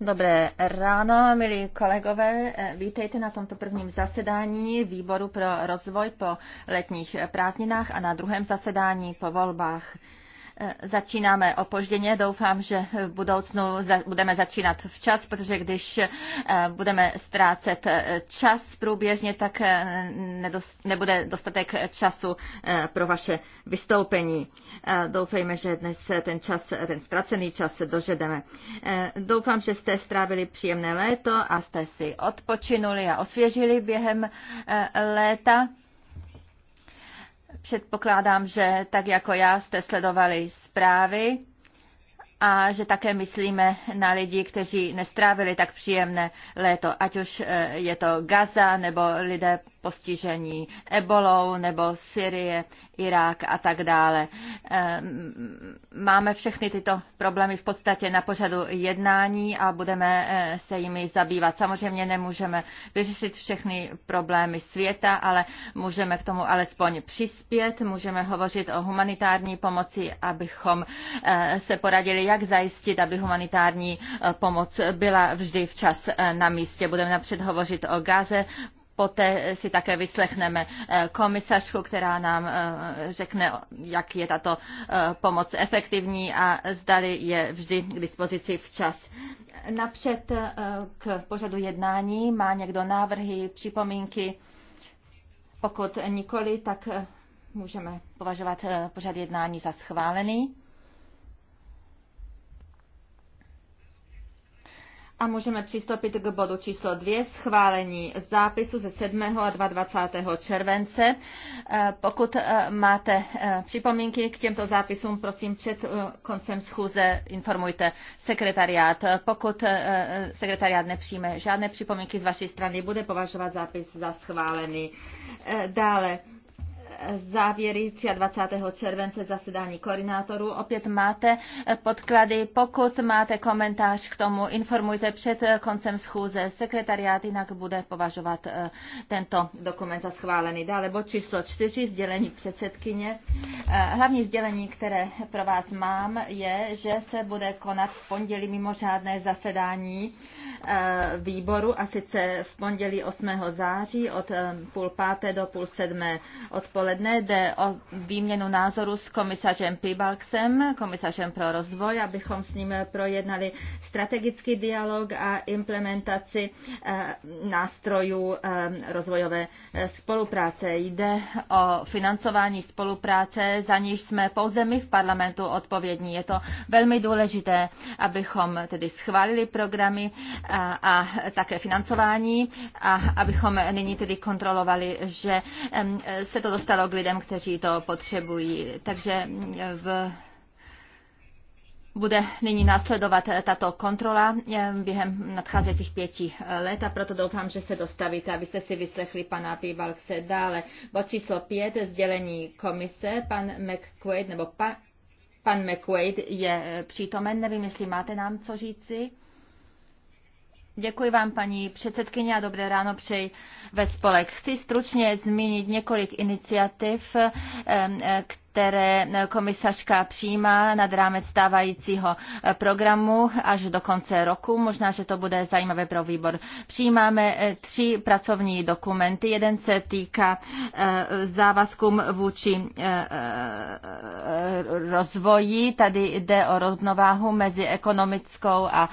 Dobré ráno, milí kolegové. Eh, vítejte na tomto prvním zasedání výboru pro rozvoj po letních prázdninách a na druhém zasedání po volbách. Začínáme opožděně, doufám, že v budoucnu budeme začínat včas, protože když eh, budeme ztrácet eh, čas průběžně, tak eh, nebude dostatek času pro vaše vystoupení. Doufejme, že dnes ten čas, ten ztracený čas dožedeme. Doufám, že jste strávili příjemné léto a jste si odpočinuli a osvěžili během léta. Předpokládám, že tak jako já jste sledovali zprávy a že také myslíme na lidi, kteří nestrávili tak příjemné léto, ať už eh, je to Gaza nebo lidé postižení ebolou nebo Syrie, Irák a tak dále. Ehm, máme všechny tyto problémy v podstatě na pořadu jednání a budeme eh, se jimi zabývat. Samozřejmě nemůžeme vyřešit všechny problémy světa, ale můžeme k tomu alespoň přispět, můžeme hovořit o humanitární pomoci, abychom eh, se poradili, jak zajistit, aby humanitární eh, pomoc byla vždy včas na místě. Budeme napřed hovořit o Gaze, Poté si také vyslechneme eh, komisařku, která nám eh, řekne, jak je tato eh, pomoc efektivní a zdali je vždy k dispozici včas. Napřed k pořadu jednání má někdo návrhy, připomínky? Pokud nikoli, tak můžeme považovat pořad jednání za schválený. A můžeme přistoupit k bodu číslo 2, schválení zápisu ze 7. a 22. července. E, pokud e, máte e, připomínky k těmto zápisům, prosím před koncem schůze informujte sekretariát. Pokud sekretariát nepřijme žádné připomínky z vaší strany, bude považovat zápis za schválený. Dále závěry 23. července zasedání koordinátorů. Opět máte podklady. Pokud máte komentář k tomu, informujte před koncem schůze sekretariát, jinak bude považovat eh, tento dokument za schválený. Dále bod číslo 4, sdělení předsedkyně. Eh, hlavní sdělení, které pro vás mám, je, že se bude konat v pondělí mimořádné zasedání Eh, výboru a sice v pondělí 8. září od eh, půl páté do půl sedmé odpoledne. Jde o výměnu názoru s komisařem Pibalksem, komisařem pro rozvoj, abychom s ním projednali strategický dialog a implementaci eh, nástrojů rozvojové spolupráce. Jde o financování spolupráce, za níž jsme pouze my v parlamentu odpovědní. Je to velmi důležité, abychom tedy schválili programy a také financování a abychom nyní tedy kontrolovali, že se to dostalo k lidem, kteří to potřebují. Takže v bude nyní následovat tato kontrola během nadcházejících pěti eh, let a proto doufám, že se dostavíte, abyste si vyslechli pana Pivalkse dále. Bo číslo pět, sdělení komise, pan McQuaid, nebo pa, pan McQuaid je eh, přítomen, nevím, jestli máte nám co říci. Děkuji vám, paní předsedkyně, a dobré ráno přeji ve spolek. Chci stručně zmínit několik iniciativ, které eh, eh, které komisařka přijímá nad rámec stávajícího programu až do konce roku. Možná, že to bude zajímavé pro výbor. Přijímáme eh, tři pracovní dokumenty. Jeden se týká eh, závazkům vůči eh, rozvoji. Tady jde o rovnováhu mezi ekonomickou a,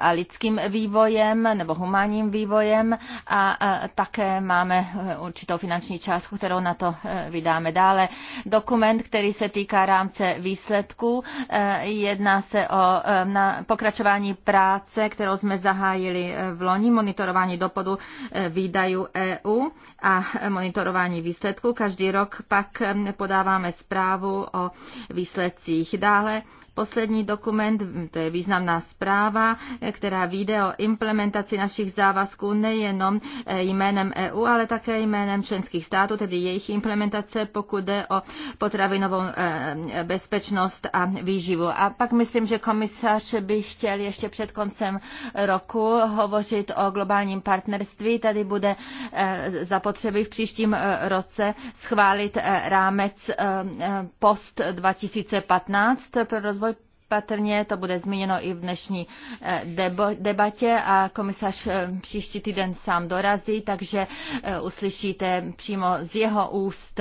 a lidským vývojem nebo humánním vývojem a také máme určitou finanční částku, kterou na to vydáme dále dokument, který se týká rámce výsledků. Eh, jedná se o eh, pokračování práce, kterou jsme zahájili eh, v loni, monitorování dopadu výdajů EU a monitorování výsledků. Každý rok pak podáváme zprávu o výsledcích. Dále Poslední dokument, to je významná zpráva, která vyjde o implementaci našich závazků nejenom eh, jménem EU, ale také jménem členských států, tedy jejich implementace, pokud jde o potravinovou eh, bezpečnost a výživu. A pak myslím, že komisař by chtěl ještě před koncem roku hovořit o globálním partnerství. Tady bude eh, zapotřebí v příštím roce schválit rámec post 2015 pro rozvoj Patrně to bude zmíněno i v dnešní eh, debatě a komisař eh, příští týden sám dorazí, takže eh, uslyšíte přímo z jeho úst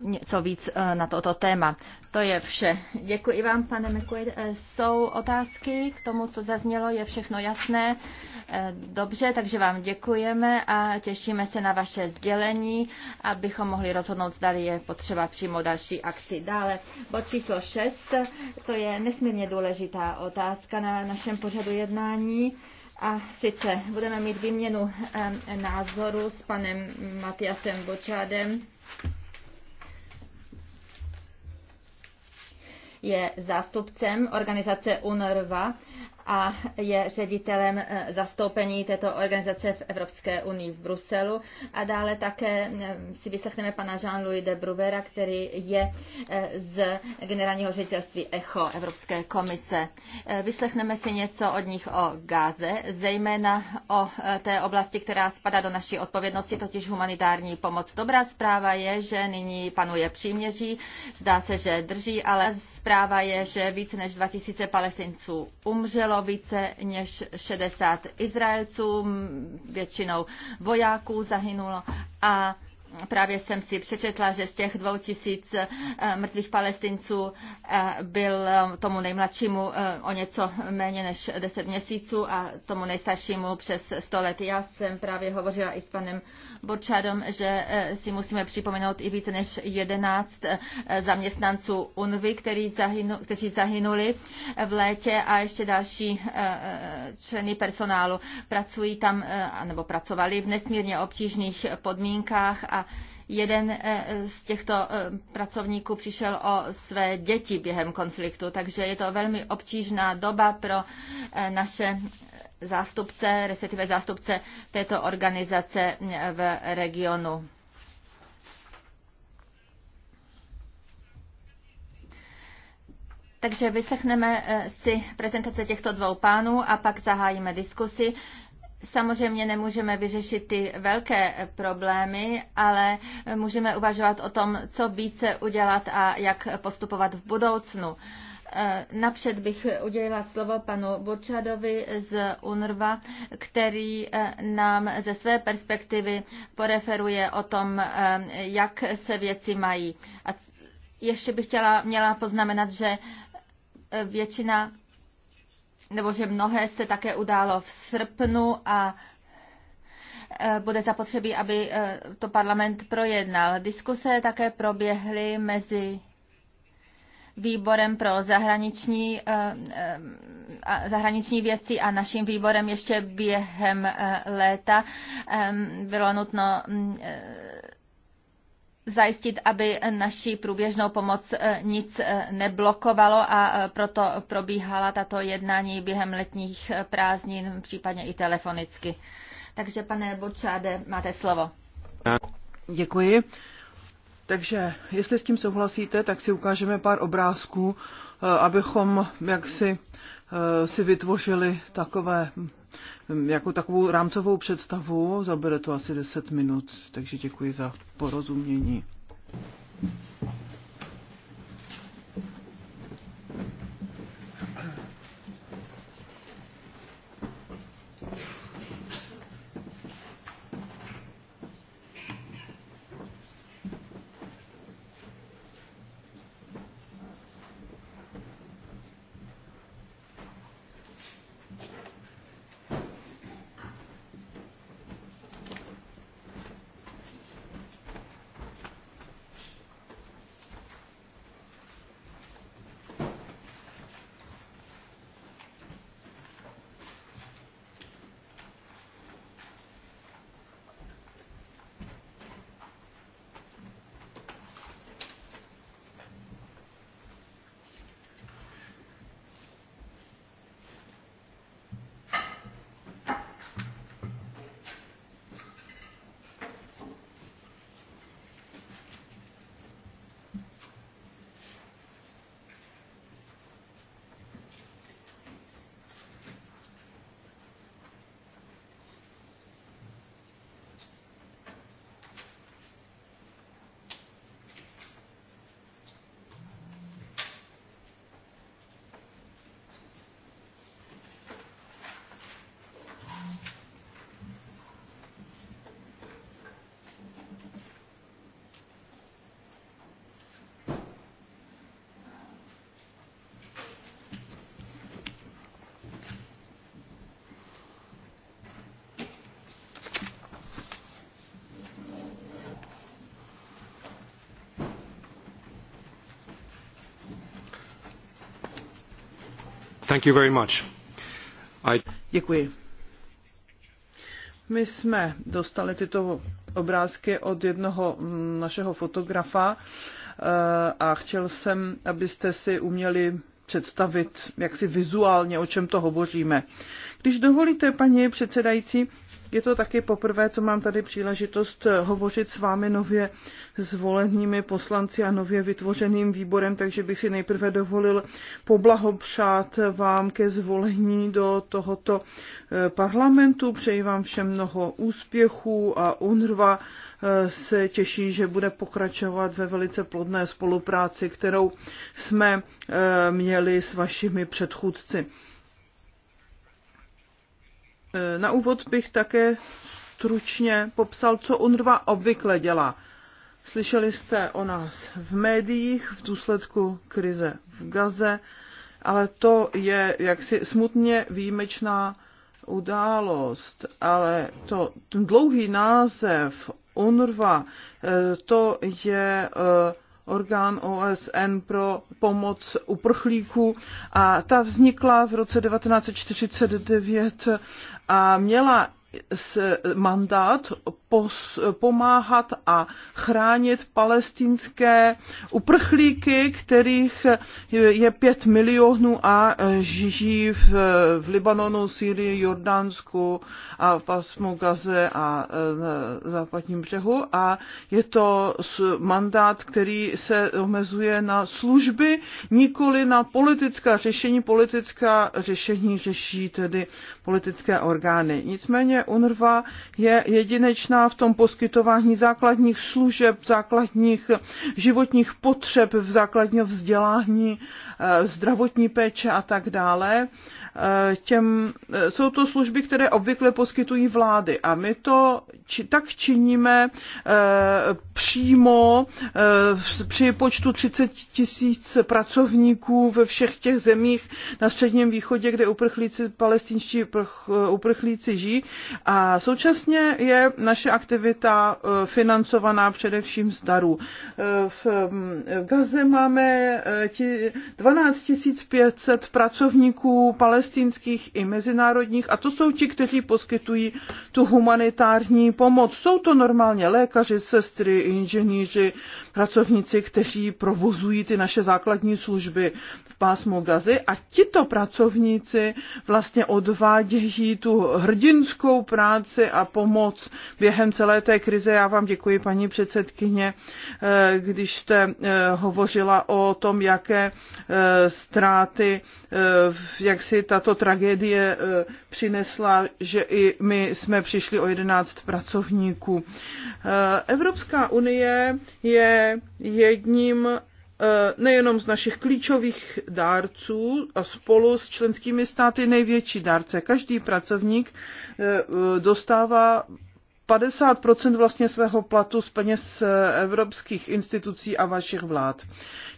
něco víc eh, na toto téma. To je vše. Děkuji vám, pane McQuaid. Eh, jsou otázky k tomu, co zaznělo, je všechno jasné. Eh, dobře, takže vám děkujeme a těšíme se na vaše sdělení, abychom mohli rozhodnout, zda je potřeba přímo další akci. Dále bod číslo 6, to je nesmírně důležitá otázka na našem pořadu jednání. A sice budeme mít výměnu názoru s panem Matiasem Bočádem, je zástupcem organizace UNRWA a je ředitelem eh, zastoupení této organizace v Evropské unii v Bruselu. A dále také eh, si vyslechneme pana Jean-Louis de Bruvera, který je eh, z generálního ředitelství ECHO Evropské komise. Vyslechneme si něco od nich o Gáze, zejména o té oblasti, která spadá do naší odpovědnosti, totiž humanitární pomoc. Dobrá zpráva je, že nyní panuje příměří, zdá se, že drží, ale zpráva je, že více než 2000 palestinců umřelo zemřelo více než 60 Izraelců, většinou vojáků zahynulo a Právě jsem si přečetla, že z těch dvou tisíc eh, mrtvých palestinců eh, byl eh, tomu nejmladšímu o něco méně než 10 měsíců a tomu nejstaršímu přes 100 let. Já jsem právě hovořila i s panem Borčádom, že si musíme připomenout i více než 11 zaměstnanců UNVY, který zahynu, kteří zahynuli v létě a ještě další členy personálu pracují tam, nebo pracovali v nesmírně obtížných podmínkách a a jeden eh, z těchto eh, pracovníků přišel o své děti během konfliktu, takže je to velmi obtížná doba pro eh, naše zástupce, respektive zástupce této organizace v regionu. Takže vyslechneme si prezentace těchto dvou pánů a pak zahájíme diskusi. Samozřejmě nemůžeme vyřešit ty velké problémy, ale můžeme uvažovat o tom, co více udělat a jak postupovat v budoucnu. Eh, napřed bych udělila slovo panu Burčadovi z UNRVA, který eh, nám ze své perspektivy poreferuje o tom, eh, jak se věci mají. A ještě bych chtěla, měla poznamenat, že většina nebo že mnohé se také událo v srpnu a e, bude zapotřebí, aby e, to parlament projednal. Diskuse také proběhly mezi výborem pro zahraniční, e, zahraniční věci a naším výborem ještě během léta. Bylo nutno zajistit, aby naši průběžnou pomoc eh, nic eh, neblokovalo a eh, proto probíhala tato jednání během letních prázdnin, případně i telefonicky. Takže pane Bočáde, máte slovo. Děkuji. Takže jestli s tím souhlasíte, tak si ukážeme pár obrázků, abychom jaksi si vytvořili takové jako takovou rámcovou představu. Zabere to asi 10 minut, takže děkuji za porozumění. Děkuji. My jsme dostali tyto obrázky od jednoho mm, našeho fotografa eh, a chtěl jsem, abyste si uměli představit, jak si vizuálně, o čem to hovoříme. Když dovolíte, paní předsedající, je to taky poprvé, co mám tady příležitost hovořit s vámi nově zvolenými poslanci a nově vytvořeným výborem, takže bych si nejprve dovolil poblahopřát vám ke zvolení do tohoto eh, parlamentu. Přeji vám všem mnoho úspěchů a unrva eh, se těší, že bude pokračovat ve velice plodné spolupráci, kterou jsme eh, měli s vašimi předchůdci. Eh, na úvod bych také stručně popsal, co UNRWA obvykle dělá. Slyšeli jste o nás v médiích v důsledku krize v Gaze, ale to je jaksi smutně výjimečná událost, ale to dlouhý název UNRWA, eh, to je eh, orgán OSN pro pomoc uprchlíků a ta vznikla v roce 1949 a měla s, mandát pos, pomáhat a chránit palestinské uprchlíky, kterých je pět milionů a e, žijí v, v Libanonu, Syrii, Jordánsku a v pasmu Gaze a e, na západním břehu. A je to mandát, který se omezuje na služby, nikoli na politická řešení. Politická řešení řeší tedy politické orgány. Nicméně Skutečně UNRWA je jedinečná v tom poskytování základních služeb, základních životních potřeb, v základně vzdělání, eh, zdravotní péče a tak dále. Eh, těm, eh, jsou to služby, které obvykle poskytují vlády a my to či, tak činíme eh, přímo při počtu 30 tisíc pracovníků ve všech těch zemích na Středním východě, kde uprchlíci, palestinští uprchlíci žijí a současně je naše aktivita financovaná především z darů. V Gaze máme 12 500 pracovníků palestinských palestinských i mezinárodních a to jsou ti, kteří poskytují tu humanitární pomoc. Jsou to normálně lékaři, sestry, inženýři, pracovníci, kteří provozují ty naše základní služby v pásmu Gazy a tito pracovníci vlastně odvádějí tu hrdinskou práci a pomoc během celé té krize. Já vám děkuji, paní předsedkyně, eh, když jste eh, hovořila o tom, jaké eh, ztráty, jak si ta tato tragédie eh, přinesla, že i my jsme přišli o 11 pracovníků. Eh, Evropská unie je jedním eh, nejenom z našich klíčových dárců a spolu s členskými státy největší dárce. Každý pracovník dostává 50 vlastně svého platu z peněz evropských institucí a vašich vlád.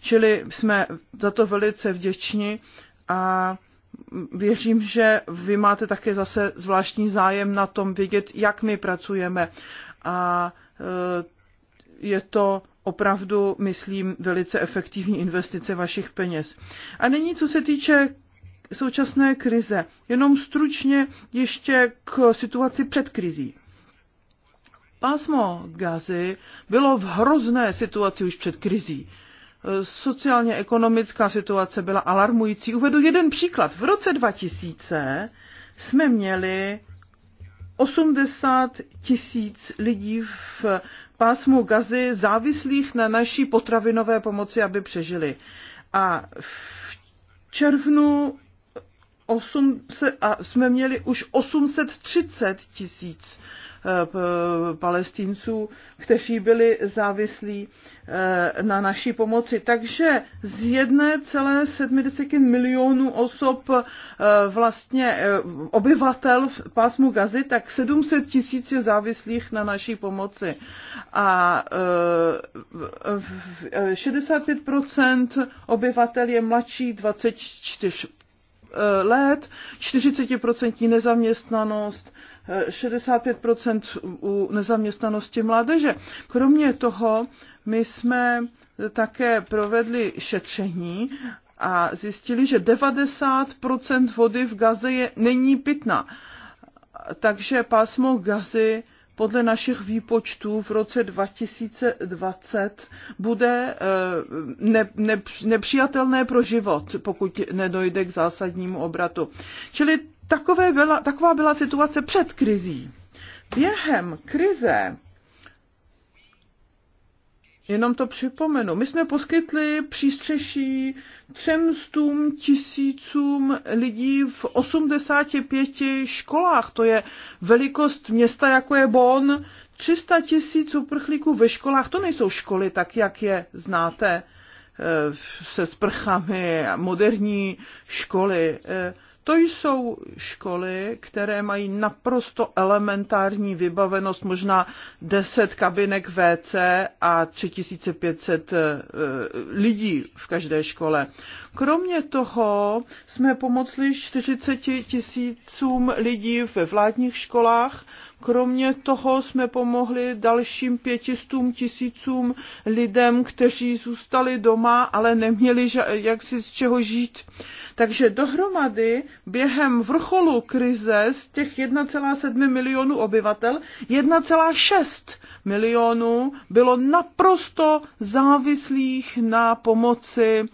Čili jsme za to velice vděční a Věřím, že vy máte také zase zvláštní zájem na tom vědět, jak my pracujeme. A e, je to opravdu, myslím, velice efektivní investice vašich peněz. A nyní, co se týče současné krize, jenom stručně ještě k situaci před krizí. Pásmo Gazy bylo v hrozné situaci už před krizí sociálně-ekonomická situace byla alarmující. Uvedu jeden příklad. V roce 2000 jsme měli 80 tisíc lidí v pásmu gazy závislých na naší potravinové pomoci, aby přežili. A v červnu 800, a jsme měli už 830 tisíc Eh, palestinců, kteří byli závislí eh, na naší pomoci. Takže z jedné 1,7 milionů osob eh, vlastně obyvatel v pásmu Gazy, tak 700 tisíc je závislých na naší pomoci. A 65 obyvatel je mladší 24 Eh, let, 40% nezaměstnanost, 65% eh, u nezaměstnanosti mládeže. Kromě toho my jsme také provedli šetření a zjistili, že 90% vody v Gaze je, není pitná. Takže pásmo Gazy podle našich výpočtů v roce 2020 bude eh, ne, ne, nepřijatelné pro život, pokud nedojde k zásadnímu obratu. Čili takové byla, taková byla situace před krizí. Během krize Jenom to připomenu. My jsme poskytli přístřeší třem stům tisícům lidí v 85 školách. To je velikost města, jako je Bonn. 300 tisíc uprchlíků ve školách. To nejsou školy, tak jak je znáte eh, se sprchami, moderní školy. Eh, to jsou školy, které mají naprosto elementární vybavenost, možná 10 kabinek WC a 3500 eh, lidí v každé škole. Kromě toho jsme pomocli 40 tisícům lidí ve vládních školách, Kromě toho jsme pomohli dalším pětistům tisícům lidem, kteří zůstali doma, ale neměli jak si z čeho žít. Takže dohromady během vrcholu krize z těch 1,7 milionů obyvatel 1,6 milionů bylo naprosto závislých na pomoci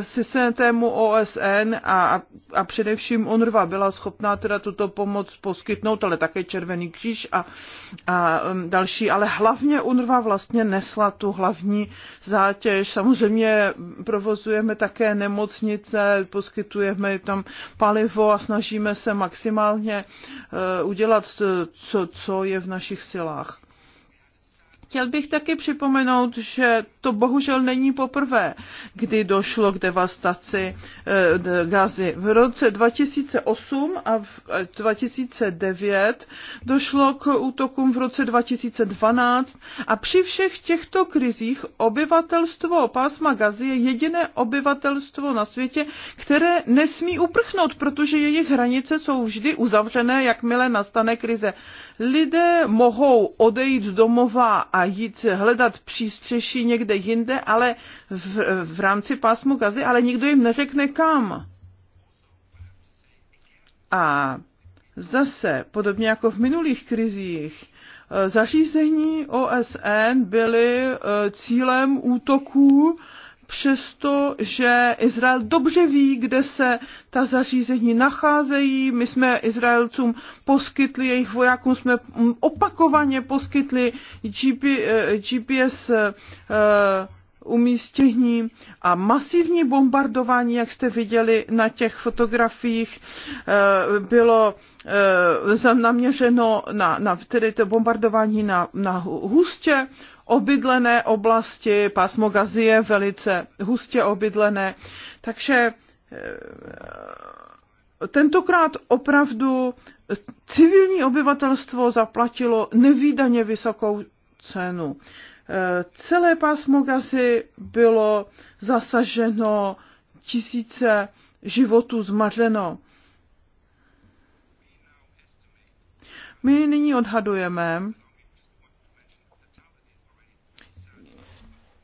systému OSN a, a především UNRWA byla schopná teda tuto pomoc poskytnout, ale také Červený Červený kříž a, a um, další, ale hlavně UNRWA vlastně nesla tu hlavní zátěž. Samozřejmě provozujeme také nemocnice, poskytujeme tam palivo a snažíme se maximálně uh, udělat, uh, co, co je v našich silách. Chtěl bych taky připomenout, že to bohužel není poprvé, kdy došlo k devastaci e, gazy. V roce 2008 a v 2009 eh, došlo k útokům v roce 2012 a při všech těchto krizích obyvatelstvo pásma gazy je jediné obyvatelstvo na světě, které nesmí uprchnout, protože jejich hranice jsou vždy uzavřené, jakmile nastane krize. Lidé mohou odejít domova a jít hledat přístřeší někde jinde, ale v, v rámci pásmu gazy, ale nikdo jim neřekne kam. A zase, podobně jako v minulých krizích, e, zařízení OSN byly e, cílem útoků přesto, že Izrael dobře ví, kde se ta zařízení nacházejí. My jsme Izraelcům poskytli, jejich vojákům jsme opakovaně poskytli GPS eh, umístění a masivní bombardování, jak jste viděli na těch fotografiích, eh, bylo eh, naměřeno na, na tedy to bombardování na, na hustě obydlené oblasti, pásmo Gazie je velice hustě obydlené, takže eh, tentokrát opravdu civilní obyvatelstvo zaplatilo nevýdaně vysokou cenu. Celé pásmo Gazy bylo zasaženo, tisíce životů zmařeno. My nyní odhadujeme,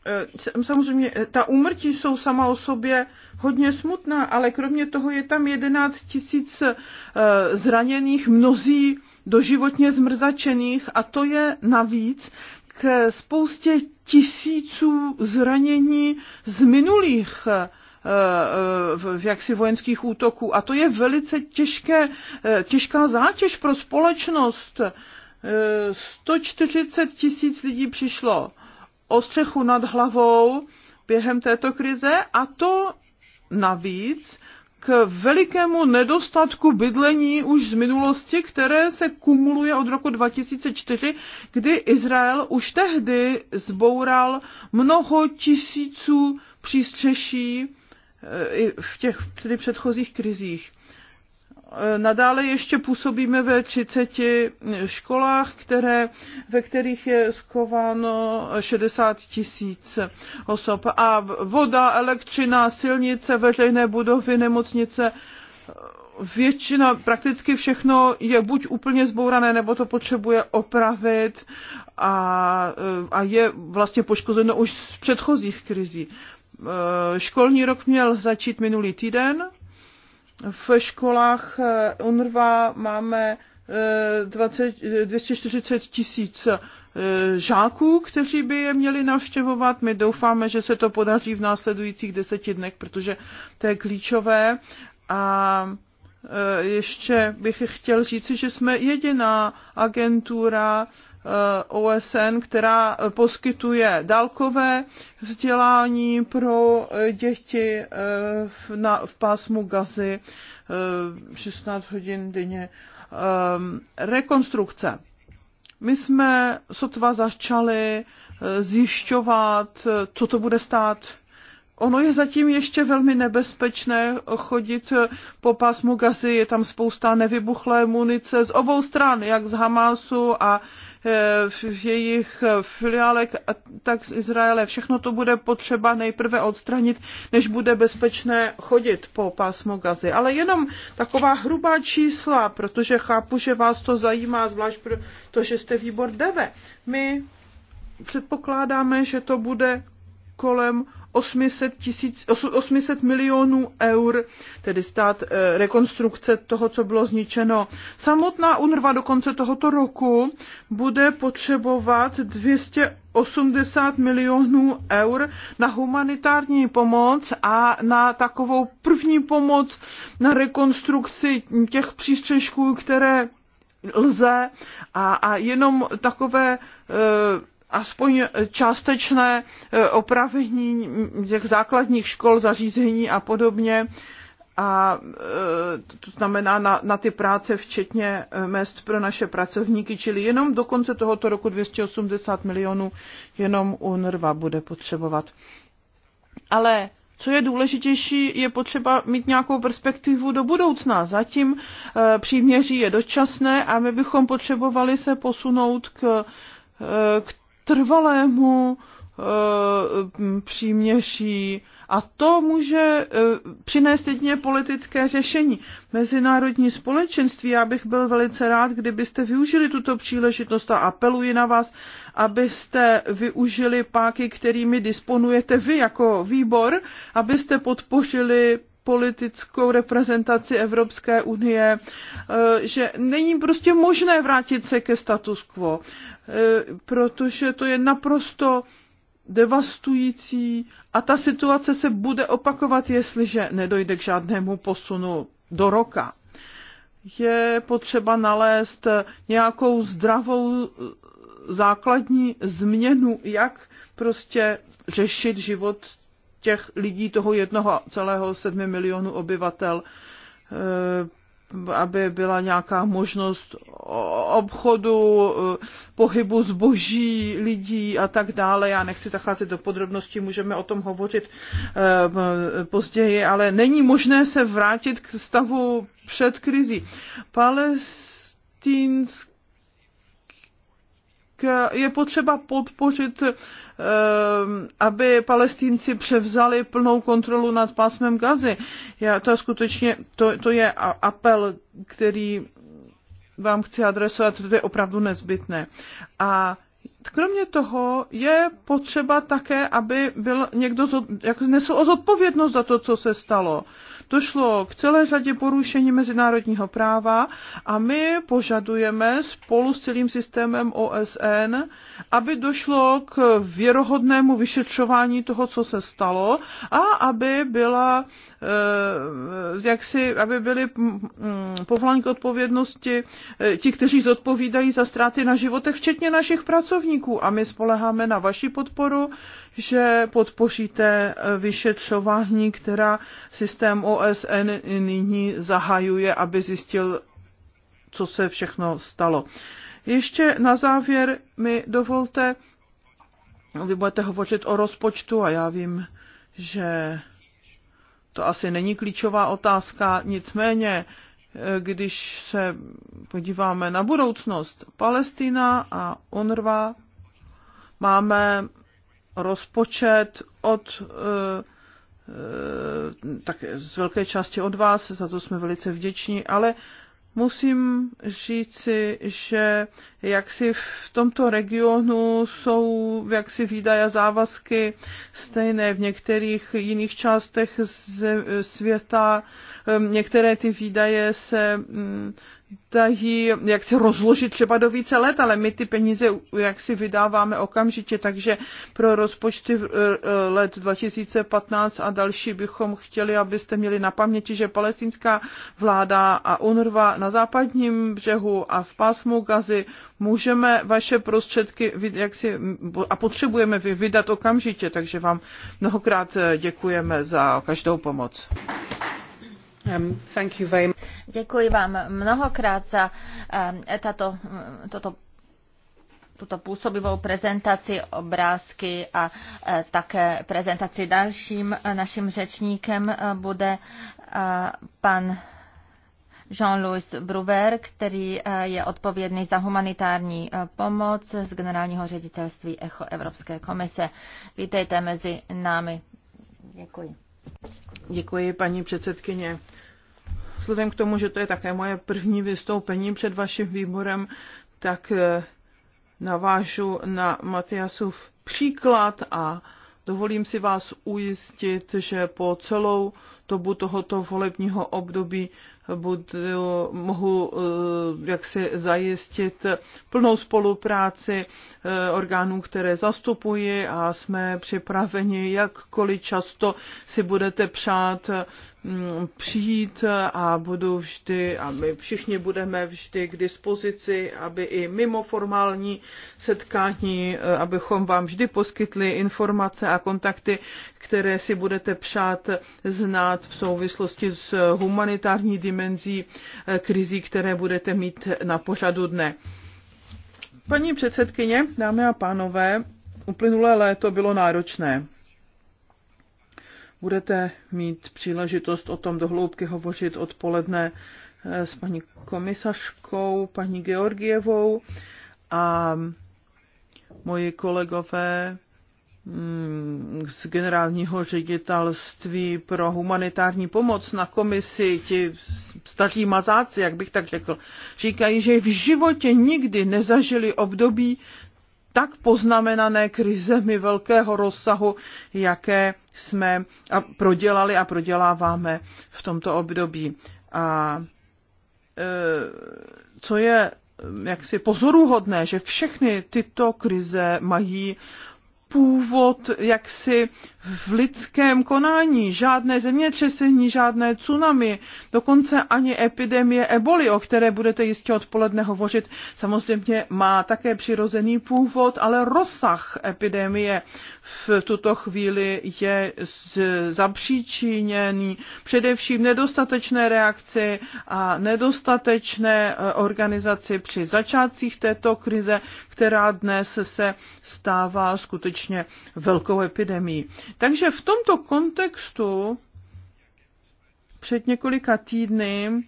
eh, samozřejmě eh, ta úmrtí jsou sama o sobě hodně smutná, ale kromě toho je tam 11 tisíc eh, zraněných, mnozí doživotně zmrzačených a to je navíc, k spoustě tisíců zranění z minulých eh, eh, v jaksi vojenských útoků. A to je velice těžké, eh, těžká zátěž pro společnost. 140 tisíc lidí přišlo o střechu nad hlavou během této krize a to navíc k velikému nedostatku bydlení už z minulosti, které se kumuluje od roku 2004, kdy Izrael už tehdy zboural mnoho tisíců přístřeší eh, v těch tedy předchozích krizích. Eh, nadále ještě působíme ve 30 školách, které, ve kterých je schováno 60 tisíc osob. A voda, elektřina, silnice, veřejné budovy, nemocnice, eh, většina, prakticky všechno je buď úplně zbourané, nebo to potřebuje opravit a, eh, a je vlastně poškozeno už z předchozích krizí. Školní rok měl začít minulý týden, v školách eh, UNRWA máme 20, eh, 240 tisíc eh, žáků, kteří by je měli navštěvovat. My doufáme, že se to podaří v následujících deseti dnech, protože to je klíčové. A ještě bych chtěl říci, že jsme jediná agentura, Eh, OSN, která poskytuje dálkové vzdělání pro děti eh, v, na, v pásmu Gazy 16 eh, hodin denně. Rekonstrukce. My jsme sotva začali zjišťovat, co to bude stát. Ono je zatím ještě velmi nebezpečné chodit po pásmu Gazy, je tam spousta nevybuchlé munice z obou stran, jak z Hamásu a Eh, jejich filiálek a tak z Izraele. Všechno to bude potřeba nejprve odstranit, než bude bezpečné chodit po pásmu Gazy. Ale jenom taková hrubá čísla, protože chápu, že vás to zajímá, zvlášť to, že jste výbor DEVE. My předpokládáme, že to bude kolem 800, tisíc, 800 milionů eur, tedy stát eh, rekonstrukce toho, co bylo zničeno. Samotná UNRWA do konce tohoto roku bude potřebovat 280 milionů eur na humanitární pomoc a na takovou první pomoc na rekonstrukci těch přístřešků, které lze a, a jenom takové e, aspoň částečné e, opravení těch základních škol, zařízení a podobně. A e, to znamená na, na ty práce, včetně e, mest pro naše pracovníky, čili jenom do konce tohoto roku 280 milionů jenom unrva bude potřebovat. Ale co je důležitější, je potřeba mít nějakou perspektivu do budoucna. Zatím e, příměří je dočasné a my bychom potřebovali se posunout k, k trvalému eh, příměší a to může eh, přinést jedině politické řešení. Mezinárodní společenství, já bych byl velice rád, kdybyste využili tuto příležitost a apeluji na vás, abyste využili páky, kterými disponujete vy jako výbor, abyste podpořili politickou reprezentaci Evropské unie, eh, že není prostě možné vrátit se ke status quo, eh, protože to je naprosto devastující a ta situace se bude opakovat, jestliže nedojde k žádnému posunu do roka. Je potřeba nalézt nějakou zdravou eh, základní změnu, jak prostě řešit život těch lidí, toho jednoho celého sedmi milionů obyvatel, eh, aby byla nějaká možnost obchodu, eh, pohybu zboží, lidí a tak dále. Já nechci zacházet do podrobností, můžeme o tom hovořit eh, později, ale není možné se vrátit k stavu před krizí. Palestinský Eh, je potřeba podpořit, ehm, aby palestinci převzali plnou kontrolu nad pásmem Gazy. Já, to skutečně, to, to je apel, který vám chci adresovat, to je opravdu nezbytné. A kromě toho je potřeba také, aby byl někdo, jak nesl o zodpovědnost za to, co se stalo. Došlo k celé řadě porušení mezinárodního práva a my požadujeme spolu s celým systémem OSN, aby došlo k věrohodnému vyšetřování toho, co se stalo a aby byla Eh, jak si, aby byli mm, mm, povoláni k odpovědnosti eh, ti, kteří zodpovídají za ztráty na životech, včetně našich pracovníků. A my spoleháme na vaši podporu, že podpoříte eh, vyšetřování, která systém OSN nyní zahajuje, aby zjistil, co se všechno stalo. Ještě na závěr mi dovolte, vy budete hovořit o rozpočtu a já vím, že to asi není klíčová otázka, nicméně, eh, když se podíváme na budoucnost Palestina a UNRWA, máme rozpočet od eh, eh, tak z velké části od vás, za to jsme velice vděční, ale musím říci, že jaksi v tomto regionu jsou jaksi výdaje a závazky stejné v některých jiných částech světa. Ehm, některé ty výdaje se mm, dají jak si rozložit třeba do více let, ale my ty peníze jak si vydáváme okamžitě, takže pro rozpočty eh, eh, let 2015 a další bychom chtěli, abyste měli na paměti, že palestinská vláda a UNRWA na západním břehu a v pásmu Gazy můžeme vaše prostředky jak si, a potřebujeme vydat okamžitě, takže vám mnohokrát eh, děkujeme za každou pomoc. Um, Děkuji vám mnohokrát za um, tato, toto tuto působivou prezentaci obrázky a eh, také prezentaci dalším. Eh, naším řečníkem eh, bude pan Jean-Louis Bruver, který je odpovědný za humanitární pomoc z generálního ředitelství ECHO Evropské komise. Vítejte mezi námi. Děkuji. Děkuji, paní předsedkyně. Vzhledem k tomu, že to je také moje první vystoupení před vaším výborem, tak eh, navážu na Matiasův příklad a dovolím si vás ujistit, že po celou dobu tohoto volebního období budu, mohu eh, jak se zajistit plnou spolupráci eh, orgánů, které zastupuji a jsme připraveni, jakkoliv často si budete přát mm, přijít a budu vždy, a my všichni budeme vždy k dispozici, aby i mimo formální setkání, eh, abychom vám vždy poskytli informace a kontakty, které si budete přát znát jednat v souvislosti s humanitární dimenzí eh, krizí, které budete mít na pořadu dne. Paní předsedkyně, dámy a pánové, uplynulé léto bylo náročné. Budete mít příležitost o tom dohloubky hovořit odpoledne eh, s paní komisařkou, paní Georgievou a moji kolegové Mm, z generálního ředitelství pro humanitární pomoc na komisi, ti staří mazáci, jak bych tak řekl, říkají, že v životě nikdy nezažili období tak poznamenané krizemi velkého rozsahu, jaké jsme a prodělali a proděláváme v tomto období. A e, co je jaksi pozoruhodné, že všechny tyto krize mají původ jaksi v lidském konání. Žádné zemětřesení, žádné tsunami, dokonce ani epidemie eboli, o které budete jistě odpoledne hovořit, samozřejmě má také přirozený původ, ale rozsah epidemie v tuto chvíli je zapříčiněný především nedostatečné reakci a nedostatečné eh, organizaci při začátcích této krize, která dnes se stává skutečně skutečně velkou epidemii. Takže v tomto kontextu před několika týdny eh,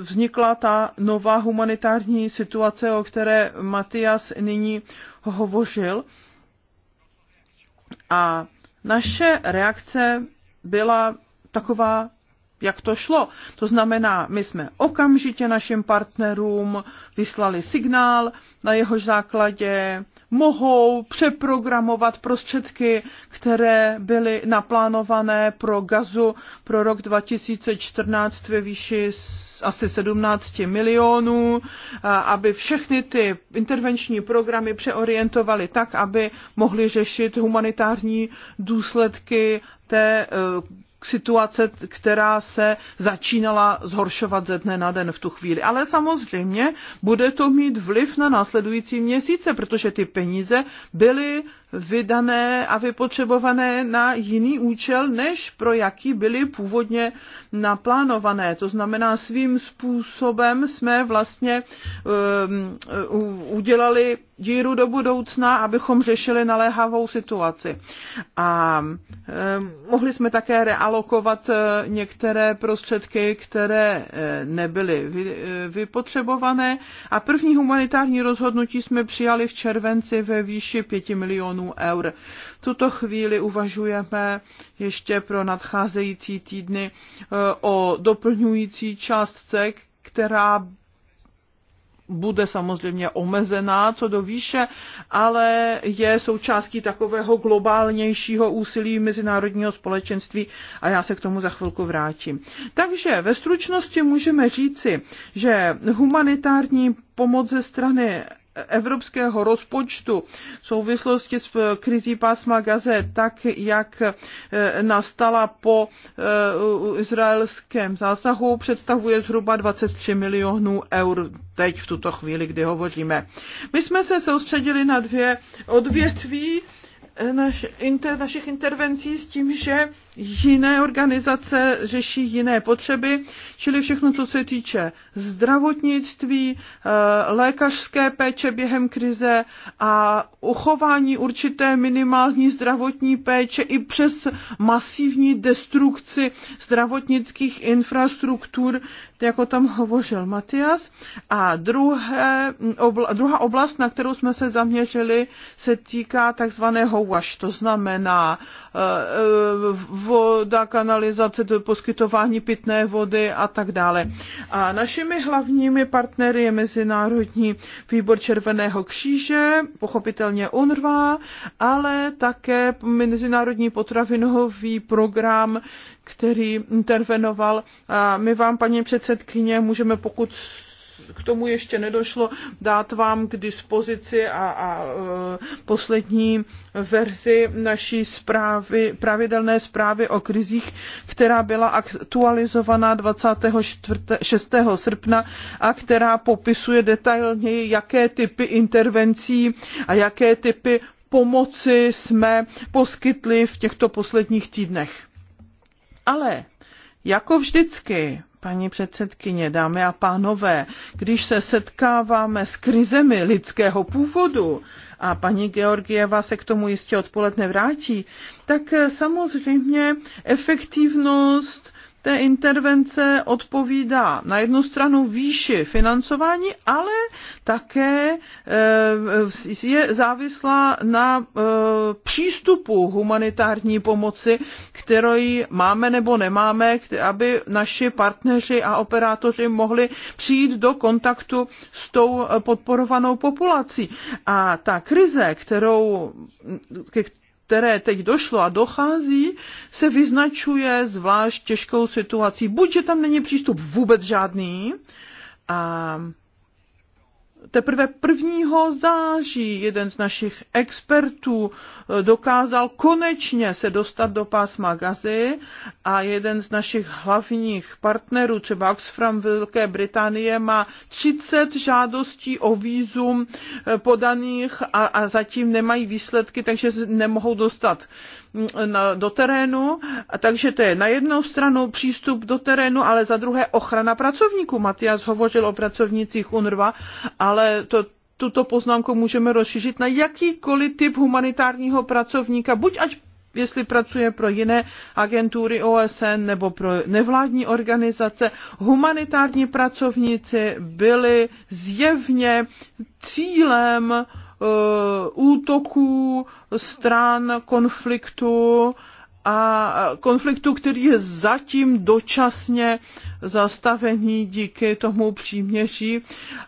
vznikla ta nová humanitární situace, o které Matias nyní hovořil. A naše reakce byla taková jak to šlo. To znamená, my jsme okamžitě našim partnerům vyslali signál, na jehož základě mohou přeprogramovat prostředky, které byly naplánované pro gazu pro rok 2014 ve výši asi 17 milionů, aby všechny ty intervenční programy přeorientovaly tak, aby mohly řešit humanitární důsledky té e, situace, která se začínala zhoršovat ze dne na den v tu chvíli. Ale samozřejmě bude to mít vliv na následující měsíce, protože ty peníze byly vydané a vypotřebované na jiný účel, než pro jaký byly původně naplánované. To znamená, svým způsobem jsme vlastně um, udělali díru do budoucna, abychom řešili naléhavou situaci. A um, mohli jsme také realokovat eh, některé prostředky, které eh, nebyly vy, eh, vypotřebované. A první humanitární rozhodnutí jsme přijali v červenci ve výši 5 milionů milionů eur. V tuto chvíli uvažujeme ještě pro nadcházející týdny eh, o doplňující částce, která bude samozřejmě omezená co do výše, ale je součástí takového globálnějšího úsilí mezinárodního společenství a já se k tomu za chvilku vrátím. Takže ve stručnosti můžeme říci, že humanitární pomoc ze strany evropského rozpočtu v souvislosti s eh, krizí pásma Gaze, tak jak eh, nastala po eh, izraelském zásahu, představuje zhruba 23 milionů eur teď v tuto chvíli, kdy hovoříme. My jsme se soustředili na dvě odvětví, naš, inter, našich intervencí s tím, že jiné organizace řeší jiné potřeby, čili všechno, co se týče zdravotnictví, eh, lékařské péče během krize a uchování určité minimální zdravotní péče i přes masivní destrukci zdravotnických infrastruktur, jako tam hovořil Matias. A druhé, obla, druhá oblast, na kterou jsme se zaměřili, se týká takzvaného WASH, to znamená eh, eh, voda, kanalizace, poskytování pitné vody a tak dále. A našimi hlavními partnery je Mezinárodní výbor Červeného kříže, pochopitelně UNRWA, ale také Mezinárodní potravinový program, který intervenoval. A my vám, paní předsedkyně, můžeme, pokud k tomu ještě nedošlo, dát vám k dispozici a, a e, poslední verzi naší zprávy, pravidelné zprávy o krizích, která byla aktualizovaná 26. srpna a která popisuje detailněji, jaké typy intervencí a jaké typy pomoci jsme poskytli v těchto posledních týdnech. Ale jako vždycky, Paní předsedkyně, dámy a pánové, když se setkáváme s krizemi lidského původu, a paní Georgieva se k tomu jistě odpoledne vrátí, tak samozřejmě efektivnost té intervence odpovídá na jednu stranu výši financování, ale také eh, je závislá na eh, přístupu humanitární pomoci, kterou máme nebo nemáme, aby naši partneři a operátoři mohli přijít do kontaktu s tou eh, podporovanou populací. A ta krize, kterou, které teď došlo a dochází, se vyznačuje zvlášť těžkou situací. Buď, že tam není přístup vůbec žádný, a teprve 1. září jeden z našich expertů eh, dokázal konečně se dostat do pásma Gazy a jeden z našich hlavních partnerů, třeba Oxfam Velké Británie, má 30 žádostí o výzum eh, podaných a, a zatím nemají výsledky, takže nemohou dostat Mm, na, do terénu, a takže to je na jednou stranu přístup do terénu, ale za druhé ochrana pracovníků. Matias hovořil o pracovnících UNRWA, ale to, tuto poznámku můžeme rozšířit na jakýkoliv typ humanitárního pracovníka, buď ať jestli pracuje pro jiné agentury OSN nebo pro nevládní organizace. Humanitární pracovníci byli zjevně cílem uh, Eh, útoků stran konfliktu a konfliktu, který je zatím dočasně zastavený díky tomu příměří,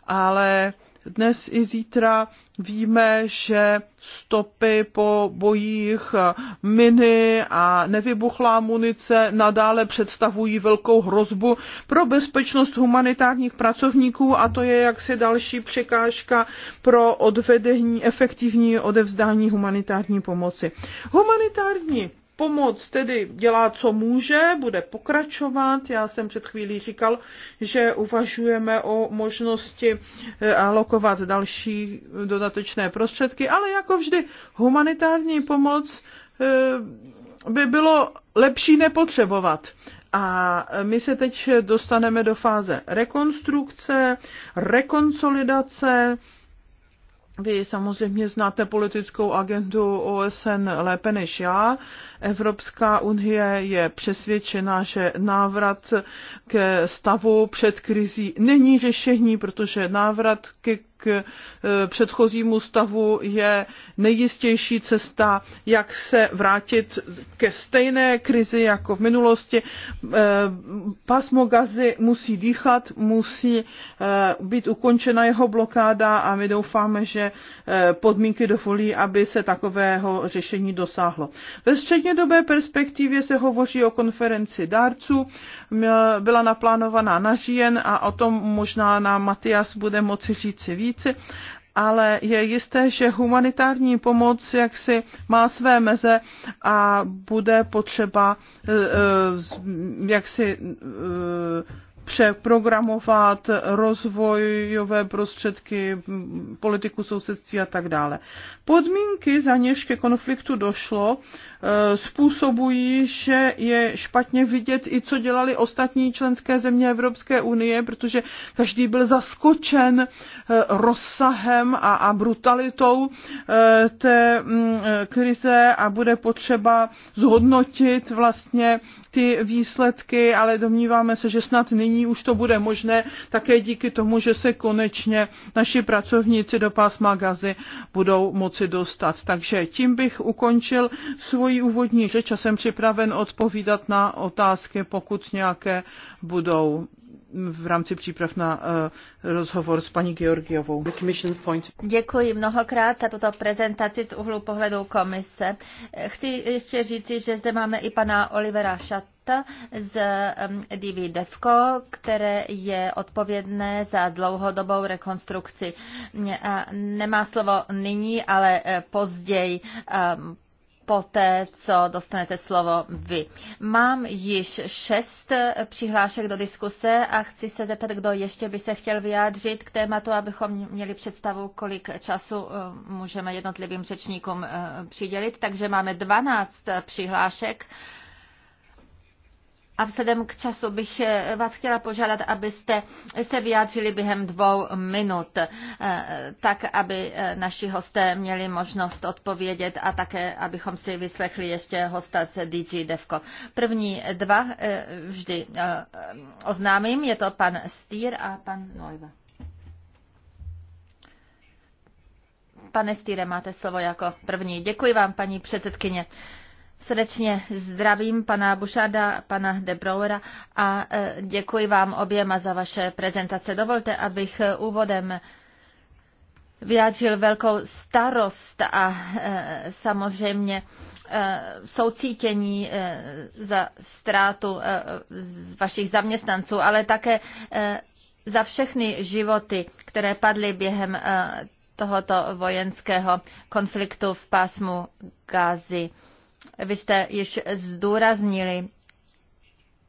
ale dnes i zítra víme, že stopy po bojích miny a nevybuchlá munice nadále představují velkou hrozbu pro bezpečnost humanitárních pracovníků a to je jaksi další překážka pro odvedení efektivní odevzdání humanitární pomoci. Humanitární pomoc tedy dělá, co může, bude pokračovat. Já jsem před chvílí říkal, že uvažujeme o možnosti eh, alokovat další eh, dodatečné prostředky, ale jako vždy humanitární pomoc eh, by bylo lepší nepotřebovat. A my se teď dostaneme do fáze rekonstrukce, rekonsolidace, vy samozřejmě znáte politickou agendu OSN lépe než já. Evropská unie je přesvědčena, že návrat ke stavu před krizí není řešení, protože návrat ke Eh, předchozímu stavu je nejistější cesta, jak se vrátit ke stejné krizi jako v minulosti. Eh, Pasmo gazy musí dýchat, musí eh, být ukončena jeho blokáda a my doufáme, že podmínky dovolí, aby se takového řešení dosáhlo. Ve střednědobé perspektivě se hovoří o konferenci dárců, byla naplánovaná na žijen a o tom možná nám Matias bude moci říci víc říci, ale je jisté, že humanitární pomoc jaksi má své meze a bude potřeba eh, eh, jaksi eh, přeprogramovat rozvojové prostředky, politiku sousedství a tak dále. Podmínky, za něž ke konfliktu došlo, eh, způsobují, že je špatně vidět i co dělali ostatní členské země Evropské unie, protože každý byl zaskočen eh, rozsahem a, a brutalitou eh, té mm, krize a bude potřeba zhodnotit vlastně ty výsledky, ale domníváme se, že snad nyní nyní už to bude možné také díky tomu, že se konečně naši pracovníci do pásma gazy budou moci dostat. Takže tím bych ukončil svoji úvodní řeč a jsem připraven odpovídat na otázky, pokud nějaké budou v rámci příprav na eh, rozhovor s paní Georgiovou. Děkuji mnohokrát za tuto prezentaci z úhlu pohledu komise. Chci ještě říci, že zde máme i pana Olivera Šat z DV DEVCO, které je odpovědné za dlouhodobou rekonstrukci. Nemá slovo nyní, ale eh, později poté, co dostanete slovo vy. Mám již šest přihlášek do diskuse a chci se zeptat, kdo ještě by se chtěl vyjádřit k tématu, abychom měli představu, kolik času eh, můžeme jednotlivým řečníkům eh, přidělit. Takže máme 12 přihlášek a vzhledem k času bych eh, vás chtěla požádat, abyste se vyjádřili během dvou minut, eh, tak aby eh, naši hosté měli možnost odpovědět a také, abychom si vyslechli ještě hosta z DG Devco. První dva vždy oznámím, je to pan Stýr a pan Neuva. Pane Stýre, máte slovo jako první. Děkuji vám, paní předsedkyně. Srdečně zdravím pana Bušada, pana De Brouwera a e, děkuji vám oběma za vaše prezentace. Dovolte, abych e, úvodem vyjádřil velkou starost a e, samozřejmě soucítění za ztrátu vašich zaměstnanců, ale také za všechny životy, které padly během tohoto vojenského konfliktu v pásmu Gázy. Vy jste již zdůraznili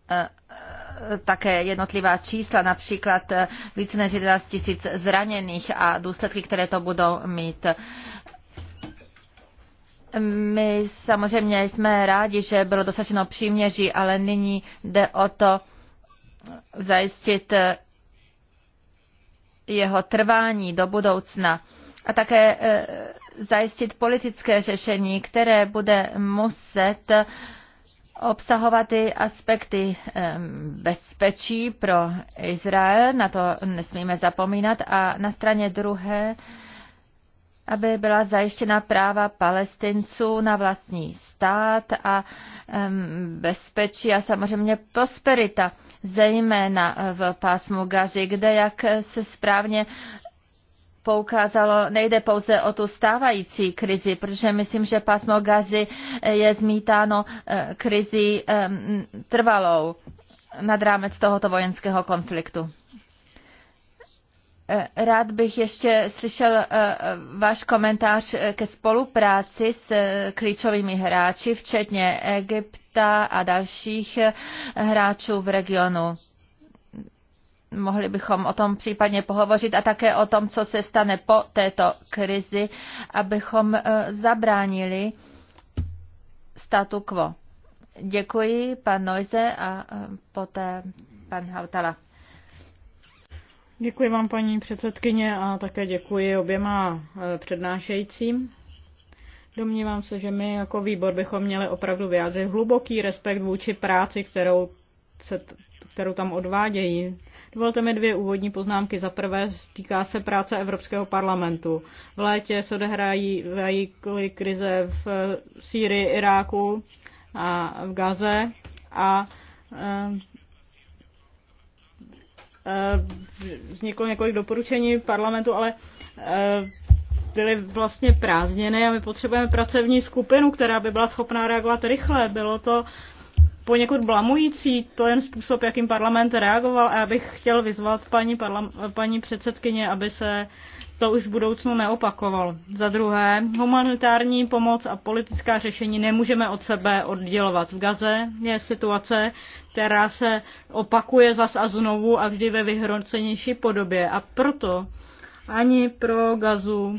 eh, eh, také jednotlivá čísla, například eh, více než 11 tisíc zraněných a důsledky, které to budou mít. My samozřejmě jsme rádi, že bylo dosaženo příměří, ale nyní jde o to zajistit jeho trvání do budoucna a také eh, zajistit politické řešení, které bude muset obsahovat i aspekty eh, bezpečí pro Izrael, na to nesmíme zapomínat, a na straně druhé, aby byla zajištěna práva palestinců na vlastní stát a bezpečí a samozřejmě prosperita, zejména v pásmu Gazy, kde, jak se správně poukázalo, nejde pouze o tu stávající krizi, protože myslím, že pasmo gazy eh, je zmítáno eh, krizi trvalou nad rámec tohoto vojenského konfliktu. Eh, rád bych ještě slyšel váš komentář ke spolupráci s klíčovými hráči, včetně Egypta a dalších hráčů v regionu mohli bychom o tom případně pohovořit a také o tom, co se stane po této krizi, abychom eh, zabránili statu quo. Děkuji, pan Noize a eh, poté pan Hautala. Děkuji vám, paní předsedkyně, a také děkuji oběma eh, přednášejícím. Domnívám se, že my jako výbor bychom měli opravdu vyjádřit hluboký respekt vůči práci, kterou, se, kterou tam odvádějí Dovolte mi dvě úvodní poznámky. Za prvé týká se práce Evropského parlamentu. V létě se odehrají krize v eh, Sýrii, Iráku a v Gaze a eh, eh, vzniklo několik doporučení parlamentu, ale byly vlastně prázdněny a my potřebujeme pracovní skupinu, která by byla schopná reagovat rychle. Bylo to poněkud blamující to jen způsob, jakým parlament reagoval a já bych chtěl vyzvat paní, parlam- paní předsedkyně, aby se to už v budoucnu neopakovalo. Za druhé, humanitární pomoc a politická řešení nemůžeme od sebe oddělovat. V Gaze je situace, která se opakuje zas a znovu a vždy ve vyhrocenější podobě a proto ani pro Gazu,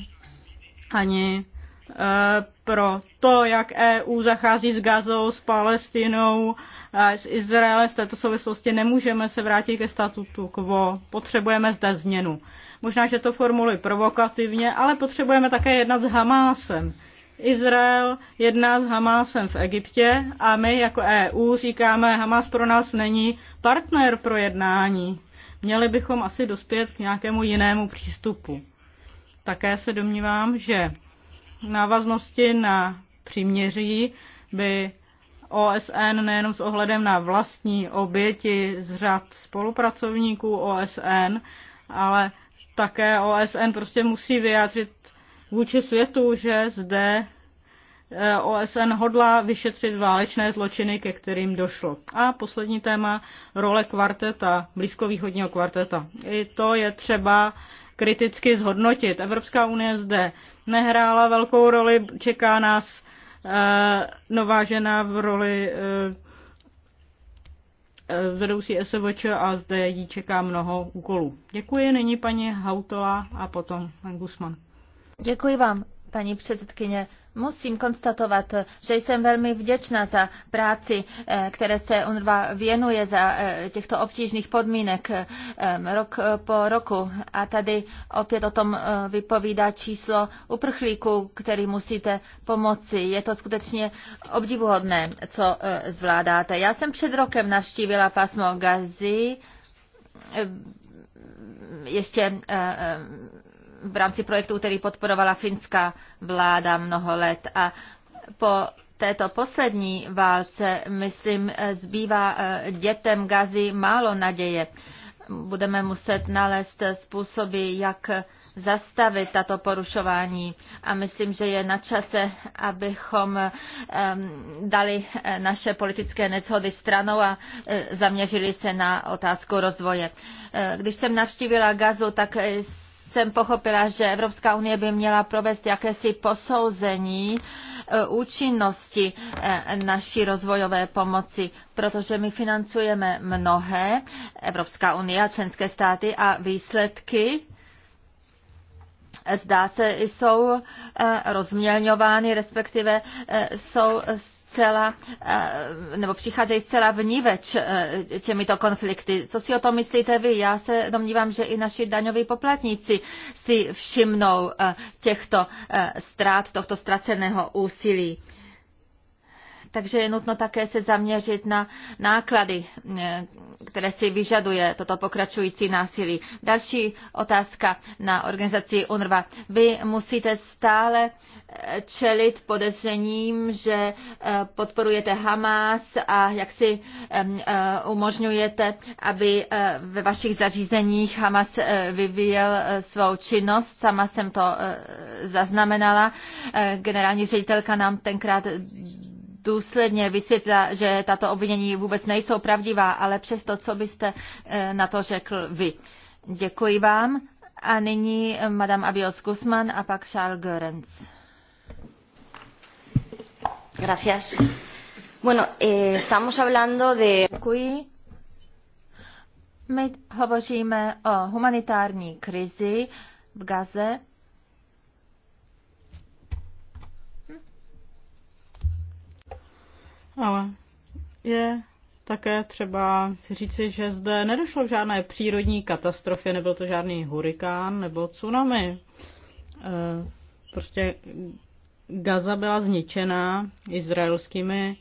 ani eh, pro to, jak EU zachází s Gazou, s Palestinou, s Izraelem v této souvislosti nemůžeme se vrátit ke statutu quo. Potřebujeme zde změnu. Možná, že to formuluji provokativně, ale potřebujeme také jednat s Hamásem. Izrael jedná s Hamásem v Egyptě a my jako EU říkáme, Hamás pro nás není partner pro jednání. Měli bychom asi dospět k nějakému jinému přístupu. Také se domnívám, že návaznosti na příměří by OSN nejenom s ohledem na vlastní oběti z řad spolupracovníků OSN, ale také OSN prostě musí vyjádřit vůči světu, že zde eh, OSN hodla vyšetřit válečné zločiny, ke kterým došlo. A poslední téma, role kvarteta, blízkovýchodního kvarteta. I to je třeba kriticky zhodnotit. Evropská unie zde nehrála velkou roli. Čeká nás eh, nová žena v roli eh, eh, vedoucí SVČ a zde jí čeká mnoho úkolů. Děkuji, nyní paní Hautola a potom pan Gusman. Děkuji vám paní předsedkyně. Musím konstatovat, že jsem velmi vděčná za práci, eh, které se UNRWA věnuje za eh, těchto obtížných podmínek eh, rok po roku. A tady opět o tom vypovídá číslo uprchlíků, který musíte pomoci. Je to skutečně obdivuhodné, co zvládáte. Já jsem před rokem navštívila pásmo Gazy ještě v rámci projektu, který podporovala finská vláda mnoho let. A po této poslední válce, myslím, zbývá eh, dětem Gazy málo naděje. Budeme muset nalézt způsoby, jak zastavit tato porušování. A myslím, že je na čase, abychom ehm, dali eh, naše politické neshody stranou a eh, zaměřili se na otázku rozvoje. Když jsem navštívila Gazu, tak jsem pochopila, že Evropská unie by měla provést jakési posouzení e, účinnosti e, naší rozvojové pomoci, protože my financujeme mnohé, Evropská unie a členské státy a výsledky e, zdá se, jsou rozmělňovány, respektive jsou zcela, eh, nebo přicházejí zcela vníveč eh, těmito konflikty. Co si o tom myslíte vy? Já se domnívám, že i naši daňoví poplatníci si všimnou eh, těchto ztrát, tohto ztraceného úsilí. Takže je nutno také se zaměřit na náklady, eh, které si vyžaduje toto pokračující násilí. Další otázka na organizaci UNRWA. Vy musíte stále eh, čelit podezřením, že eh, podporujete Hamas a jak si umožňujete, aby ve vašich zařízeních Hamas vyvíjel svou činnost. Sama jsem to zaznamenala. Generální ředitelka nám tenkrát důsledně vysvětlila, že tato obvinění vůbec nejsou pravdivá, ale přesto, co byste eh, na to řekl vy. Děkuji vám. A nyní eh, Madame Abios Guzman a pak Charles Görens. Gracias. Bueno, eh, estamos hablando de... Děkuji. My hovoříme o humanitární krizi v Gaze Ale je také třeba si říci, že zde nedošlo k žádné přírodní katastrofě, nebyl to žádný hurikán nebo tsunami. E, prostě Gaza byla zničena izraelskými,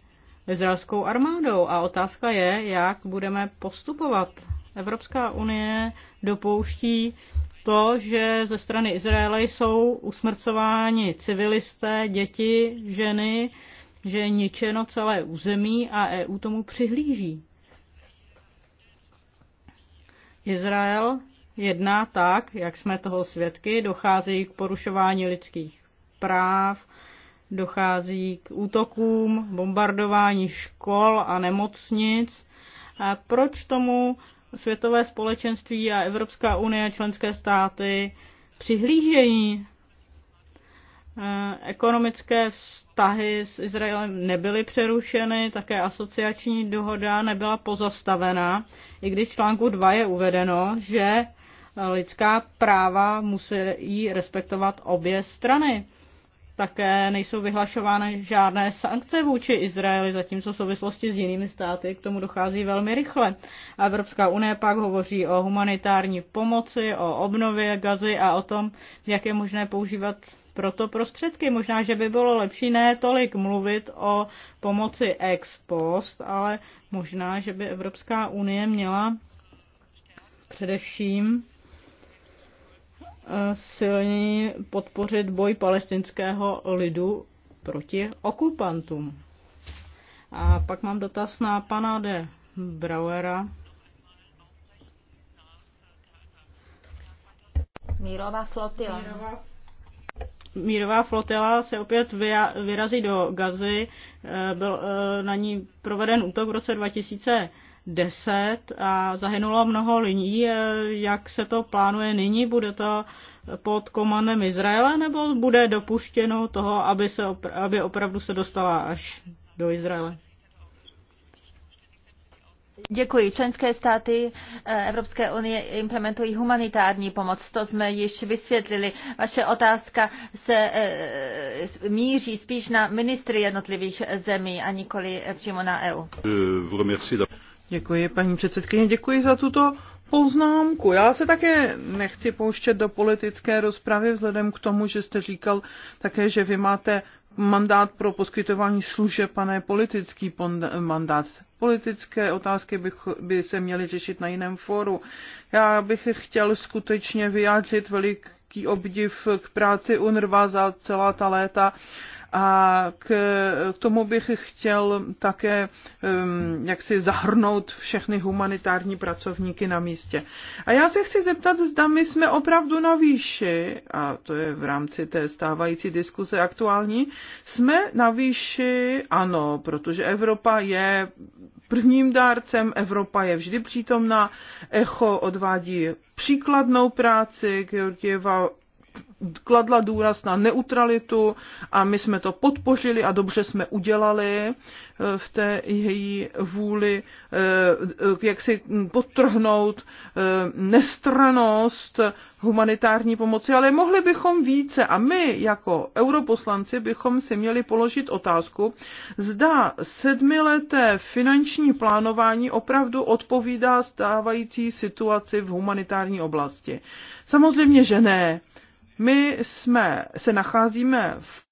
izraelskou armádou a otázka je, jak budeme postupovat. Evropská unie dopouští to, že ze strany Izraele jsou usmrcováni civilisté, děti, ženy, že je ničeno celé území a EU tomu přihlíží. Izrael jedná tak, jak jsme toho svědky, dochází k porušování lidských práv, dochází k útokům, bombardování škol a nemocnic. A proč tomu světové společenství a Evropská unie a členské státy přihlížejí? Eh, ekonomické vztahy s Izraelem nebyly přerušeny, také asociační dohoda nebyla pozastavena, i když v článku 2 je uvedeno, že lidská práva musí respektovat obě strany. Také nejsou vyhlašovány žádné sankce vůči Izraeli, zatímco v souvislosti s jinými státy k tomu dochází velmi rychle. Evropská unie pak hovoří o humanitární pomoci, o obnově gazy a o tom, jak je možné používat proto prostředky. Možná, že by bylo lepší ne tolik mluvit o pomoci ex post, ale možná, že by Evropská unie měla především eh, silně podpořit boj palestinského lidu proti okupantům. A pak mám dotaz na pana de Brauera. Mírová flotila. Mírová mírová flotila se opět vyrazí do Gazy. Eh, byl eh, na ní proveden útok v roce 2010 a zahynulo mnoho lidí. Eh, jak se to plánuje nyní? Bude to pod komandem Izraele nebo bude dopuštěno toho, aby, se opra- aby opravdu se dostala až do Izraele? Děkuji. Členské státy eh, Evropské unie implementují humanitární pomoc. To jsme již vysvětlili. Vaše otázka se eh, míří spíš na ministry jednotlivých zemí a nikoli přímo na EU. Eh, Děkuji, paní předsedkyně. Děkuji za tuto poznámku. Já se také nechci pouštět do politické rozpravy vzhledem k tomu, že jste říkal také, že vy máte mandát pro poskytování služeb a ne politický mandát. Politické otázky bych, by se měly řešit na jiném fóru. Já bych chtěl skutečně vyjádřit veliký obdiv k práci UNRWA za celá ta léta a k, k tomu bych chtěl také um, jaksi zahrnout všechny humanitární pracovníky na místě. A já se chci zeptat, zda my jsme opravdu na výši, a to je v rámci té stávající diskuse aktuální, jsme na výši, ano, protože Evropa je prvním dárcem, Evropa je vždy přítomná, ECHO odvádí příkladnou práci, Georgieva kladla důraz na neutralitu a my jsme to podpořili a dobře jsme udělali eh, v té její vůli, eh, jak si podtrhnout eh, nestranost humanitární pomoci, ale mohli bychom více a my jako europoslanci bychom si měli položit otázku, zda sedmileté finanční plánování opravdu odpovídá stávající situaci v humanitární oblasti. Samozřejmě, že ne. My jsme, se nacházíme v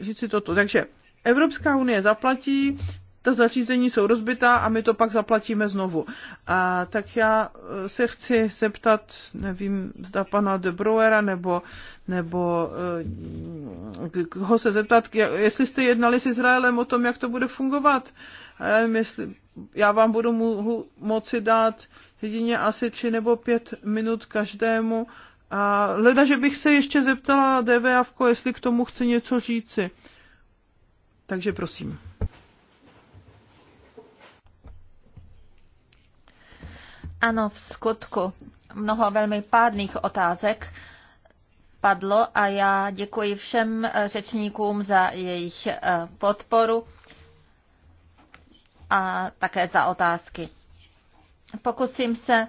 říct si toto. Takže Evropská unie zaplatí, ta zařízení jsou rozbitá a my to pak zaplatíme znovu. A tak já eh, se chci zeptat, nevím, zda pana de Bruera nebo, nebo eh, ho se zeptat, jestli jste jednali s Izraelem o tom, jak to bude fungovat. Já, nevím, jestli, já vám budu moci dát jedině asi tři nebo pět minut každému a leda, že bych se ještě zeptala DVAVko, jestli k tomu chce něco říci. Takže prosím. Ano, v skutku mnoho velmi pádných otázek padlo a já děkuji všem eh, řečníkům za jejich eh, podporu a také za otázky. Pokusím se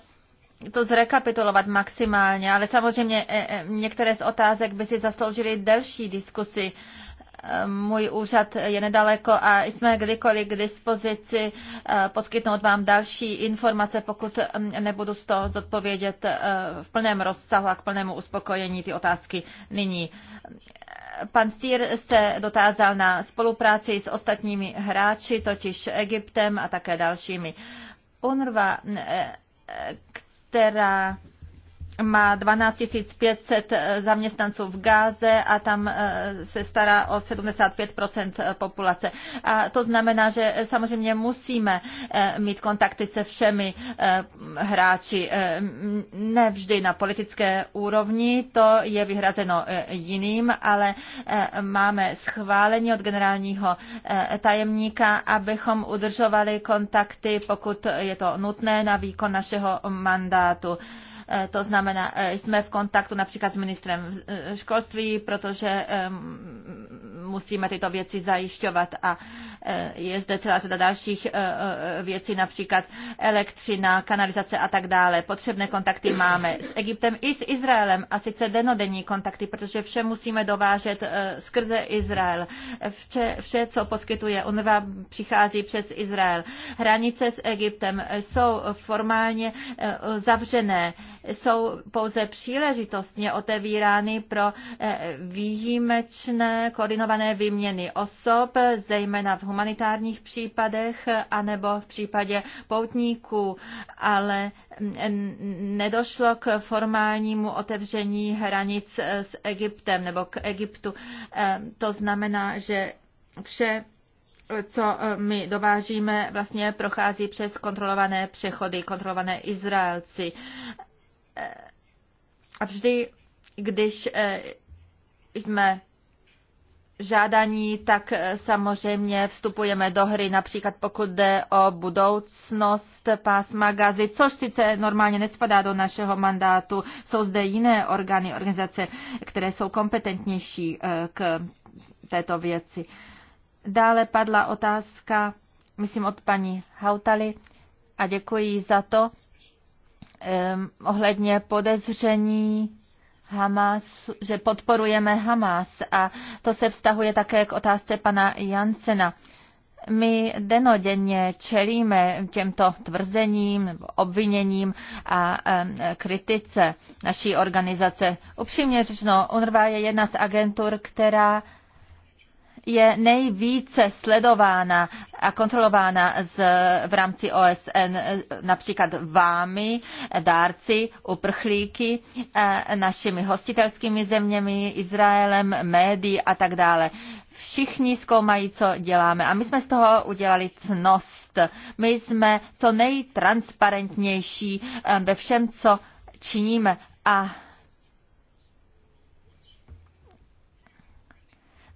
to zrekapitulovat maximálně, ale samozřejmě e, e, některé z otázek by si zasloužily delší diskusy. E, můj úřad je nedaleko a jsme kdykoliv k dispozici poskytnout vám další informace, pokud nebudu z toho zodpovědět v plném rozsahu a k plnému uspokojení ty otázky nyní. Pan Stýr se dotázal na spolupráci s ostatními hráči, totiž Egyptem a také dalšími. UNRWA která má 12 500 eh, zaměstnanců v Gáze a tam eh, se stará o 75 eh, populace. A to znamená, že samozřejmě musíme mít kontakty se všemi hráči. Ne vždy na politické úrovni, to je vyhrazeno jiným, ale máme schválení od generálního tajemníka, abychom udržovali kontakty, pokud je to nutné na výkon našeho mandátu. Eh, to znamená, eh, jsme v kontaktu například s ministrem eh, školství, protože musíme tyto věci zajišťovat a je zde celá řada dalších věcí, například elektřina, kanalizace a tak dále. Potřebné kontakty máme s Egyptem i s Izraelem a sice denodenní kontakty, protože vše musíme dovážet skrze Izrael. Vše, vše co poskytuje UNRWA, přichází přes Izrael. Hranice s Egyptem jsou formálně zavřené jsou pouze příležitostně otevírány pro eh, výjimečné koordinované výměny osob, zejména v humanitárních případech anebo v případě poutníků, ale mm, nedošlo k formálnímu otevření hranic eh, s Egyptem nebo k Egyptu. Eh, to znamená, že vše co my dovážíme, vlastně prochází přes kontrolované přechody, kontrolované Izraelci. Eh, a vždy, když eh, jsme žádaní, tak eh, samozřejmě vstupujeme do hry, například pokud jde o budoucnost pásma gazy, což sice normálně nespadá do našeho mandátu, jsou zde jiné orgány, organizace, které jsou kompetentnější k této věci. Dále padla otázka, myslím od paní Hautaly, a děkuji za to, ohledně podezření Hamas, že podporujeme Hamas a to se vztahuje také k otázce pana Jansena. My denodenně čelíme těmto tvrzením, obviněním a kritice naší organizace. Upřímně řečeno, UNRWA je jedna z agentur, která je nejvíce sledována a kontrolována z, v rámci OSN například vámi, dárci, uprchlíky, eh, našimi hostitelskými zeměmi, Izraelem, médií a tak dále. Všichni zkoumají, co děláme a my jsme z toho udělali cnost. My jsme co nejtransparentnější eh, ve všem, co činíme a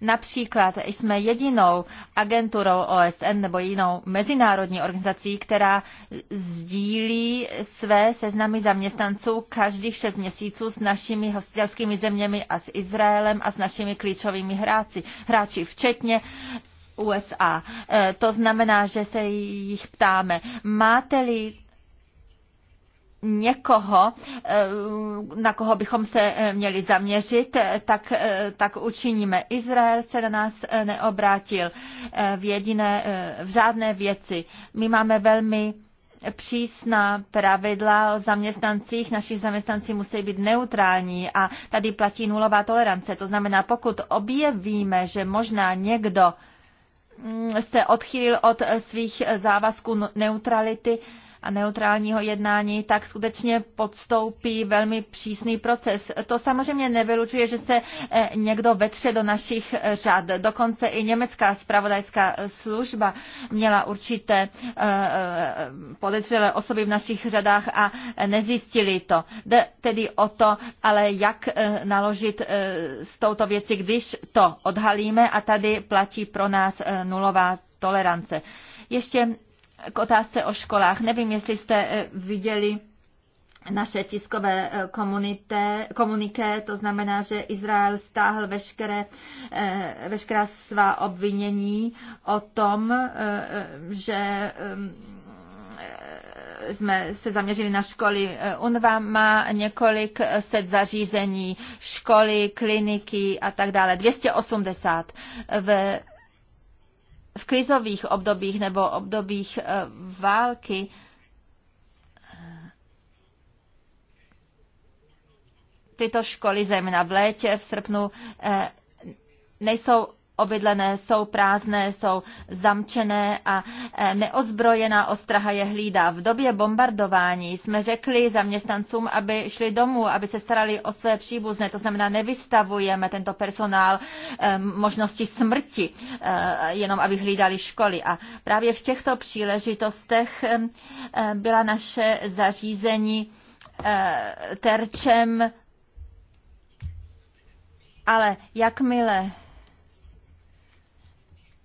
Například jsme jedinou agenturou OSN nebo jinou mezinárodní organizací, která sdílí své seznamy zaměstnanců každých šest měsíců s našimi hostitelskými zeměmi a s Izraelem a s našimi klíčovými hráči, hráči včetně USA. E, to znamená, že se jich ptáme, máte-li někoho, eh, na koho bychom se eh, měli zaměřit, eh, tak, tak učiníme. Izrael se na nás neobrátil v, jediné, v žádné věci. My máme velmi přísná pravidla o zaměstnancích. Naši zaměstnanci musí být neutrální a tady platí nulová tolerance. To znamená, pokud objevíme, že možná někdo mm, se odchýlil od svých závazků neutrality, a neutrálního jednání, tak skutečně podstoupí velmi přísný proces. To samozřejmě nevylučuje, že se eh, někdo vetře do našich eh, řad. Dokonce i německá spravodajská služba měla určité eh, podezřelé osoby v našich řadách a nezjistili to. Jde tedy o to, ale jak naložit s touto věci, když to odhalíme a tady platí pro nás nulová tolerance. Ještě k otázce o školách. Nevím, jestli jste eh, viděli naše tiskové eh, komunité, komuniké, to znamená, že Izrael stáhl veškeré, eh, veškerá svá obvinění o tom, že ehm, jsme se zaměřili na školy. UNVA má několik set zařízení, školy, kliniky a tak dále. 280 v v krizových obdobích nebo obdobích eh, války eh, tyto školy zejména v létě, v srpnu, eh, nejsou obydlené, jsou prázdné, jsou zamčené a e, neozbrojená ostraha je hlídá. V době bombardování jsme řekli zaměstnancům, aby šli domů, aby se starali o své příbuzné, to znamená nevystavujeme tento personál e, možnosti smrti, e, jenom aby hlídali školy. A právě v těchto příležitostech byla naše zařízení terčem ale jakmile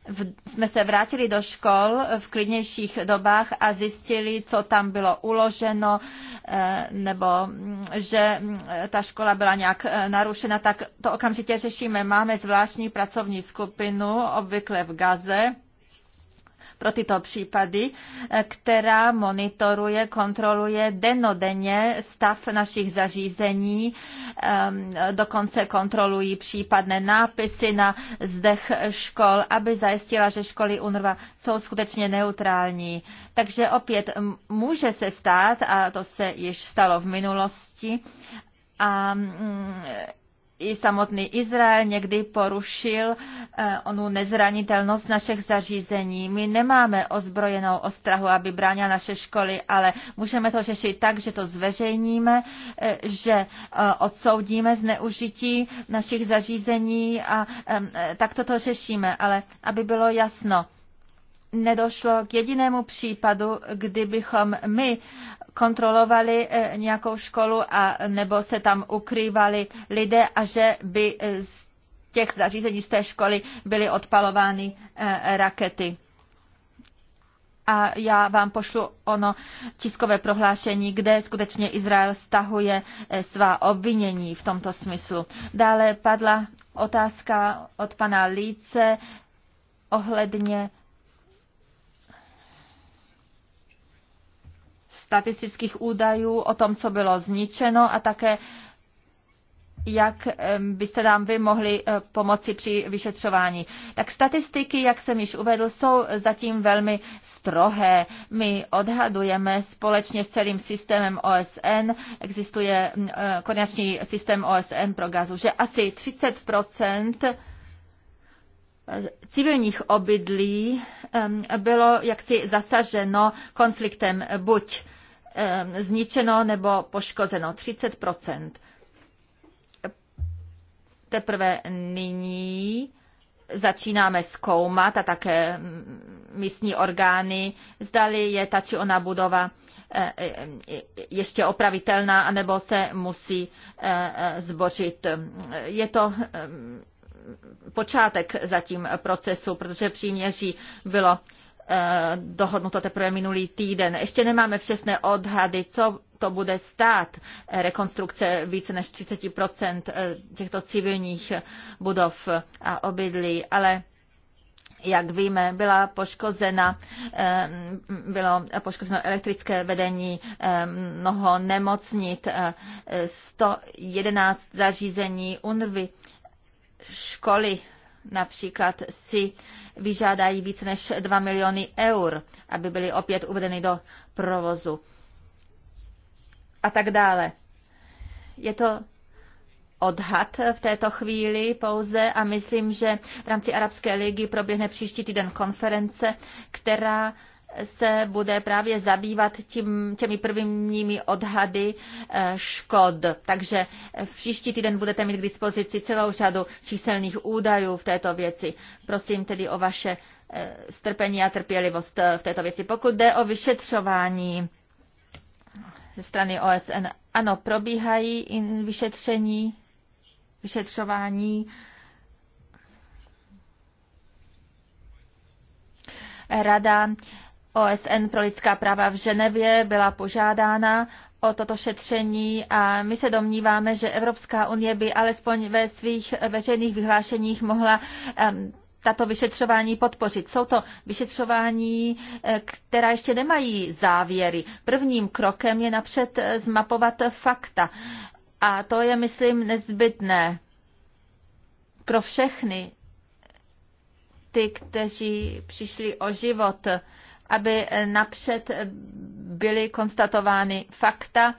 v, jsme se vrátili do škol v klidnějších dobách a zjistili, co tam bylo uloženo, eh, nebo mm, že mm, ta škola byla nějak eh, narušena, tak to okamžitě řešíme. Máme zvláštní pracovní skupinu, obvykle v Gaze, pro tyto případy, eh, která monitoruje, kontroluje denodenně stav našich zařízení, ehm, dokonce kontrolují případné nápisy na zdech škol, aby zajistila, že školy UNRWA jsou skutečně neutrální. Takže opět může se stát, a to se již stalo v minulosti, a mm, i samotný Izrael někdy porušil eh, onu nezranitelnost našich zařízení. My nemáme ozbrojenou ostrahu, aby bránila naše školy, ale můžeme to řešit tak, že to zveřejníme, eh, že eh, odsoudíme zneužití našich zařízení a tak toto řešíme. Ale aby bylo jasno, nedošlo k jedinému případu, kdybychom my kontrolovali eh, nějakou školu a nebo se tam ukrývali lidé a že by eh, z těch zařízení z té školy byly odpalovány eh, rakety. A já vám pošlu ono tiskové prohlášení, kde skutečně Izrael stahuje svá obvinění v tomto smyslu. Dále padla otázka od pana Líce ohledně statistických údajů o tom, co bylo zničeno a také jak byste nám vy mohli eh, pomoci při vyšetřování. Tak statistiky, jak jsem již uvedl, jsou zatím velmi strohé. My odhadujeme společně s celým systémem OSN, existuje mm, eh, konečný systém OSN pro gazu, že asi 30 eh, civilních obydlí bylo jaksi zasaženo konfliktem buď Eh, zničeno nebo poškozeno. 30 Teprve nyní začínáme zkoumat a také místní orgány, zdali je ta či ona budova eh, ještě opravitelná, anebo se musí eh, zbořit. Je to počátek zatím procesu, protože příměří bylo Eh, dohodnuto teprve minulý týden. Ještě nemáme přesné odhady, co to bude stát rekonstrukce více než 30 eh, těchto civilních budov a obydlí, ale jak víme, byla poškozena, eh, bylo poškozeno elektrické vedení mnoho nemocnit, 111 zařízení UNRVY, školy například si vyžádají více než 2 miliony eur, aby byly opět uvedeny do provozu. A tak dále. Je to odhad v této chvíli pouze a myslím, že v rámci Arabské ligy proběhne příští týden konference, která se bude právě zabývat tím, těmi prvními odhady eh, škod. Takže v příští týden budete mít k dispozici celou řadu číselných údajů v této věci. Prosím tedy o vaše eh, strpení a trpělivost eh, v této věci. Pokud jde o vyšetřování ze strany OSN, ano, probíhají vyšetření, vyšetřování. Rada OSN pro lidská práva v Ženevě byla požádána o toto šetření a my se domníváme, že Evropská unie by alespoň ve svých veřejných vyhlášeních mohla tato vyšetřování podpořit. Jsou to vyšetřování, eh, která ještě nemají závěry. Prvním krokem je napřed eh, zmapovat fakta. A to je, myslím, nezbytné pro všechny ty, kteří přišli o život aby napřed byly konstatovány fakta,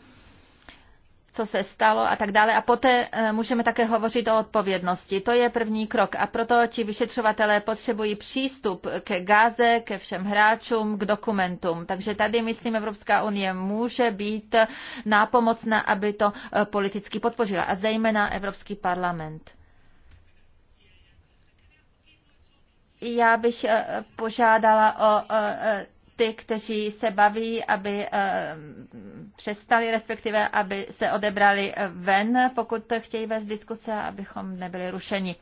co se stalo a tak dále. A poté eh, můžeme také hovořit o odpovědnosti. To je první krok. A proto ti vyšetřovatelé potřebují přístup ke gáze, ke všem hráčům, k dokumentům. Takže tady, myslím, Evropská unie může být nápomocná, aby to eh, politicky podpořila. A zejména Evropský parlament. Já bych eh, požádala o eh, eh, ty, kteří se baví, aby přestali, respektive aby se odebrali ven, pokud chtějí vést diskuse, abychom nebyli rušeni.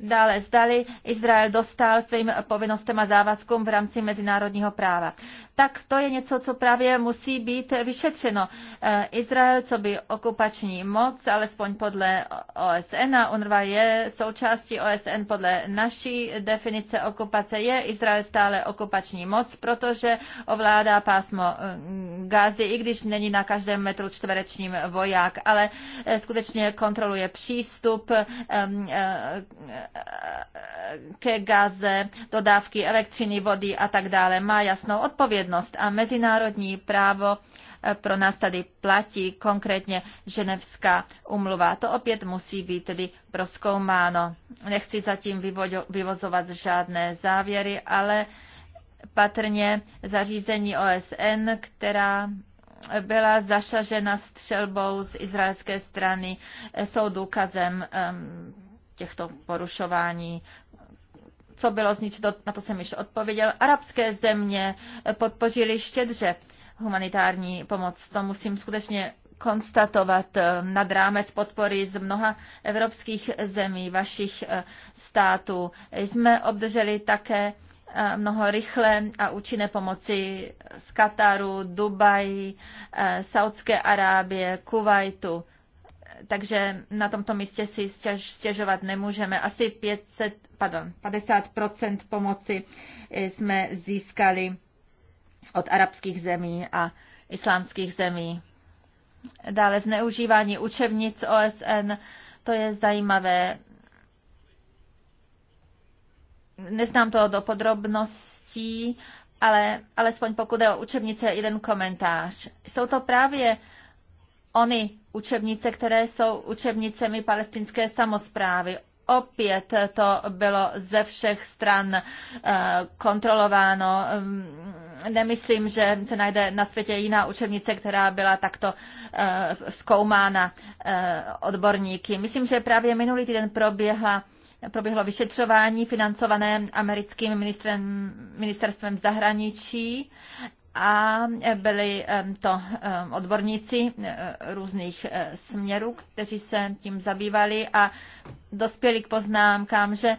Dále, zdali Izrael dostal svým povinnostem a závazkům v rámci mezinárodního práva. Tak to je něco, co právě musí být vyšetřeno. Eh, Izrael, co by okupační moc, alespoň podle OSN a UNRWA je součástí OSN podle naší definice okupace, je Izrael stále okupační moc, protože ovládá pásmo eh, Gázy, i když není na každém metru čtverečním voják, ale eh, skutečně kontroluje přístup ke Gaze, dodávky elektřiny, vody a tak dále, má jasnou odpovědnost a mezinárodní právo eh, pro nás tady platí, konkrétně Ženevská umluva. To opět musí být tedy proskoumáno. Nechci zatím vyvozovat žádné závěry, ale patrně zařízení OSN, která byla zašažena střelbou z izraelské strany, eh, jsou důkazem ehm, těchto porušování co bylo zničeno, na to jsem již odpověděl. Arabské země podpořily štědře humanitární pomoc. To musím skutečně konstatovat nad rámec podpory z mnoha evropských zemí, vašich eh, států. Jsme obdrželi také eh, mnoho rychlé a účinné pomoci z Kataru, Dubaji, eh, Saudské Arábie, Kuwaitu takže na tomto místě si stěž, stěžovat nemůžeme. Asi 500, pardon, 50 pomoci eh, jsme získali od arabských zemí a islámských zemí. Dále zneužívání učebnic OSN, to je zajímavé. Neznám to do podrobností, ale alespoň pokud je o učebnice, jeden komentář. Jsou to právě ony učebnice, které jsou učebnicemi palestinské samozprávy. Opět to bylo ze všech stran eh, kontrolováno. Mm, nemyslím, že se najde na světě jiná učebnice, která byla takto eh, zkoumána eh, odborníky. Myslím, že právě minulý týden proběhla proběhlo vyšetřování financované americkým ministrem, ministerstvem zahraničí a byli to odborníci různých e, směrů, kteří se tím zabývali a dospěli k poznámkám, že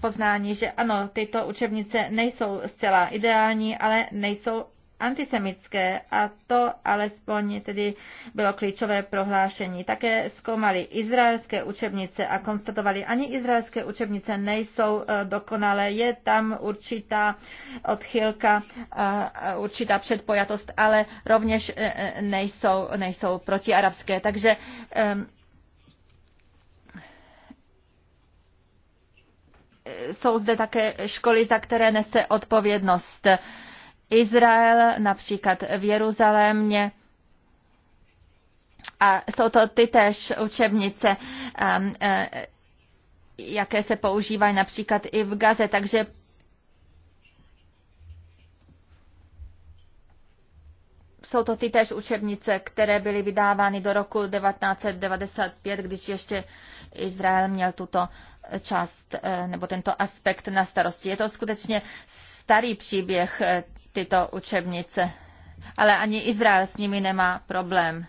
poznání, že ano, tyto učebnice nejsou zcela ideální, ale nejsou antisemické a to alespoň tedy bylo klíčové prohlášení. Také zkoumali izraelské učebnice a konstatovali, ani izraelské učebnice nejsou e, dokonalé, je tam určitá odchylka, určitá předpojatost, ale rovněž e, e, nejsou, nejsou protiarabské. Takže jsou zde také školy, za které nese odpovědnost Izrael, například v Jeruzalémě. A jsou to ty též učebnice, um, eh, jaké se používají například i v Gaze. Takže jsou to ty též učebnice, které byly vydávány do roku 1995, když ještě Izrael měl tuto část eh, nebo tento aspekt na starosti. Je to skutečně starý příběh eh, tyto učebnice, ale ani Izrael s nimi nemá problém.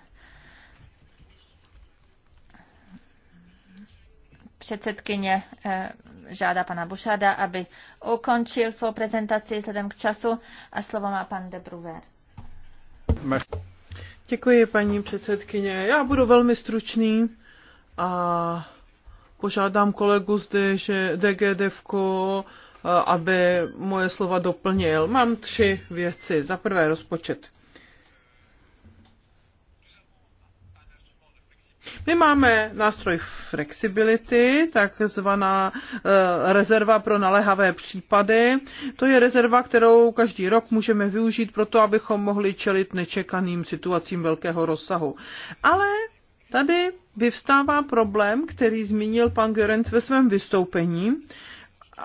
Předsedkyně eh, žádá pana Bušada, aby ukončil svou prezentaci vzhledem k času a slovo má pan de Bruver. Děkuji, paní předsedkyně. Já budu velmi stručný a požádám kolegu zde, že DGDFko Eh, aby moje slova doplnil. Mám tři věci. Za prvé rozpočet. My máme nástroj flexibility, takzvaná eh, rezerva pro naléhavé případy. To je rezerva, kterou každý rok můžeme využít pro to, abychom mohli čelit nečekaným situacím velkého rozsahu. Ale tady vyvstává problém, který zmínil pan Görenc ve svém vystoupení,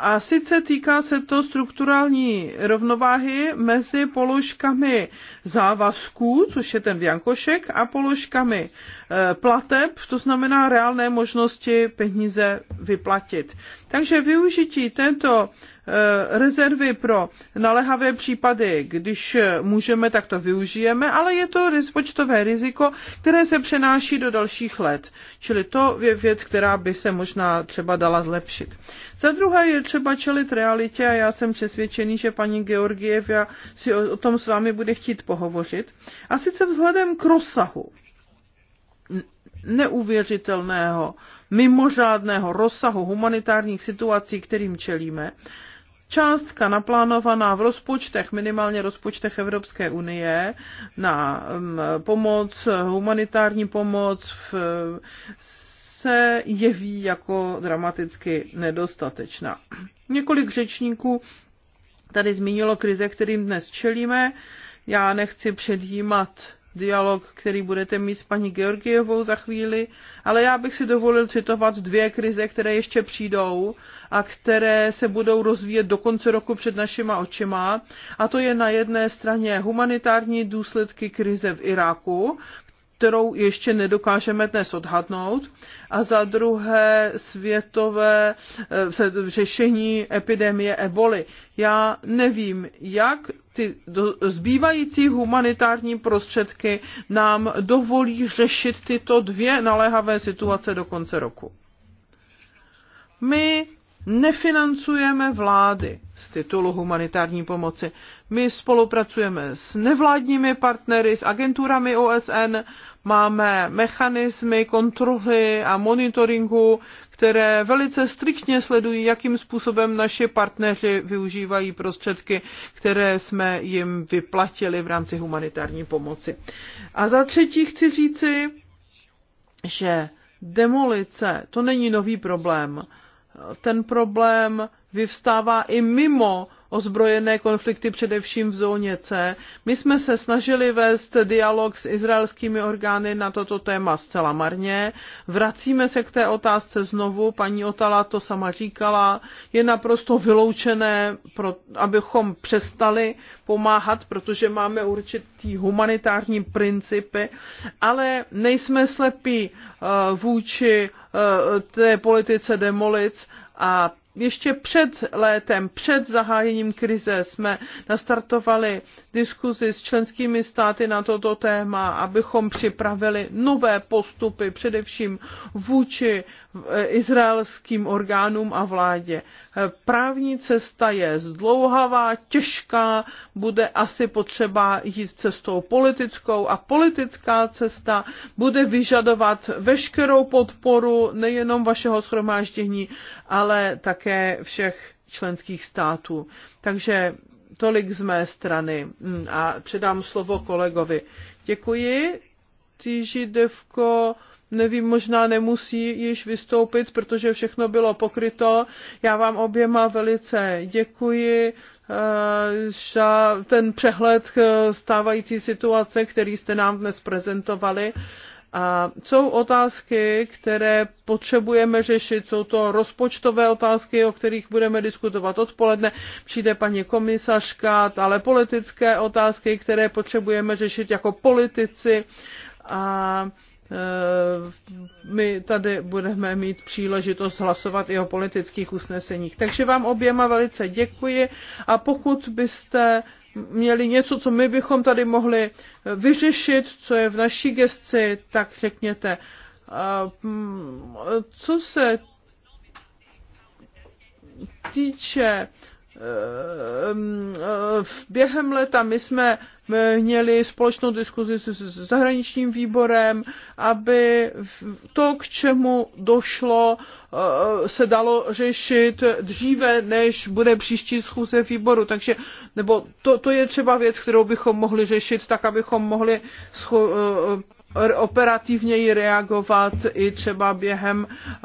a sice týká se to strukturální rovnováhy mezi položkami závazků, což je ten Jankošek, a položkami eh, plateb, to znamená reálné možnosti peníze vyplatit. Takže využití této Eh, rezervy pro naléhavé případy, když můžeme, tak to využijeme, ale je to rozpočtové riziko, které se přenáší do dalších let. Čili to je věc, která by se možná třeba dala zlepšit. Za druhé je třeba čelit realitě a já jsem přesvědčený, že paní Georgieva si o, o tom s vámi bude chtít pohovořit. A sice vzhledem k rozsahu neuvěřitelného, mimořádného rozsahu humanitárních situací, kterým čelíme, částka naplánovaná v rozpočtech, minimálně rozpočtech Evropské unie, na mm, pomoc, humanitární pomoc v, se jeví jako dramaticky nedostatečná. Několik řečníků tady zmínilo krize, kterým dnes čelíme. Já nechci předjímat dialog, který budete mít s paní Georgievou za chvíli, ale já bych si dovolil citovat dvě krize, které ještě přijdou a které se budou rozvíjet do konce roku před našima očima. A to je na jedné straně humanitární důsledky krize v Iráku, kterou ještě nedokážeme dnes odhadnout, a za druhé světové eh, řešení epidemie eboli. Já nevím, jak ty do, zbývající humanitární prostředky nám dovolí řešit tyto dvě naléhavé situace do konce roku. My nefinancujeme vlády z titulu humanitární pomoci. My spolupracujeme s nevládními partnery, s agenturami OSN, máme mechanismy kontroly a monitoringu, které velice striktně sledují, jakým způsobem naši partneři využívají prostředky, které jsme jim vyplatili v rámci humanitární pomoci. A za třetí chci říci, že demolice to není nový problém. Ten problém vyvstává i mimo ozbrojené konflikty především v zóně C. My jsme se snažili vést dialog s izraelskými orgány na toto téma zcela marně. Vracíme se k té otázce znovu. Paní Otala to sama říkala. Je naprosto vyloučené, pro, abychom přestali pomáhat, protože máme určitý humanitární principy, ale nejsme slepí eh, vůči eh, té politice demolic a ještě před létem, před zahájením krize jsme nastartovali diskuzi s členskými státy na toto téma, abychom připravili nové postupy, především vůči E, izraelským orgánům a vládě. E, právní cesta je zdlouhavá, těžká, bude asi potřeba jít cestou politickou a politická cesta bude vyžadovat veškerou podporu nejenom vašeho schromáždění, ale také všech členských států. Takže tolik z mé strany mm, a předám slovo kolegovi. Děkuji. Týži Devko nevím, možná nemusí již vystoupit, protože všechno bylo pokryto. Já vám oběma velice děkuji eh, za ten přehled stávající situace, který jste nám dnes prezentovali. A jsou otázky, které potřebujeme řešit. Jsou to rozpočtové otázky, o kterých budeme diskutovat odpoledne. Přijde paní komisařka, ale politické otázky, které potřebujeme řešit jako politici. A Eh, my tady budeme mít příležitost hlasovat i o politických usneseních. Takže vám oběma velice děkuji a pokud byste měli něco, co my bychom tady mohli vyřešit, co je v naší gesci, tak řekněte. Eh, co se týče Ehm, ehm, během leta my jsme eh, měli společnou diskuzi s zahraničním výborem, aby to, k čemu došlo, eh, se dalo řešit dříve, než bude příští schůze výboru. Takže, nebo to, to je třeba věc, kterou bychom mohli řešit tak, abychom mohli eh, operativněji reagovat i třeba během eh,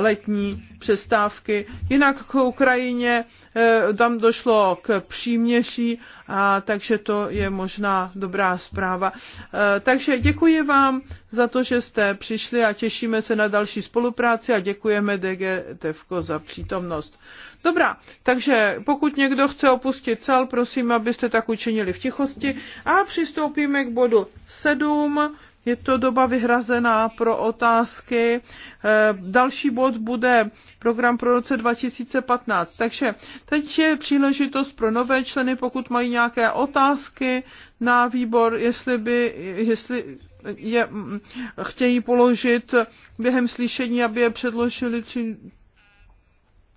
letní přestávky. Jinak k Ukrajině eh, tam došlo k příměší, a takže to je možná dobrá zpráva. Eh, takže děkuji vám za to, že jste přišli a těšíme se na další spolupráci a děkujeme DG Tevko za přítomnost. Dobrá, takže pokud někdo chce opustit cel, prosím, abyste tak učinili v tichosti a přistoupíme k bodu 7 je to doba vyhrazená pro otázky. Eh, další bod bude program pro roce 2015. Takže teď je příležitost pro nové členy, pokud mají nějaké otázky na výbor, jestli by, jestli je mm, chtějí položit během slyšení, aby je předložili tři,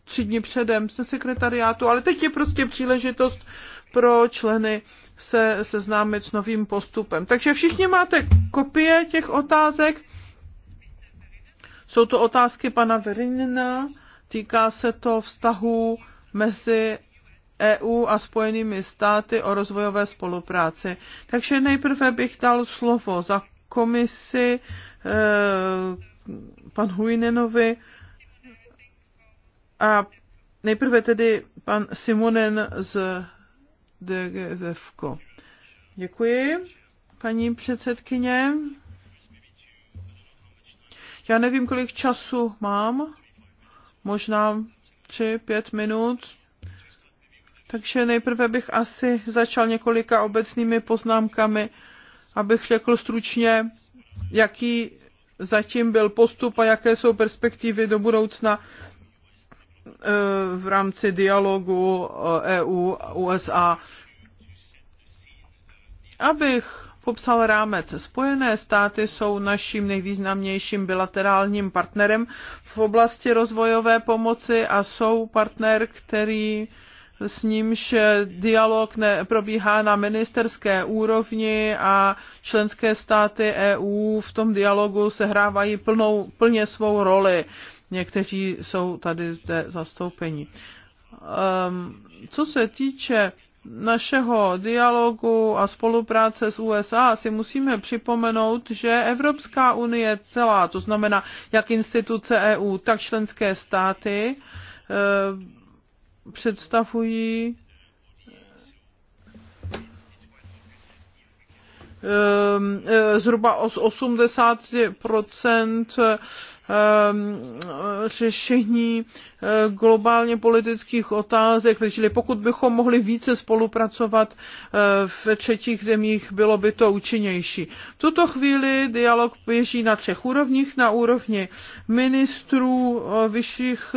tři dny předem se sekretariátu, ale teď je prostě příležitost pro členy se seznámit s novým postupem. Takže všichni máte kopie těch otázek. Jsou to otázky pana Verinina, týká se to vztahu mezi EU a Spojenými státy o rozvojové spolupráci. Takže nejprve bych dal slovo za komisi eh, pan Huinenovi a nejprve tedy pan Simonen z DGZFko. Děkuji, paní předsedkyně. Já nevím, kolik času mám, možná tři, pět minut, takže nejprve bych asi začal několika obecnými poznámkami, abych řekl stručně, jaký zatím byl postup a jaké jsou perspektivy do budoucna Eh, v rámci dialogu EU-USA. Eh, e abych popsal rámec. Spojené státy jsou naším nejvýznamnějším bilaterálním partnerem v oblasti rozvojové pomoci a jsou partner, který s nímž dialog ne, probíhá na ministerské úrovni a členské státy EU v tom dialogu sehrávají plnou, plně svou roli někteří jsou tady zde zastoupeni. Ehm, co se týče našeho dialogu a spolupráce s USA si musíme připomenout, že Evropská unie celá, to znamená jak instituce EU, tak členské státy, ehm, představují ehm, e, zhruba 80 Ehm, řešení eh, globálně politických otázek, čili pokud bychom mohli více spolupracovat eh, v třetích zemích, bylo by to účinnější. V tuto chvíli dialog běží na třech úrovních, na úrovni ministrů, eh, vyšších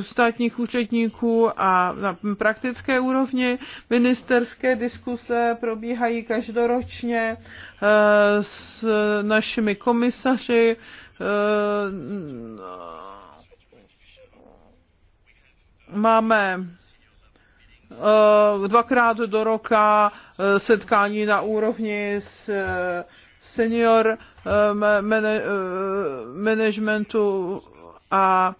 státních úředníků a na praktické úrovni. Ministerské diskuse probíhají každoročně s našimi komisaři, Eh, máme eh, dvakrát do roka eh, setkání na úrovni s senior managementu a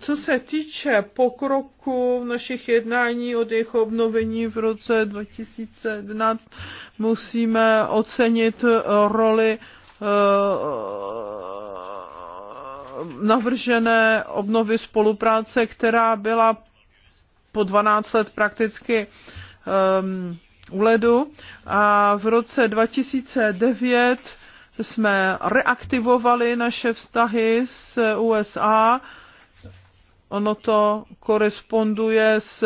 co se týče pokroku v našich jednání od jejich obnovení v roce 2011, musíme ocenit roli Eh, navržené obnovy spolupráce, která byla po 12 let prakticky um, u ledu a v roce 2009 jsme reaktivovali naše vztahy s USA. Ono to koresponduje s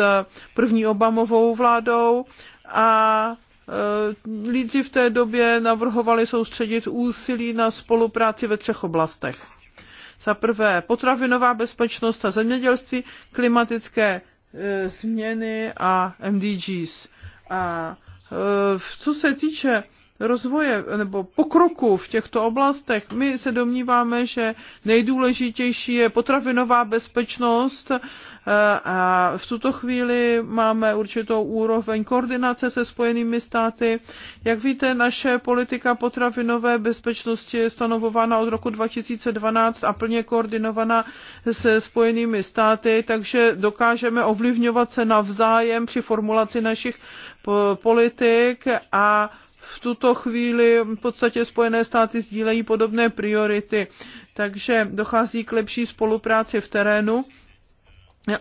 první Obamovou vládou a Eh, lídři v té době navrhovali soustředit úsilí na spolupráci ve třech oblastech. Za prvé potravinová bezpečnost a zemědělství, klimatické eh, změny a MDGs. A eh, co se týče rozvoje nebo pokroku v těchto oblastech. My se domníváme, že nejdůležitější je potravinová bezpečnost eh, a v tuto chvíli máme určitou úroveň koordinace se spojenými státy. Jak víte, naše politika potravinové bezpečnosti je stanovována od roku 2012 a plně koordinovaná se spojenými státy, takže dokážeme ovlivňovat se navzájem při formulaci našich politik a v tuto chvíli v podstatě Spojené státy sdílejí podobné priority, takže dochází k lepší spolupráci v terénu.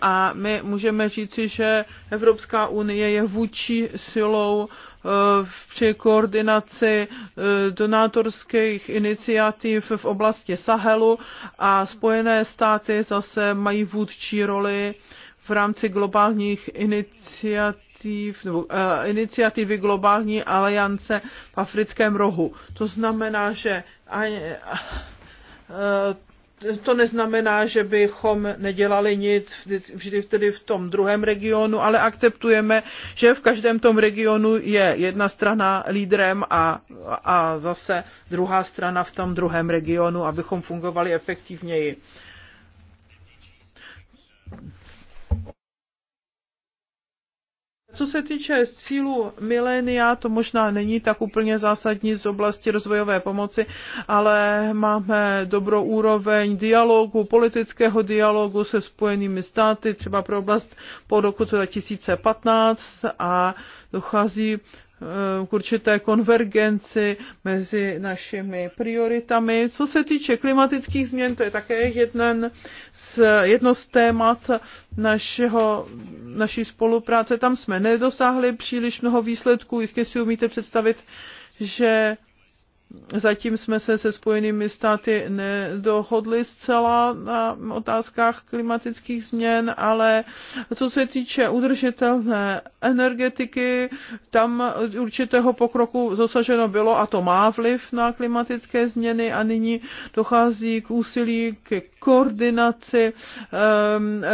A my můžeme říci, že Evropská unie je vůči silou eh, při koordinaci eh, donátorských iniciativ v oblasti Sahelu a Spojené státy zase mají vůdčí roli v rámci globálních iniciativ iniciativ, nebo, uh, iniciativy globální aliance v africkém rohu. To znamená, že ani, uh, eh, eh, to neznamená, že bychom nedělali nic vždy tedy v tom druhém regionu, ale akceptujeme, že v každém tom regionu je jedna strana lídrem a, a zase druhá strana v tom druhém regionu, abychom fungovali efektivněji Co se týče cílu milénia, to možná není tak úplně zásadní z oblasti rozvojové pomoci, ale máme dobrou úroveň dialogu, politického dialogu se spojenými státy, třeba pro oblast po roku 2015 a dochází k určité konvergenci mezi našimi prioritami. Co se týče klimatických změn, to je také jeden z, jedno z témat našeho, naší spolupráce. Tam jsme nedosáhli příliš mnoho výsledků. Jistě si umíte představit, že zatím jsme se se spojenými státy nedohodli zcela na otázkách klimatických změn, ale co se týče udržitelné energetiky, tam určitého pokroku zasaženo bylo a to má vliv na klimatické změny a nyní dochází k úsilí k koordinaci ehm,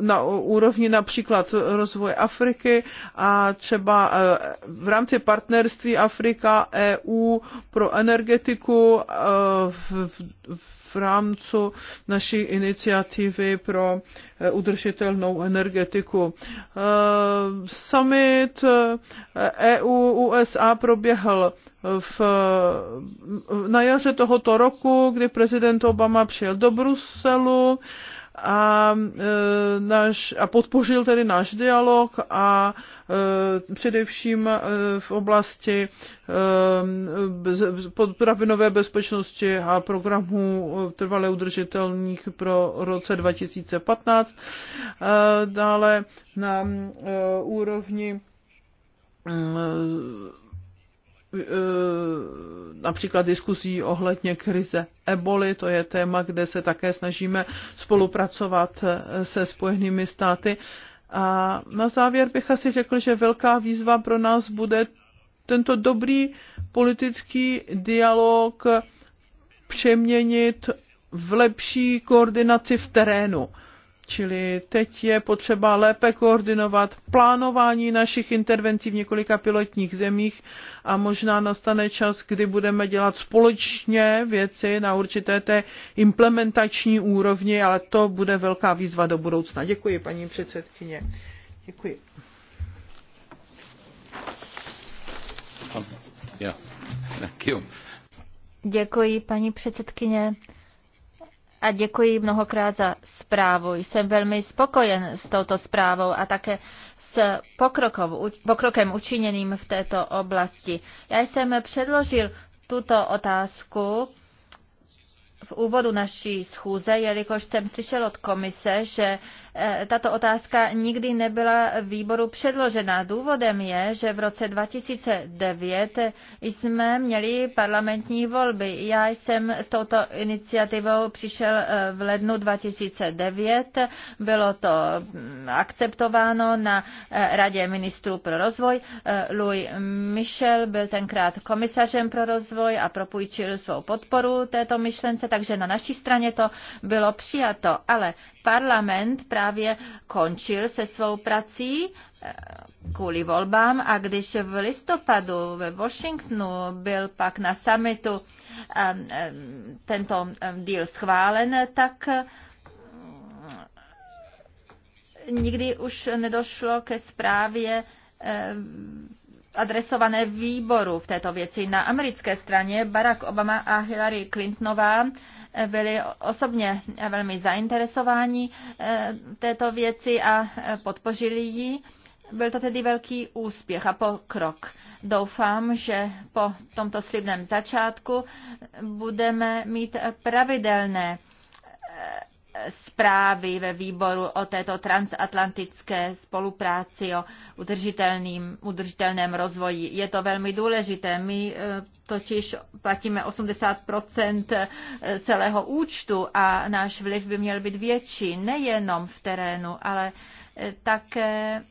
na úrovni například rozvoje Afriky a třeba eh, v rámci partnerství Afrika EU pro energetiku eh, v rámci naší iniciativy pro eh, udržitelnou energetiku. Summit EU-USA e proběhl v, na jaře tohoto roku, kdy prezident Obama přijel do Bruselu a, e, naš, a podpořil tedy náš dialog a e, především e, v oblasti e, potravinové bezpečnosti a programů e, trvale udržitelných pro roce 2015. E, dále na e, úrovni e, Eh, například diskuzí ohledně krize eboli, to je téma, kde se také snažíme spolupracovat eh, se Spojenými státy. A na závěr bych asi řekl, že velká výzva pro nás bude tento dobrý politický dialog přeměnit v lepší koordinaci v terénu. Čili teď je potřeba lépe koordinovat plánování našich intervencí v několika pilotních zemích a možná nastane čas, kdy budeme dělat společně věci na určité té implementační úrovni, ale to bude velká výzva do budoucna. Děkuji, paní předsedkyně. Děkuji. Děkuji, paní předsedkyně a děkuji mnohokrát za zprávu. Jsem velmi spokojen s touto zprávou a také s pokrokov, pokrokem učiněným v této oblasti. Já jsem předložil tuto otázku v úvodu naší schůze, jelikož jsem slyšel od komise, že Eh, tato otázka nikdy nebyla výboru předložena. Důvodem je, že v roce 2009 jsme měli parlamentní volby. Já jsem s touto iniciativou přišel eh, v lednu 2009. Bylo to mm, akceptováno na eh, Radě ministrů pro rozvoj. Louis Michel byl tenkrát komisařem pro rozvoj a propůjčil svou podporu této myšlence, takže na naší straně to bylo přijato. Ale parlament právě právě končil se svou prací eh, kvůli volbám a když v listopadu ve Washingtonu byl pak na summitu eh, eh, tento díl schválen, tak nikdy už nedošlo ke zprávě adresované výboru v této věci. Na americké straně Barack Obama a Hillary Clintonová eh, byli osobně velmi zainteresováni eh, této věci a eh, podpořili ji. Byl to tedy velký úspěch a pokrok. Doufám, že po tomto slibném začátku budeme mít pravidelné zprávy ve výboru o této transatlantické spolupráci, o udržitelným, udržitelném rozvoji. Je to velmi důležité. My eh, totiž platíme 80 eh, celého účtu a náš vliv by měl být větší, nejenom v terénu, ale eh, také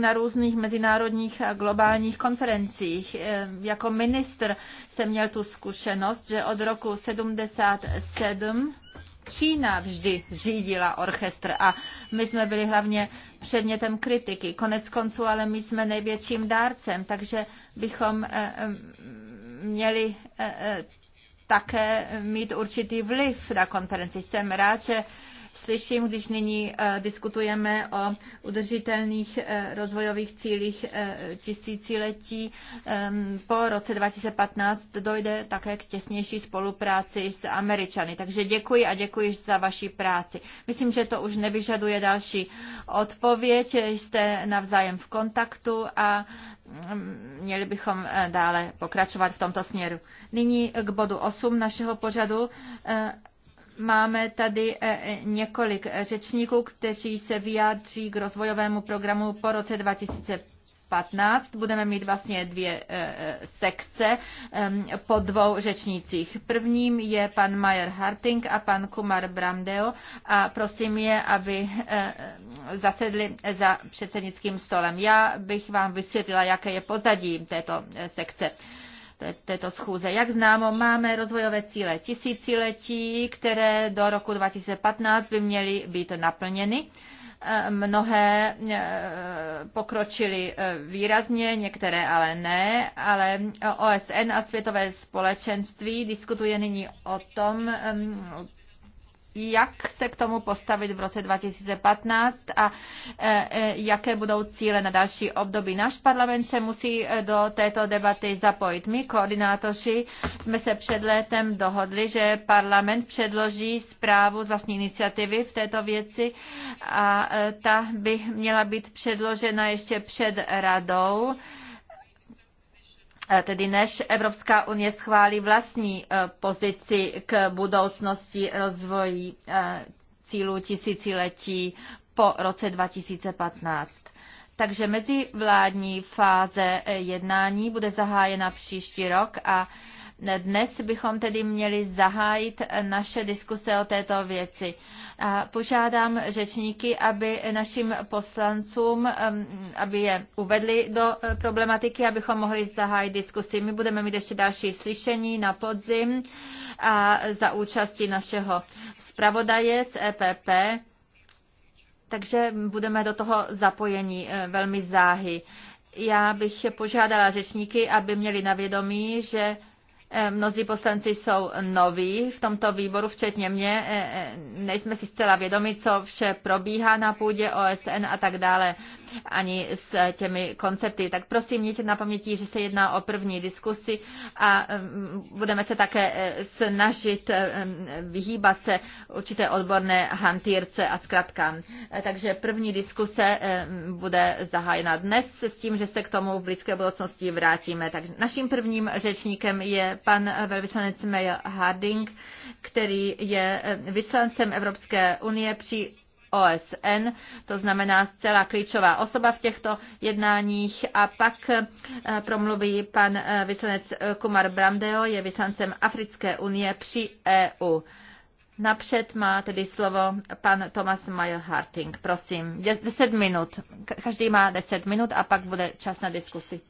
na různých mezinárodních a globálních konferencích. Jako ministr jsem měl tu zkušenost, že od roku 77 Čína vždy řídila orchestr a my jsme byli hlavně předmětem kritiky. Konec konců, ale my jsme největším dárcem, takže bychom eh, eh, měli eh, také mít určitý vliv na konferenci. Jsem rád, že slyším, když nyní eh, diskutujeme o udržitelných eh, rozvojových cílích eh, tisíciletí. Ehm, po roce 2015 dojde také k těsnější spolupráci s Američany. Takže děkuji a děkuji za vaši práci. Myslím, že to už nevyžaduje další odpověď. Jste navzájem v kontaktu a mm, měli bychom dále pokračovat v tomto směru. Nyní k bodu 8 našeho pořadu Máme tady e, e, několik řečníků, kteří se vyjádří k rozvojovému programu po roce 2015. Budeme mít vlastně dvě e, sekce po dvou řečnících. Prvním je pan Mayer Harting a pan Kumar Bramdeo a prosím je, aby zasedli za předsednickým stolem. Já bych vám vysvětlila, jaké je pozadí této sekce této schůze. Jak známo, máme rozvojové cíle tisíciletí, které do roku 2015 by měly být naplněny. Eh, mnohé eh, pokročily eh, výrazně, některé ale ne, ale OSN a světové společenství diskutuje nyní o tom, jak se k tomu postavit v roce 2015 a e, e, jaké budou cíle na další období. Náš parlament se musí e, do této debaty zapojit. My, koordinátoři, jsme se před létem dohodli, že parlament předloží zprávu z vlastní iniciativy v této věci a ta by měla být předložena ještě před radou Eh, tedy než Evropská unie schválí vlastní eh, pozici k budoucnosti rozvoji eh, cílů tisíciletí po roce 2015. Takže mezivládní fáze jednání bude zahájena příští rok a dnes bychom tedy měli zahájit naše diskuse o této věci. A požádám řečníky, aby našim poslancům, aby je uvedli do eh, problematiky, abychom mohli zahájit diskusi. My budeme mít ještě další slyšení na podzim a za účasti našeho zpravodaje z EPP takže budeme do toho zapojeni eh, velmi záhy. Já bych požádala řečníky, aby měli na vědomí, že Eh, mnozí poslanci jsou noví v tomto výboru, včetně mě. Eh, eh, nejsme si zcela vědomi, co vše probíhá na půdě OSN a tak dále ani s těmi koncepty. Tak prosím, mějte na paměti, že se jedná o první diskusi a um, budeme se také eh, snažit eh, vyhýbat se určité odborné hantýrce a zkratkám. Eh, takže první diskuse bude zahájena dnes s tím, že se k tomu v blízké budoucnosti vrátíme. Takže naším prvním řečníkem je pan velvyslanec Mail Harding, který je vyslancem Evropské unie při OSN, to znamená zcela klíčová osoba v těchto jednáních. A pak eh, promluví pan eh, vyslanec eh, Kumar Bramdeo, je vyslancem Africké unie při EU. Napřed má tedy slovo pan Thomas Meyer Harting. Prosím, deset minut. Každý má deset minut a pak bude čas na diskusi.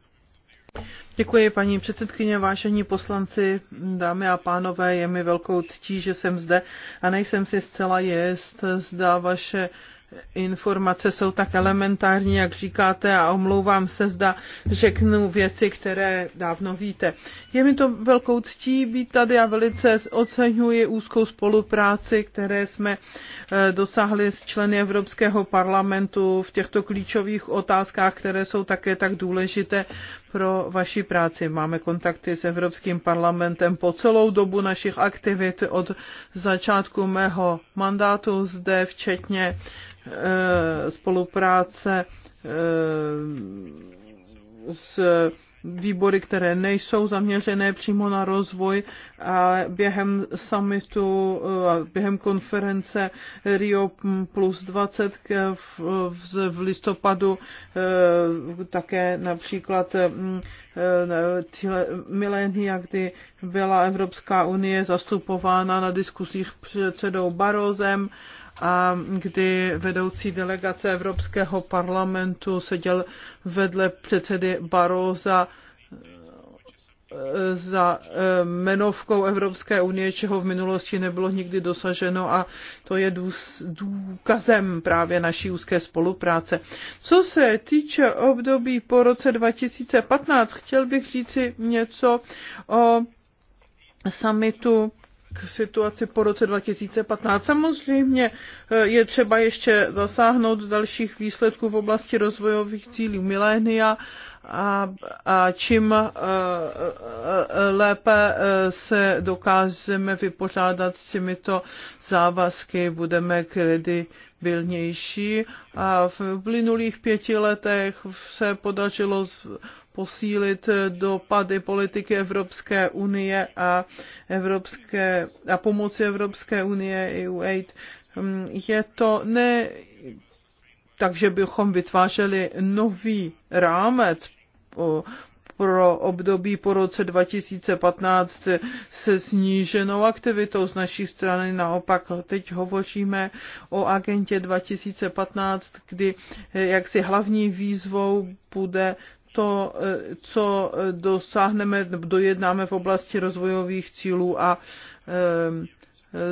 Děkuji, paní předsedkyně, vážení poslanci, dámy a pánové, je mi velkou ctí, že jsem zde a nejsem si zcela jist, zda vaše informace jsou tak elementární, jak říkáte, a omlouvám se, zda řeknu věci, které dávno víte. Je mi to velkou ctí být tady a velice oceňuji úzkou spolupráci, které jsme eh, dosáhli s členy Evropského parlamentu v těchto klíčových otázkách, které jsou také tak důležité pro vaši práci. Máme kontakty s Evropským parlamentem po celou dobu našich aktivit od začátku mého mandátu zde, včetně Eh, spolupráce eh, s výbory, které nejsou zaměřené přímo na rozvoj a během summitu a eh, během konference Rio plus 20 v listopadu také například mm, cíle milénia, kdy byla Evropská unie zastupována na diskusích předsedou Barozem a kdy vedoucí delegace Evropského parlamentu seděl vedle předsedy Baroza eh, za eh, menovkou Evropské unie, čeho v minulosti nebylo nikdy dosaženo a to je důkazem právě naší úzké spolupráce. Co se týče období po roce 2015, chtěl bych říci něco o samitu k situaci po roce 2015. Samozřejmě eh, je třeba ještě zasáhnout dalších výsledků v oblasti rozvojových cílů milénia a, a čím e, e, lépe e, se dokážeme vypořádat s těmito závazky, budeme kredibilnější. A v plynulých pěti letech se podařilo posílit dopady politiky Evropské unie a, Evropské, a pomoci Evropské unie EU8. Je to ne takže bychom vytvářeli nový rámec pro období po roce 2015 se sníženou aktivitou z naší strany. Naopak teď hovoříme o agentě 2015, kdy eh, jaksi hlavní výzvou bude to, eh, co dosáhneme, dojednáme v oblasti rozvojových cílů a eh,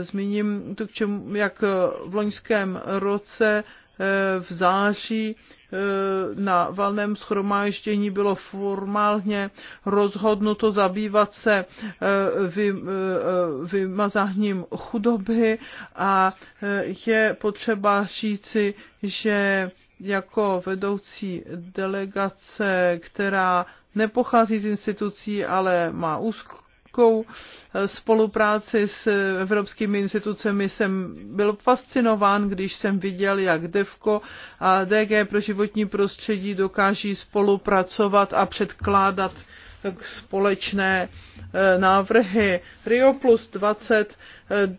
Zmíním to, k čemu, jak v loňském roce v září eh, na valném schromáždění bylo formálně rozhodnuto zabývat se eh, eh, vymazáním chudoby a je potřeba říci, že jako vedoucí delegace, která nepochází z institucí, ale má úzkou úzkou eh, spolupráci s evropskými institucemi jsem byl fascinován, když jsem viděl, jak DEVKO a DG pro životní prostředí dokáží spolupracovat a předkládat společné eh, návrhy. Rio plus 20 eh,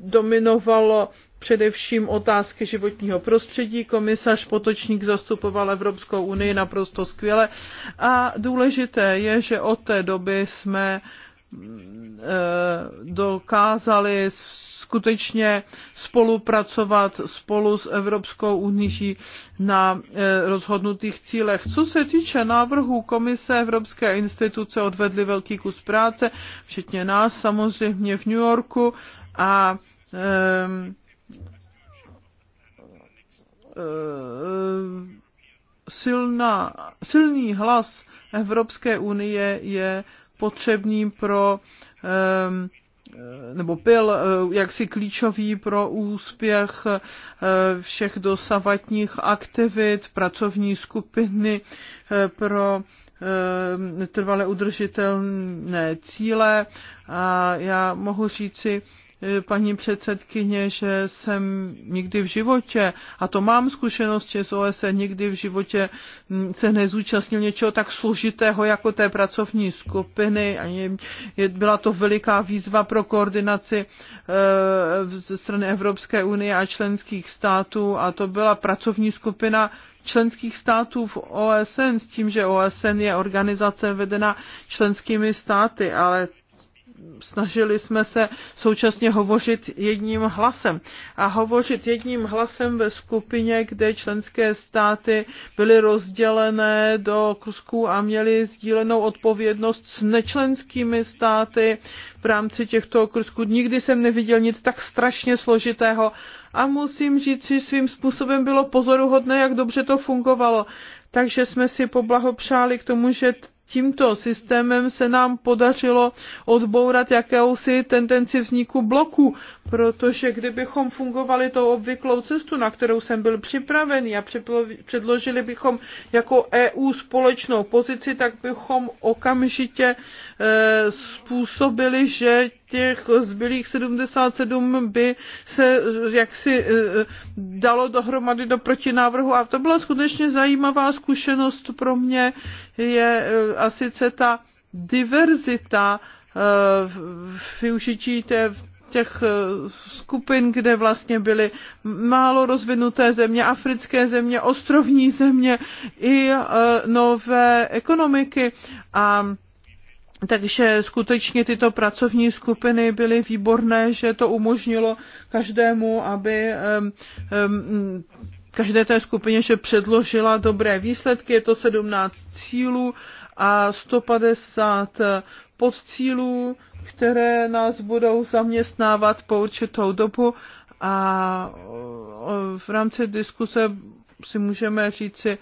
dominovalo především otázky životního prostředí. Komisař Potočník zastupoval Evropskou unii naprosto skvěle a důležité je, že od té doby jsme Eh, dokázali skutečně spolupracovat spolu s Evropskou unii na eh, rozhodnutých cílech. Co se týče návrhů komise, Evropské instituce odvedly velký kus práce, včetně nás samozřejmě v New Yorku a eh, silná, silný hlas Evropské unie je potřebným pro nebo byl eh, jaksi klíčový pro úspěch eh, všech dosavatních aktivit, pracovní skupiny eh, pro trvale udržitelné cíle. A já mohu říci, E, paní předsedkyně, že jsem nikdy v životě, a to mám zkušenosti z OSN, nikdy v životě se nezúčastnil něčeho tak složitého jako té pracovní skupiny. Byla to veliká výzva pro koordinaci e, ze strany Evropské unie a členských států a to byla pracovní skupina členských států v OSN s tím, že OSN je organizace vedená členskými státy, ale snažili jsme se současně hovořit jedním hlasem. A hovořit jedním hlasem ve skupině, kde členské státy byly rozdělené do kusků a měly sdílenou odpovědnost s nečlenskými státy v rámci těchto okrsků. Nikdy jsem neviděl nic tak strašně složitého a musím říct, že svým způsobem bylo pozoruhodné, jak dobře to fungovalo. Takže jsme si poblahopřáli k tomu, že tímto systémem se nám podařilo odbourat jakousi tendenci vzniku bloku, protože kdybychom fungovali tou obvyklou cestu, na kterou jsem byl připravený a předložili bychom jako EU společnou pozici, tak bychom okamžitě eh, způsobili, že těch zbylých 77 by se jaksi eh, dalo dohromady do protinávrhu a to byla skutečně zajímavá zkušenost pro mě je eh, a sice ta diverzita eh, využití té těch skupin, kde vlastně byly málo rozvinuté země, africké země, ostrovní země i nové ekonomiky. A takže skutečně tyto pracovní skupiny byly výborné, že to umožnilo každému, aby každé té skupině, že předložila dobré výsledky, je to 17 cílů a 150 podcílů, které nás budou zaměstnávat po určitou dobu a v rámci diskuse si můžeme říci,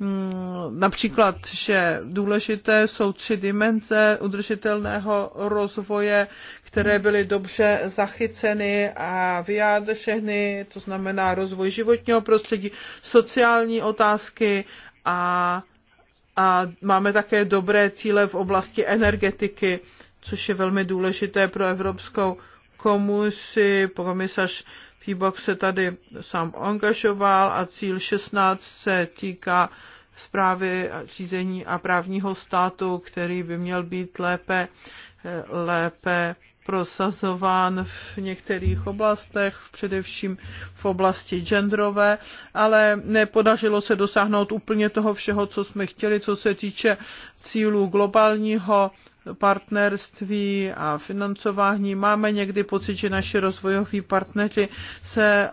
Mm, například, že důležité jsou tři dimenze udržitelného rozvoje, které byly dobře zachyceny a vyjádřeny, to znamená rozvoj životního prostředí, sociální otázky a, a máme také dobré cíle v oblasti energetiky, což je velmi důležité pro Evropskou komisi. Komisař Výbok se tady sám angažoval a cíl 16 se týká zprávy řízení a právního státu, který by měl být lépe, lépe prosazován v některých oblastech, především v oblasti genderové, ale nepodařilo se dosáhnout úplně toho všeho, co jsme chtěli, co se týče cílů globálního partnerství a financování. Máme někdy pocit, že naši rozvojoví partneři se eh,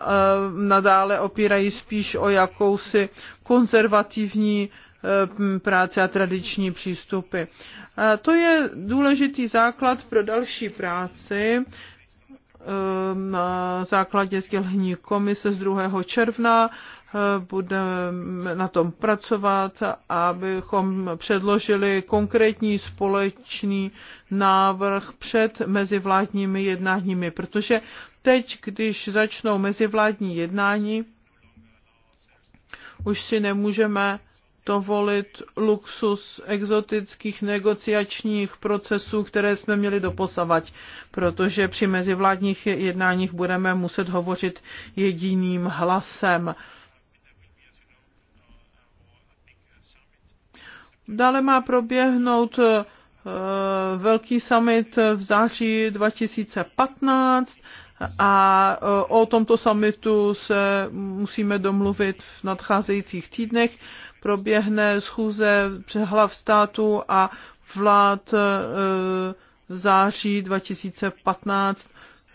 nadále opírají spíš o jakousi konzervativní eh, práce a tradiční přístupy. Eh, to je důležitý základ pro další práci Ehm, na základě sdělení komise z 2. června. Eh, budeme na tom pracovat, abychom předložili konkrétní společný návrh před mezivládními jednáními, protože teď, když začnou mezivládní jednání, už si nemůžeme dovolit luxus exotických negociačních procesů, které jsme měli doposavať, protože při mezivládních jednáních budeme muset hovořit jediným hlasem. Dále má proběhnout eh, velký summit v září 2015 a eh, o tomto summitu se musíme domluvit v nadcházejících týdnech proběhne schůze hlav státu a vlád eh, v září 2015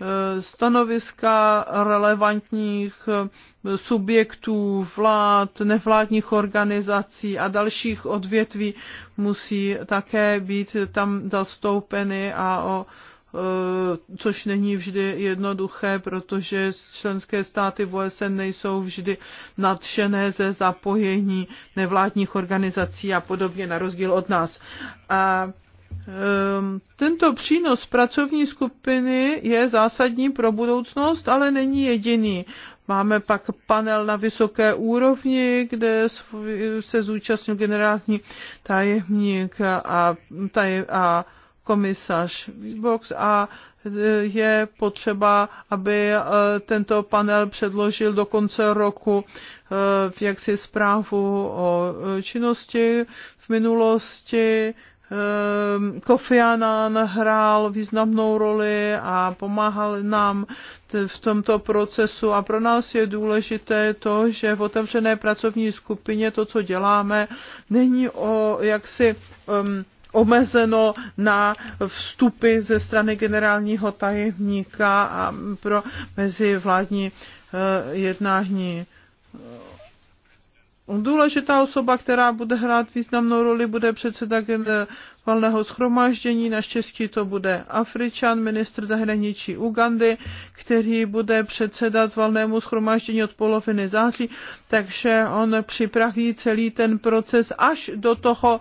eh, stanoviska relevantních eh, subjektů, vlád, nevládních organizací a dalších odvětví musí také být tam zastoupeny a o Eh, což není vždy jednoduché, protože členské státy v OSN nejsou vždy nadšené ze zapojení nevládních organizací a podobně, na rozdíl od nás. A ehm, tento přínos pracovní skupiny je zásadní pro budoucnost, ale není jediný. Máme pak panel na vysoké úrovni, kde se zúčastnil generální tajemník a, taj, a komisař Box a e, je potřeba, aby e, tento panel předložil do konce roku e, jaksi zprávu o činnosti v minulosti. Kofi hrál významnou roli a pomáhal nám v tomto procesu a pro nás je důležité to, že v otevřené pracovní skupině to, co děláme, není o jaksi um, omezeno na vstupy ze strany generálního tajemníka a pro mezivládní eh, jednání. Eh, důležitá osoba, která bude hrát významnou roli, bude předseda valného schromáždění. Naštěstí to bude Afričan, ministr zahraničí Ugandy, který bude předsedat valnému schromáždění od poloviny září, takže on připraví celý ten proces až do, toho,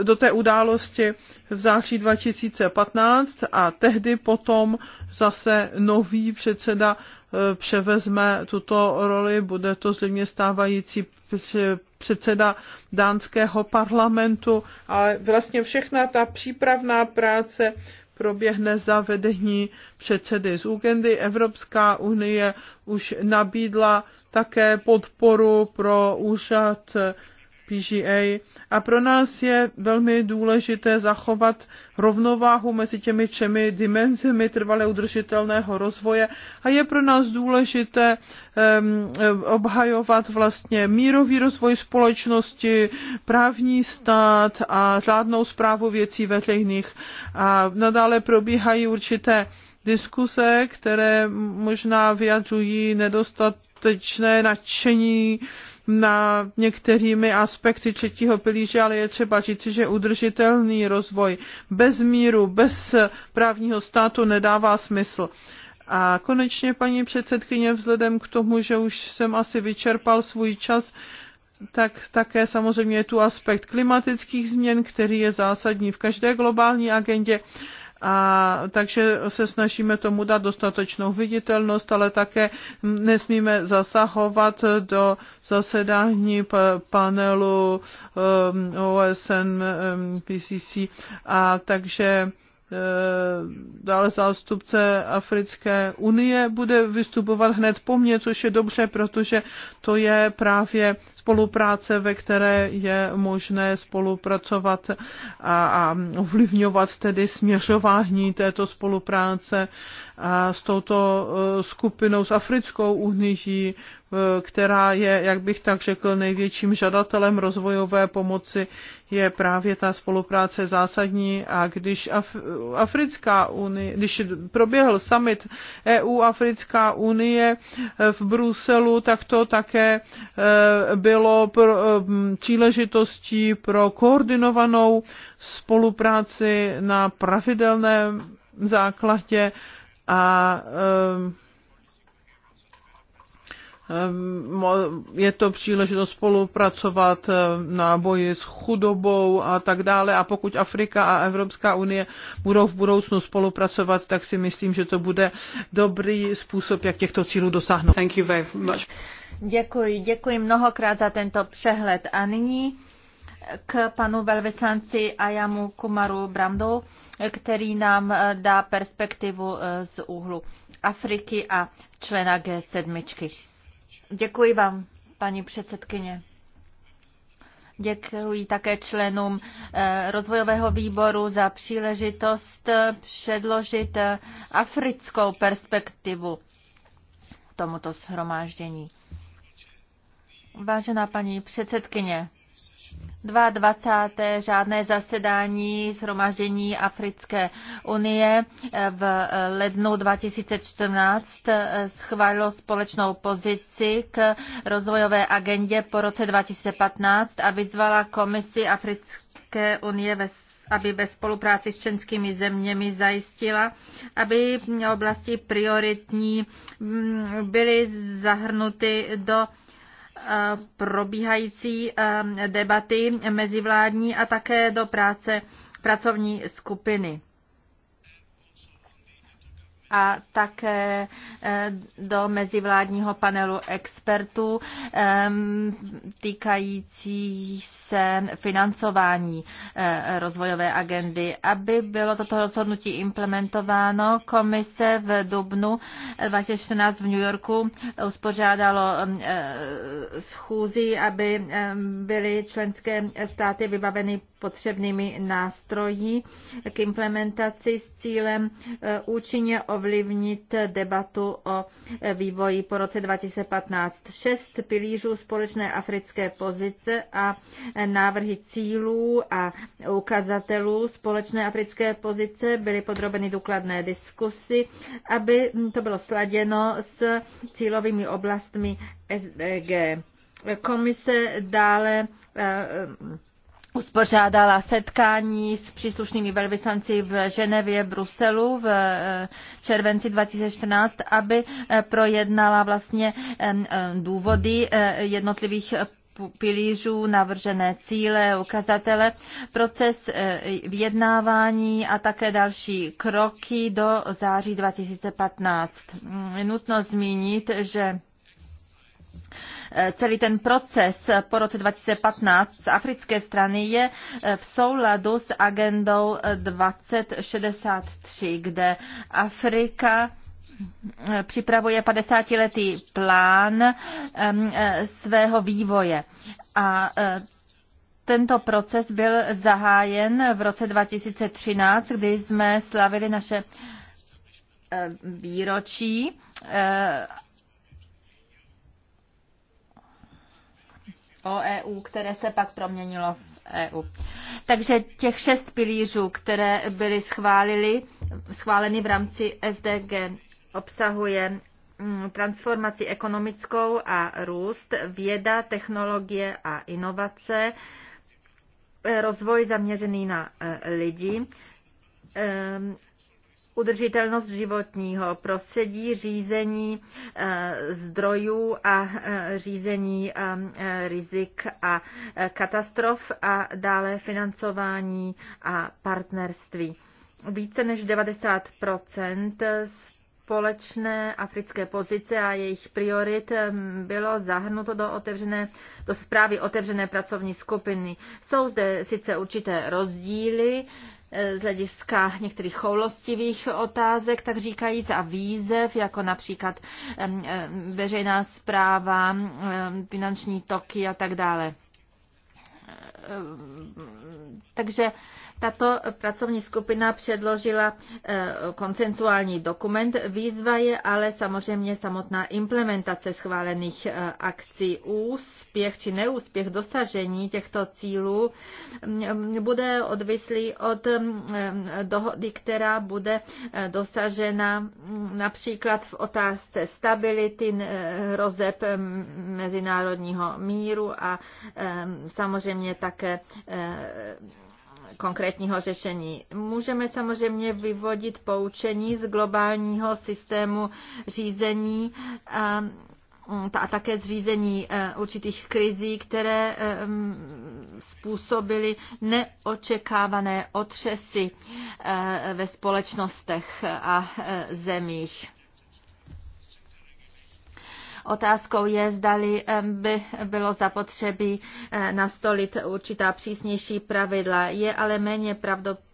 eh, do té události v září 2015 a tehdy potom zase nový předseda eh, převezme tuto roli, bude to zřejmě stávající předseda dánského parlamentu, ale vlastně všechna ta přípravná práce proběhne za vedení předsedy z Ugendy. Evropská unie už nabídla také podporu pro úřad PGA. A pro nás je velmi důležité zachovat rovnováhu mezi těmi třemi dimenzemi trvale udržitelného rozvoje a je pro nás důležité um, obhajovat vlastně mírový rozvoj společnosti, právní stát a řádnou zprávu věcí veřejných. A nadále probíhají určité diskuse, které možná vyjadřují nedostatečné nadšení na některými aspekty třetího pilíře, ale je třeba říci, že udržitelný rozvoj bez míru, bez právního státu nedává smysl. A konečně, paní předsedkyně, vzhledem k tomu, že už jsem asi vyčerpal svůj čas, tak také samozřejmě je tu aspekt klimatických změn, který je zásadní v každé globální agendě a takže se snažíme tomu dát dostatečnou viditelnost, ale také nesmíme zasahovat do zasedání panelu um, OSN, um, PCC. A takže eh, dále zástupce Africké unie bude vystupovat hned po mně, což je dobře, protože to je právě spolupráce, ve které je možné spolupracovat a, a ovlivňovat tedy směřování této spolupráce a s touto eh, skupinou, s Africkou unii, eh, která je, jak bych tak řekl, největším žadatelem rozvojové pomoci, je právě ta spolupráce zásadní. A když Af- Africká unie, když proběhl summit EU Africká unie v Bruselu, tak to také byl eh, bylo pro, eh, příležitostí pro koordinovanou spolupráci na pravidelném základě a eh, eh, je to příležitost spolupracovat na boji s chudobou a tak dále. A pokud Afrika a Evropská unie budou v budoucnu spolupracovat, tak si myslím, že to bude dobrý způsob, jak těchto cílů dosáhnout. Thank you very much. Děkuji, děkuji mnohokrát za tento přehled. A nyní k panu velvyslanci Ajamu Kumaru Brandou, který nám eh, dá perspektivu eh, z úhlu Afriky a člena G7. Děkuji vám, paní předsedkyně. Děkuji také členům eh, rozvojového výboru za příležitost předložit africkou perspektivu tomuto shromáždění. Vážená paní předsedkyně, 22. řádné zasedání Shromaždění Africké unie v lednu 2014 schválilo společnou pozici k rozvojové agendě po roce 2015 a vyzvala Komisi Africké unie ve aby ve spolupráci s členskými zeměmi zajistila, aby oblasti prioritní mm, byly zahrnuty do probíhající debaty mezivládní a také do práce pracovní skupiny a také eh, do mezivládního panelu expertů ehm, týkající se financování eh, rozvojové agendy. Aby bylo toto rozhodnutí implementováno, komise v dubnu 2014 eh, v New Yorku uspořádalo ehm, schůzi, aby ehm, byly členské státy vybaveny potřebnými nástroji k implementaci s cílem účinně ovlivnit debatu o vývoji po roce 2015. Šest pilířů společné africké pozice a návrhy cílů a ukazatelů společné africké pozice byly podrobeny důkladné diskusi, aby to bylo sladěno s cílovými oblastmi SDG. Komise dále eh, uspořádala setkání s příslušnými velvyslanci v Ženevě, Bruselu v eh, červenci 2014, aby eh, projednala vlastně důvody eh, jednotlivých pilířů, navržené cíle, ukazatele, proces vyjednávání a také další kroky do září 2015. Mm, je nutno zmínit, že Eh, celý ten proces po roce 2015 z africké strany je eh, v souladu s agendou 2063, eh, kde Afrika připravuje 50-letý plán ehm, svého vývoje. A tento proces byl zahájen v roce 2013, kdy jsme slavili naše výročí o EU, které se pak proměnilo v EU. Takže těch šest pilířů, které byly schválili, schváleny v rámci SDG, obsahuje mm, transformaci ekonomickou a růst, věda, technologie a inovace, e, rozvoj zaměřený na e, lidi, e, udržitelnost životního prostředí, řízení eh, zdrojů a eh, řízení eh, rizik a katastrof a dále financování a partnerství. Více než 90 společné africké pozice a jejich priorit bylo zahrnuto do, otevřené, do zprávy otevřené pracovní skupiny. Jsou zde sice určité rozdíly, Eh, z hlediska některých choulostivých otázek, tak říkajíc, a výzev, jako například eh, eh, veřejná zpráva, finanční toky a tak dále takže tato pracovní skupina předložila eh, koncensuální dokument. Výzva je ale samozřejmě samotná implementace schválených eh, akcí. Úspěch či neúspěch dosažení těchto cílů mm, bude odvislý od mm, eh, dohody, která bude dosažena mm, například v otázce stability hrozeb mezinárodního míru a samozřejmě tak také eh, konkrétního řešení. Můžeme samozřejmě vyvodit poučení z globálního systému řízení a, mm, a také zřízení eh, určitých krizí, které způsobily neočekávané otřesy eh, ve společnostech a zemích. Otázkou je, zdali by bylo zapotřebí eh, nastolit určitá přísnější pravidla. Je ale méně pravdopodobné,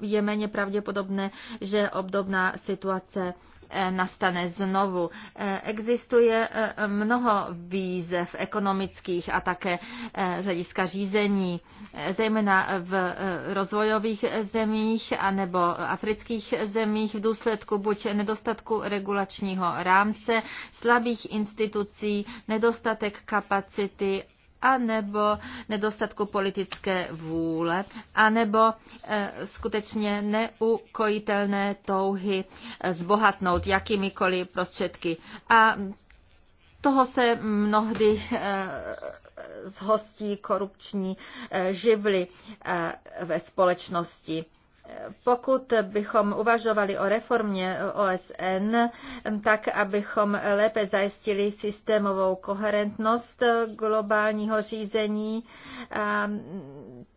je méně pravděpodobné, že obdobná situace Eh, nastane znovu. Eh, existuje eh, mnoho výzev ekonomických a také z hlediska řízení, zejména v rozvojových zemích anebo afrických zemích v důsledku buď nedostatku regulačního rámce, slabých institucí, nedostatek kapacity anebo nedostatku politické vůle, anebo eh, skutečně neukojitelné touhy eh, zbohatnout jakýmikoliv prostředky. A toho se mnohdy eh, zhostí korupční živly ve společnosti pokud bychom uvažovali o reformě OSN, tak abychom lépe zajistili systémovou koherentnost globálního řízení,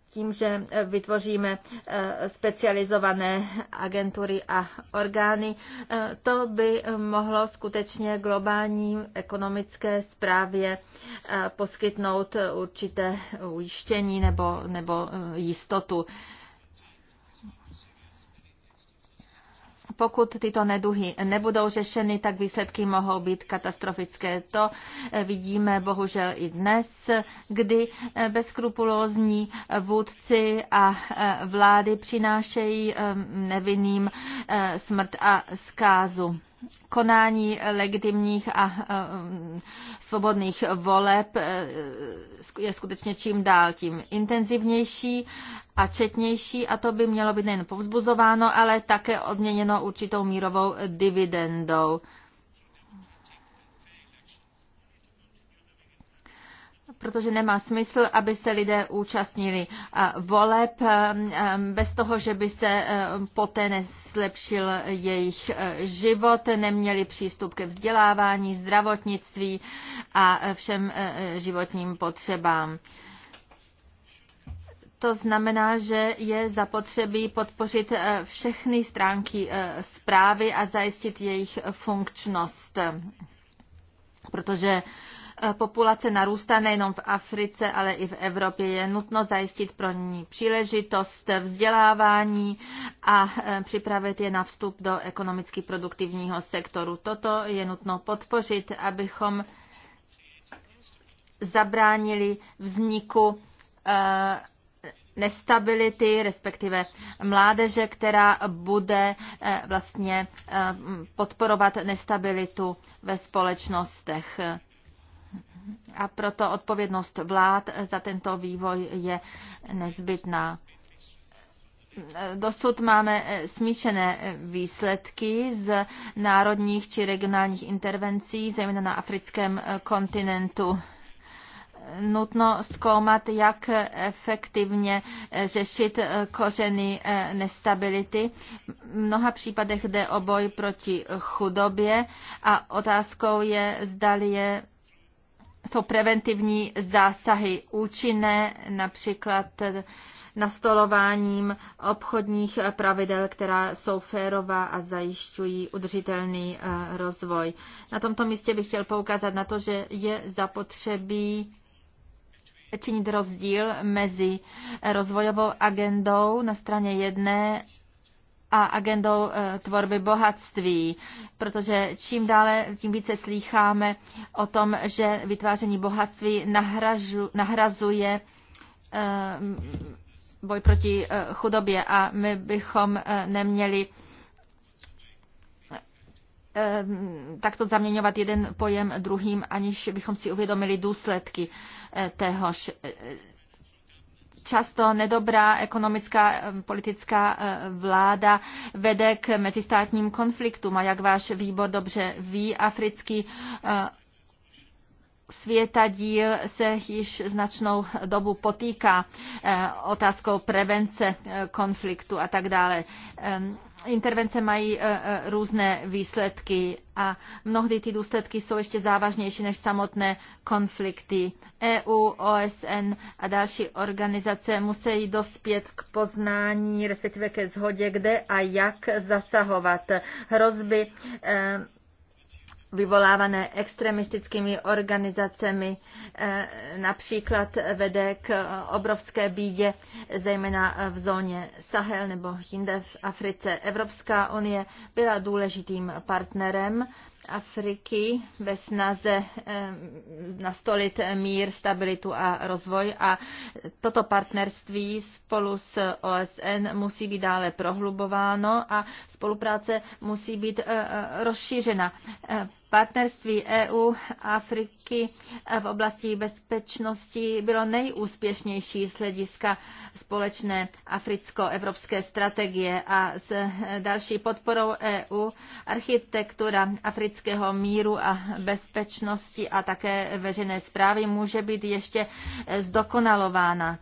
tím, že vytvoříme eh, specializované agentury a orgány. Eh, to by mohlo skutečně globální ekonomické správě eh, poskytnout určité ujištění nebo, nebo jistotu. pokud tyto neduhy nebudou řešeny, tak výsledky mohou být katastrofické. To eh, vidíme bohužel i dnes, kdy eh, bezkrupulózní vůdci a eh, vlády přinášejí nevinným smrt a zkázu konání legitimních a eh, svobodných voleb eh, je skutečně čím dál tím intenzivnější a četnější a to by mělo být nejen povzbuzováno, ale také odměněno určitou mírovou dividendou. protože nemá smysl, aby se lidé účastnili eh, voleb eh, eh, bez toho, že by se poté neslepšil jejich život, neměli přístup ke vzdělávání, zdravotnictví a všem životním potřebám. To znamená, že je zapotřebí podpořit všechny stránky zprávy a zajistit jejich funkčnost, protože Eh, populace narůstá nejenom v Africe, ale i v Evropě. Je nutno zajistit pro ní příležitost vzdělávání a eh, připravit je na vstup do ekonomicky produktivního sektoru. Toto je nutno podpořit, abychom zabránili vzniku eh, nestability, respektive mládeže, která bude vlastně podporovat nestabilitu ve společnostech. A proto odpovědnost vlád za tento vývoj je nezbytná. Dosud máme eh, smíšené eh, výsledky z národních či regionálních intervencí, zejména na africkém eh, kontinentu nutno zkoumat, jak efektivně řešit kořeny nestability. V mnoha případech jde o boj proti chudobě a otázkou je, zdali je jsou preventivní zásahy účinné, například nastolováním obchodních pravidel, která jsou férová a zajišťují udržitelný eh, rozvoj. Na tomto místě bych chtěl poukázat na to, že je zapotřebí činit rozdíl mezi rozvojovou agendou na straně jedné a agendou eh, tvorby bohatství, protože čím dále, tím více slýcháme o tom, že vytváření bohatství nahražu, nahrazuje eh, boj proti eh, chudobě a my bychom neměli takto zaměňovat jeden pojem druhým, aniž bychom si uvědomili důsledky téhož často nedobrá ekonomická eh, politická eh, vláda vede k mezistátním konfliktům. A jak váš výbor dobře ví, africký eh, světadíl se již značnou dobu potýká eh, otázkou prevence eh, konfliktu a tak dále. Eh, intervence mají různé výsledky a mnohdy ty důsledky jsou ještě závažnější než samotné konflikty. EU, OSN a další organizace musí dospět k poznání, respektive ke shodě, kde a jak zasahovat. Hrozby vyvolávané extremistickými organizacemi eh, například vede k obrovské bídě, zejména v zóně Sahel nebo jinde v Africe. Evropská unie byla důležitým partnerem Afriky ve snaze eh, nastolit mír, stabilitu a rozvoj a toto partnerství spolu s OSN musí být dále prohlubováno a spolupráce musí být eh, eh, rozšířena Partnerství EU Afriky v oblasti bezpečnosti bylo nejúspěšnější z hlediska společné africko-evropské strategie a s další podporou EU architektura afrického míru a bezpečnosti a také veřejné zprávy může být ještě zdokonalována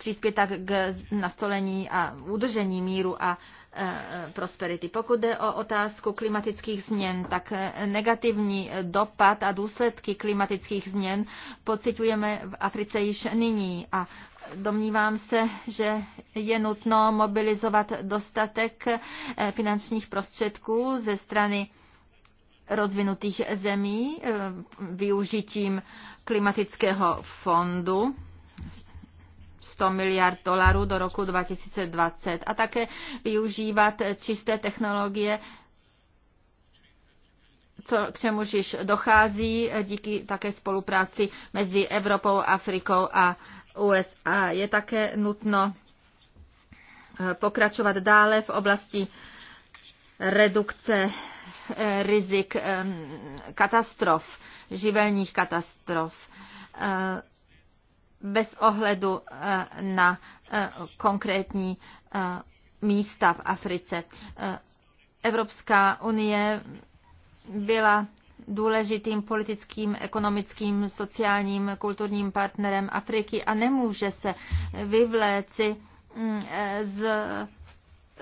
přispět tak k nastolení a udržení míru a e, prosperity. Pokud jde o otázku klimatických změn, tak e, negativní dopad a důsledky klimatických změn pocitujeme v Africe již nyní a domnívám se, že je nutno mobilizovat dostatek e, finančních prostředků ze strany rozvinutých zemí využitím klimatického fondu 100 miliard dolarů do roku 2020 a také využívat čisté technologie co, k čemuž již dochází díky také spolupráci mezi Evropou, Afrikou a USA. Je také nutno eh, pokračovat dále v oblasti redukce eh, rizik eh, katastrof, živelních katastrof bez ohledu eh, na eh, konkrétní eh, místa v Africe. Evropská unie byla důležitým politickým, ekonomickým, sociálním, kulturním partnerem Afriky a nemůže se vyvléci mm, z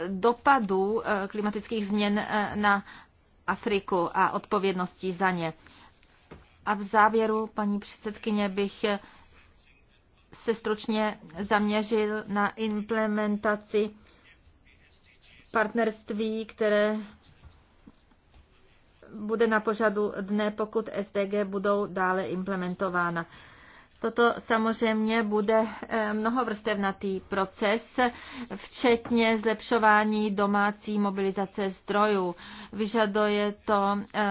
dopadů klimatických změn na Afriku a odpovědností za ně. A v závěru, paní předsedkyně, bych se stručně zaměřil na implementaci partnerství, které bude na pořadu dne, pokud SDG budou dále implementována. Toto samozřejmě bude eh, mnohovrstevnatý proces, včetně zlepšování domácí mobilizace zdrojů. Vyžaduje to eh,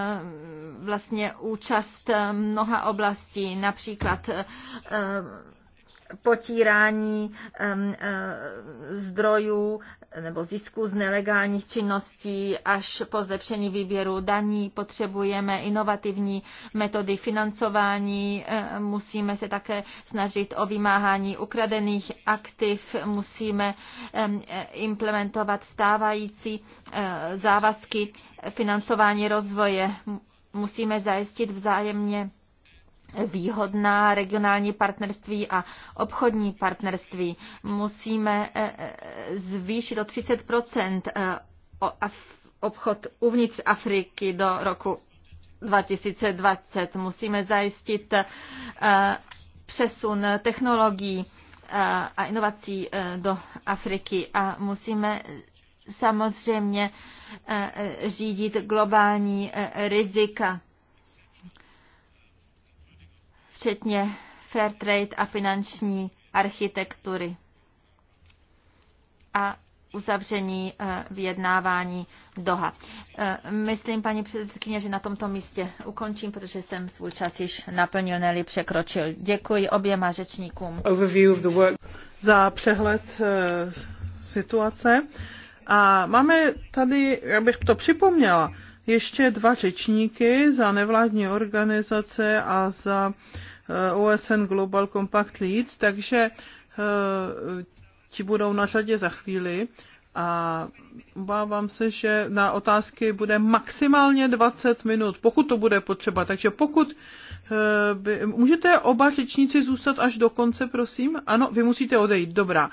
vlastně účast eh, mnoha oblastí, například potírání eh, zdrojů nebo zisku z nelegálních činností až po zlepšení výběru daní. Potřebujeme inovativní metody financování, eh, musíme se také snažit o vymáhání ukradených aktiv, musíme eh, implementovat stávající závazky financování rozvoje. Musíme zajistit vzájemně výhodná regionální partnerství a obchodní partnerství. Musíme eh, eh, zvýšit o 30 eh, obchod uvnitř Afriky do roku 2020. Musíme zajistit přesun technologií a inovací do Afriky a musíme samozřejmě řídit globální rizika včetně fair trade a finanční architektury a uzavření eh, vyjednávání Doha. Eh, myslím, paní předsedkyně, že na tomto místě ukončím, protože jsem svůj čas již naplnil, neli překročil. Děkuji oběma řečníkům. Za přehled eh, situace. A máme tady, abych to připomněla, ještě dva řečníky za nevládní organizace a za eh, OSN Global Compact Leads, takže eh, ti budou na řadě za chvíli a obávám se, že na otázky bude maximálně 20 minut, pokud to bude potřeba. Takže pokud eh, by, můžete oba řečníci zůstat až do konce, prosím? Ano, vy musíte odejít, dobrá.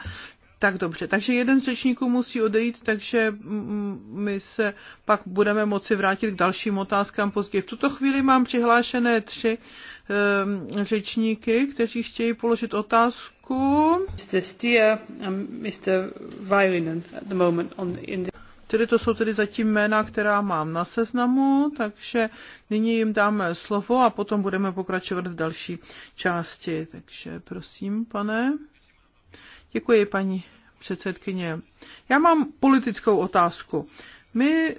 Tak dobře, takže jeden z řečníků musí odejít, takže my se pak budeme moci vrátit k dalším otázkám později. V tuto chvíli mám přihlášené tři um, řečníky, kteří chtějí položit otázku. Mr. Stier and Mr. Violinen at the moment on in the... Tedy to jsou tedy zatím jména, která mám na seznamu, takže nyní jim dáme slovo a potom budeme pokračovat v další části. Takže prosím, pane. Děkuji, paní předsedkyně. Já mám politickou otázku. My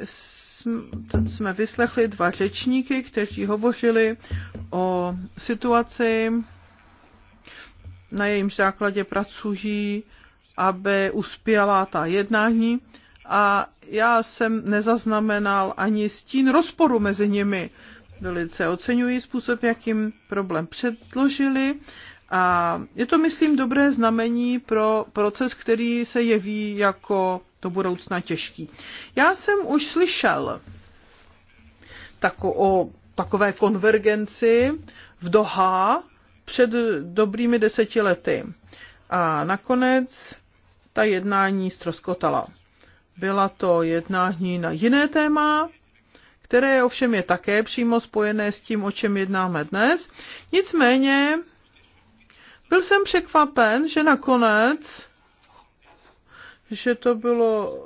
jsme vyslechli dva řečníky, kteří hovořili o situaci, na jejím základě pracují, aby uspěla ta jednání. A já jsem nezaznamenal ani stín rozporu mezi nimi. Velice oceňuji způsob, jakým problém předložili a je to, myslím, dobré znamení pro proces, který se jeví jako do budoucna těžký. Já jsem už slyšel tako, o takové konvergenci v Doha před dobrými deseti lety. A nakonec ta jednání stroskotala. Byla to jednání na jiné téma, které ovšem je také přímo spojené s tím, o čem jednáme dnes. Nicméně byl jsem překvapen, že nakonec že to bylo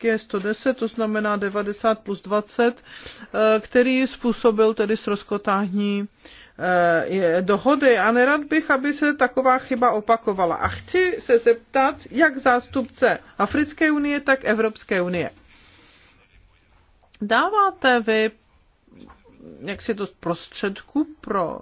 G110, to znamená 90 plus 20, eh, který způsobil tedy rozkotáhní eh, dohody a nerad bych, aby se taková chyba opakovala. A chci se zeptat, jak zástupce Africké unie, tak Evropské unie. Dáváte vy jak si to prostředku pro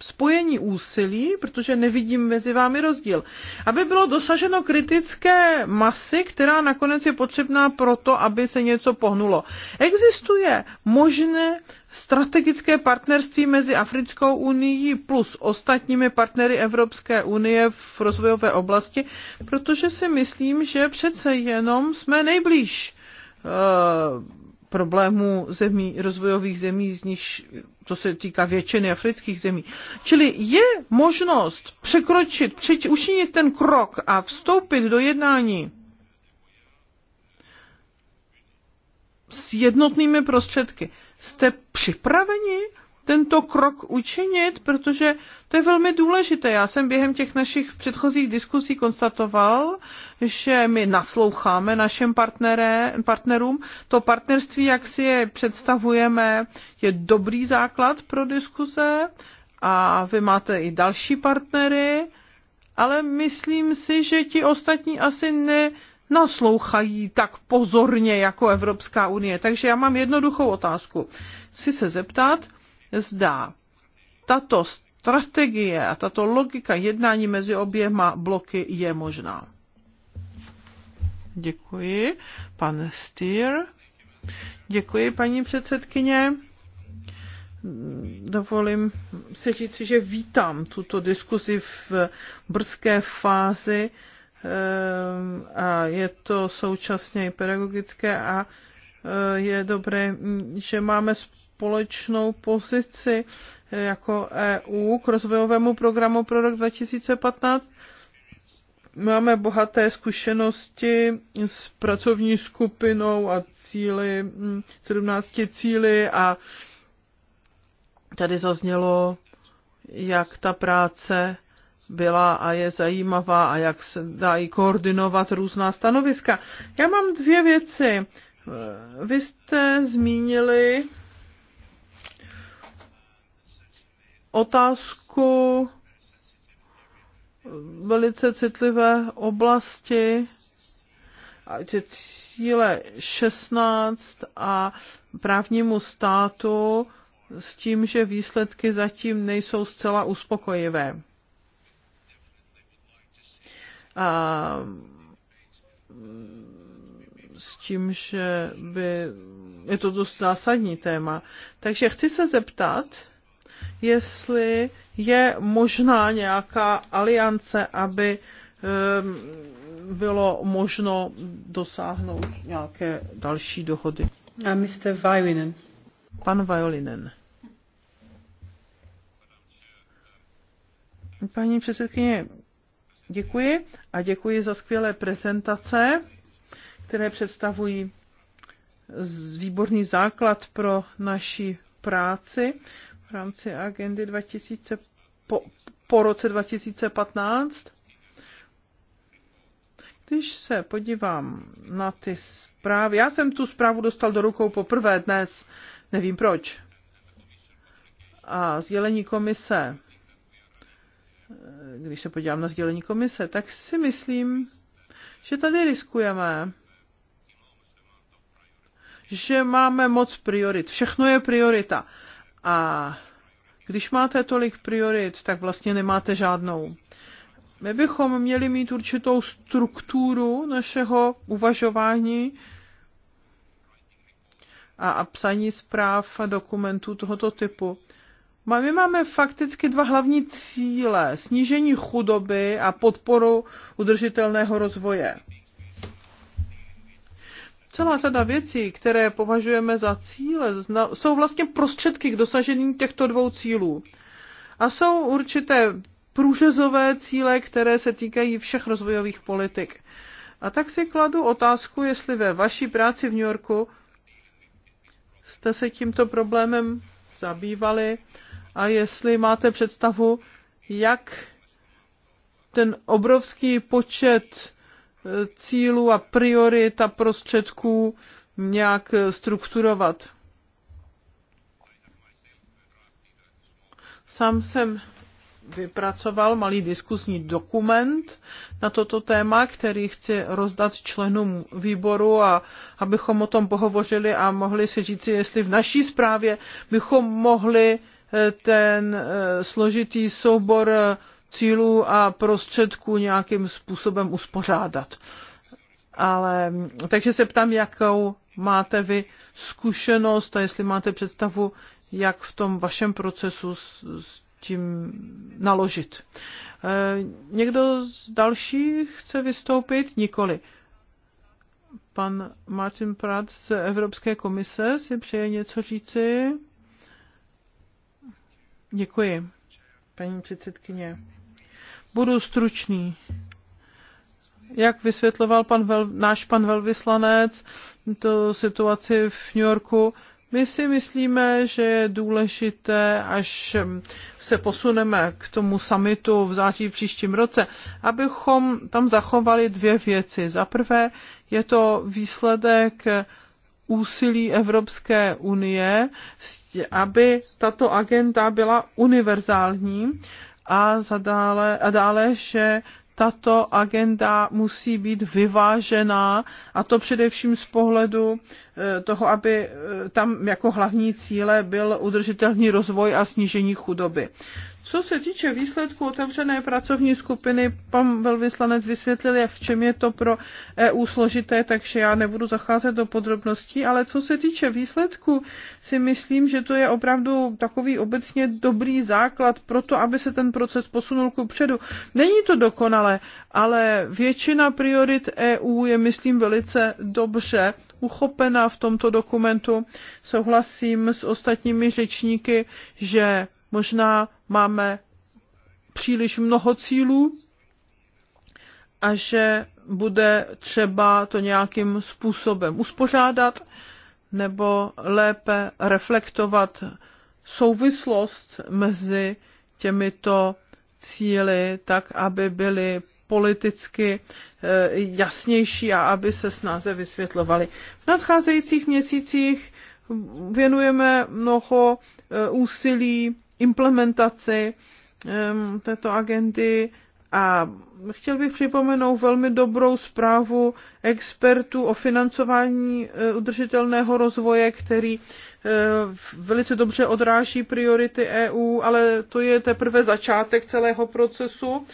spojení úsilí, protože nevidím mezi vámi rozdíl, aby bylo dosaženo kritické masy, která nakonec je potřebná pro to, aby se něco pohnulo. Existuje možné strategické partnerství mezi Africkou unii plus ostatními partnery Evropské unie v rozvojové oblasti, protože si myslím, že přece jenom jsme nejblíž. Uh, problémů zemí, rozvojových zemí, z nich, to se týká většiny afrických zemí. Čili je možnost překročit, přič, učinit ten krok a vstoupit do jednání s jednotnými prostředky. Jste připraveni tento krok učinit, protože to je velmi důležité. Já jsem během těch našich předchozích diskusí konstatoval, že my nasloucháme našim partnere partnerům. To partnerství, jak si je představujeme, je dobrý základ pro diskuze a vy máte i další partnery, ale myslím si, že ti ostatní asi ne, naslouchají tak pozorně jako Evropská unie. Takže já mám jednoduchou otázku. Chci se zeptat, zdá. tato strategie a tato logika jednání mezi oběma bloky je možná. Děkuji. Pan Stier. Děkuji, paní předsedkyně. Dovolím se říct, že vítám tuto diskuzi v brzké fázi eh, a je to současně i pedagogické a eh, je dobré, že máme společnou pozici jako EU k rozvojovému programu pro rok 2015. Máme bohaté zkušenosti s pracovní skupinou a cíly, 17 hm, cíly a tady zaznělo, jak ta práce byla a je zajímavá a jak se dají koordinovat různá stanoviska. Já mám dvě věci. Vy jste zmínili otázku velice citlivé oblasti, cíle 16 a právnímu státu s tím, že výsledky zatím nejsou zcela uspokojivé. A s tím, že by je to dost zásadní téma. Takže chci se zeptat, jestli je možná nějaká aliance, aby ehm, bylo možno dosáhnout nějaké další dohody. A uh, Mr. Violinen. Pan Violinen. Paní předsedkyně, děkuji a děkuji za skvělé prezentace, které představují výborný základ pro naši práci v rámci agendy 2000 po, po roce 2015. Když se podívám na ty zprávy, já jsem tu zprávu dostal do rukou poprvé dnes, nevím proč. A sdělení komise, když se podívám na sdělení komise, tak si myslím, že tady riskujeme, že máme moc priorit. Všechno je priorita. A když máte tolik priorit, tak vlastně nemáte žádnou. My bychom měli mít určitou strukturu našeho uvažování a, a psaní zpráv a dokumentů tohoto typu. My máme fakticky dva hlavní cíle. Snížení chudoby a podporu udržitelného rozvoje celá řada věcí, které považujeme za cíle, jsou vlastně prostředky k dosažení těchto dvou cílů. A jsou určité průřezové cíle, které se týkají všech rozvojových politik. A tak si kladu otázku, jestli ve vaší práci v New Yorku jste se tímto problémem zabývali a jestli máte představu, jak ten obrovský počet cílů a priorit a prostředků nějak strukturovat. Sám jsem vypracoval malý diskusní dokument na toto téma, který chci rozdat členům výboru a abychom o tom pohovořili a mohli si říct, jestli v naší zprávě bychom mohli eh, ten eh, složitý soubor eh, cílů a prostředků nějakým způsobem uspořádat. Ale, takže se ptám, jakou máte vy zkušenost a jestli máte představu, jak v tom vašem procesu s, s tím naložit. E, někdo z dalších chce vystoupit? Nikoli. Pan Martin Prat z Evropské komise si přeje něco říci. Děkuji paní předsedkyně. Budu stručný. Jak vysvětloval pan vel, náš pan velvyslanec to situaci v New Yorku, my si myslíme, že je důležité, až se posuneme k tomu samitu v září příštím roce, abychom tam zachovali dvě věci. Za prvé je to výsledek úsilí Evropské unie, aby tato agenda byla univerzální a, zadále, a dále, že tato agenda musí být vyvážená a to především z pohledu e, toho, aby e, tam jako hlavní cíle byl udržitelný rozvoj a snížení chudoby. Co se týče výsledku otevřené pracovní skupiny, pan velvyslanec vysvětlil, jak v čem je to pro EU složité, takže já nebudu zacházet do podrobností, ale co se týče výsledku, si myslím, že to je opravdu takový obecně dobrý základ pro to, aby se ten proces posunul ku předu. Není to dokonalé, ale většina priorit EU je, myslím, velice dobře uchopena v tomto dokumentu. Souhlasím s ostatními řečníky, že možná máme příliš mnoho cílů a že bude třeba to nějakým způsobem uspořádat nebo lépe reflektovat souvislost mezi těmito cíly, tak aby byly politicky eh, jasnější a aby se snáze vysvětlovaly. V nadcházejících měsících věnujeme mnoho eh, úsilí implementaci této agendy a chtěl bych připomenout velmi dobrou zprávu expertů o financování eh, udržitelného rozvoje, který eh, velice dobře odráží priority EU, ale to je teprve začátek celého procesu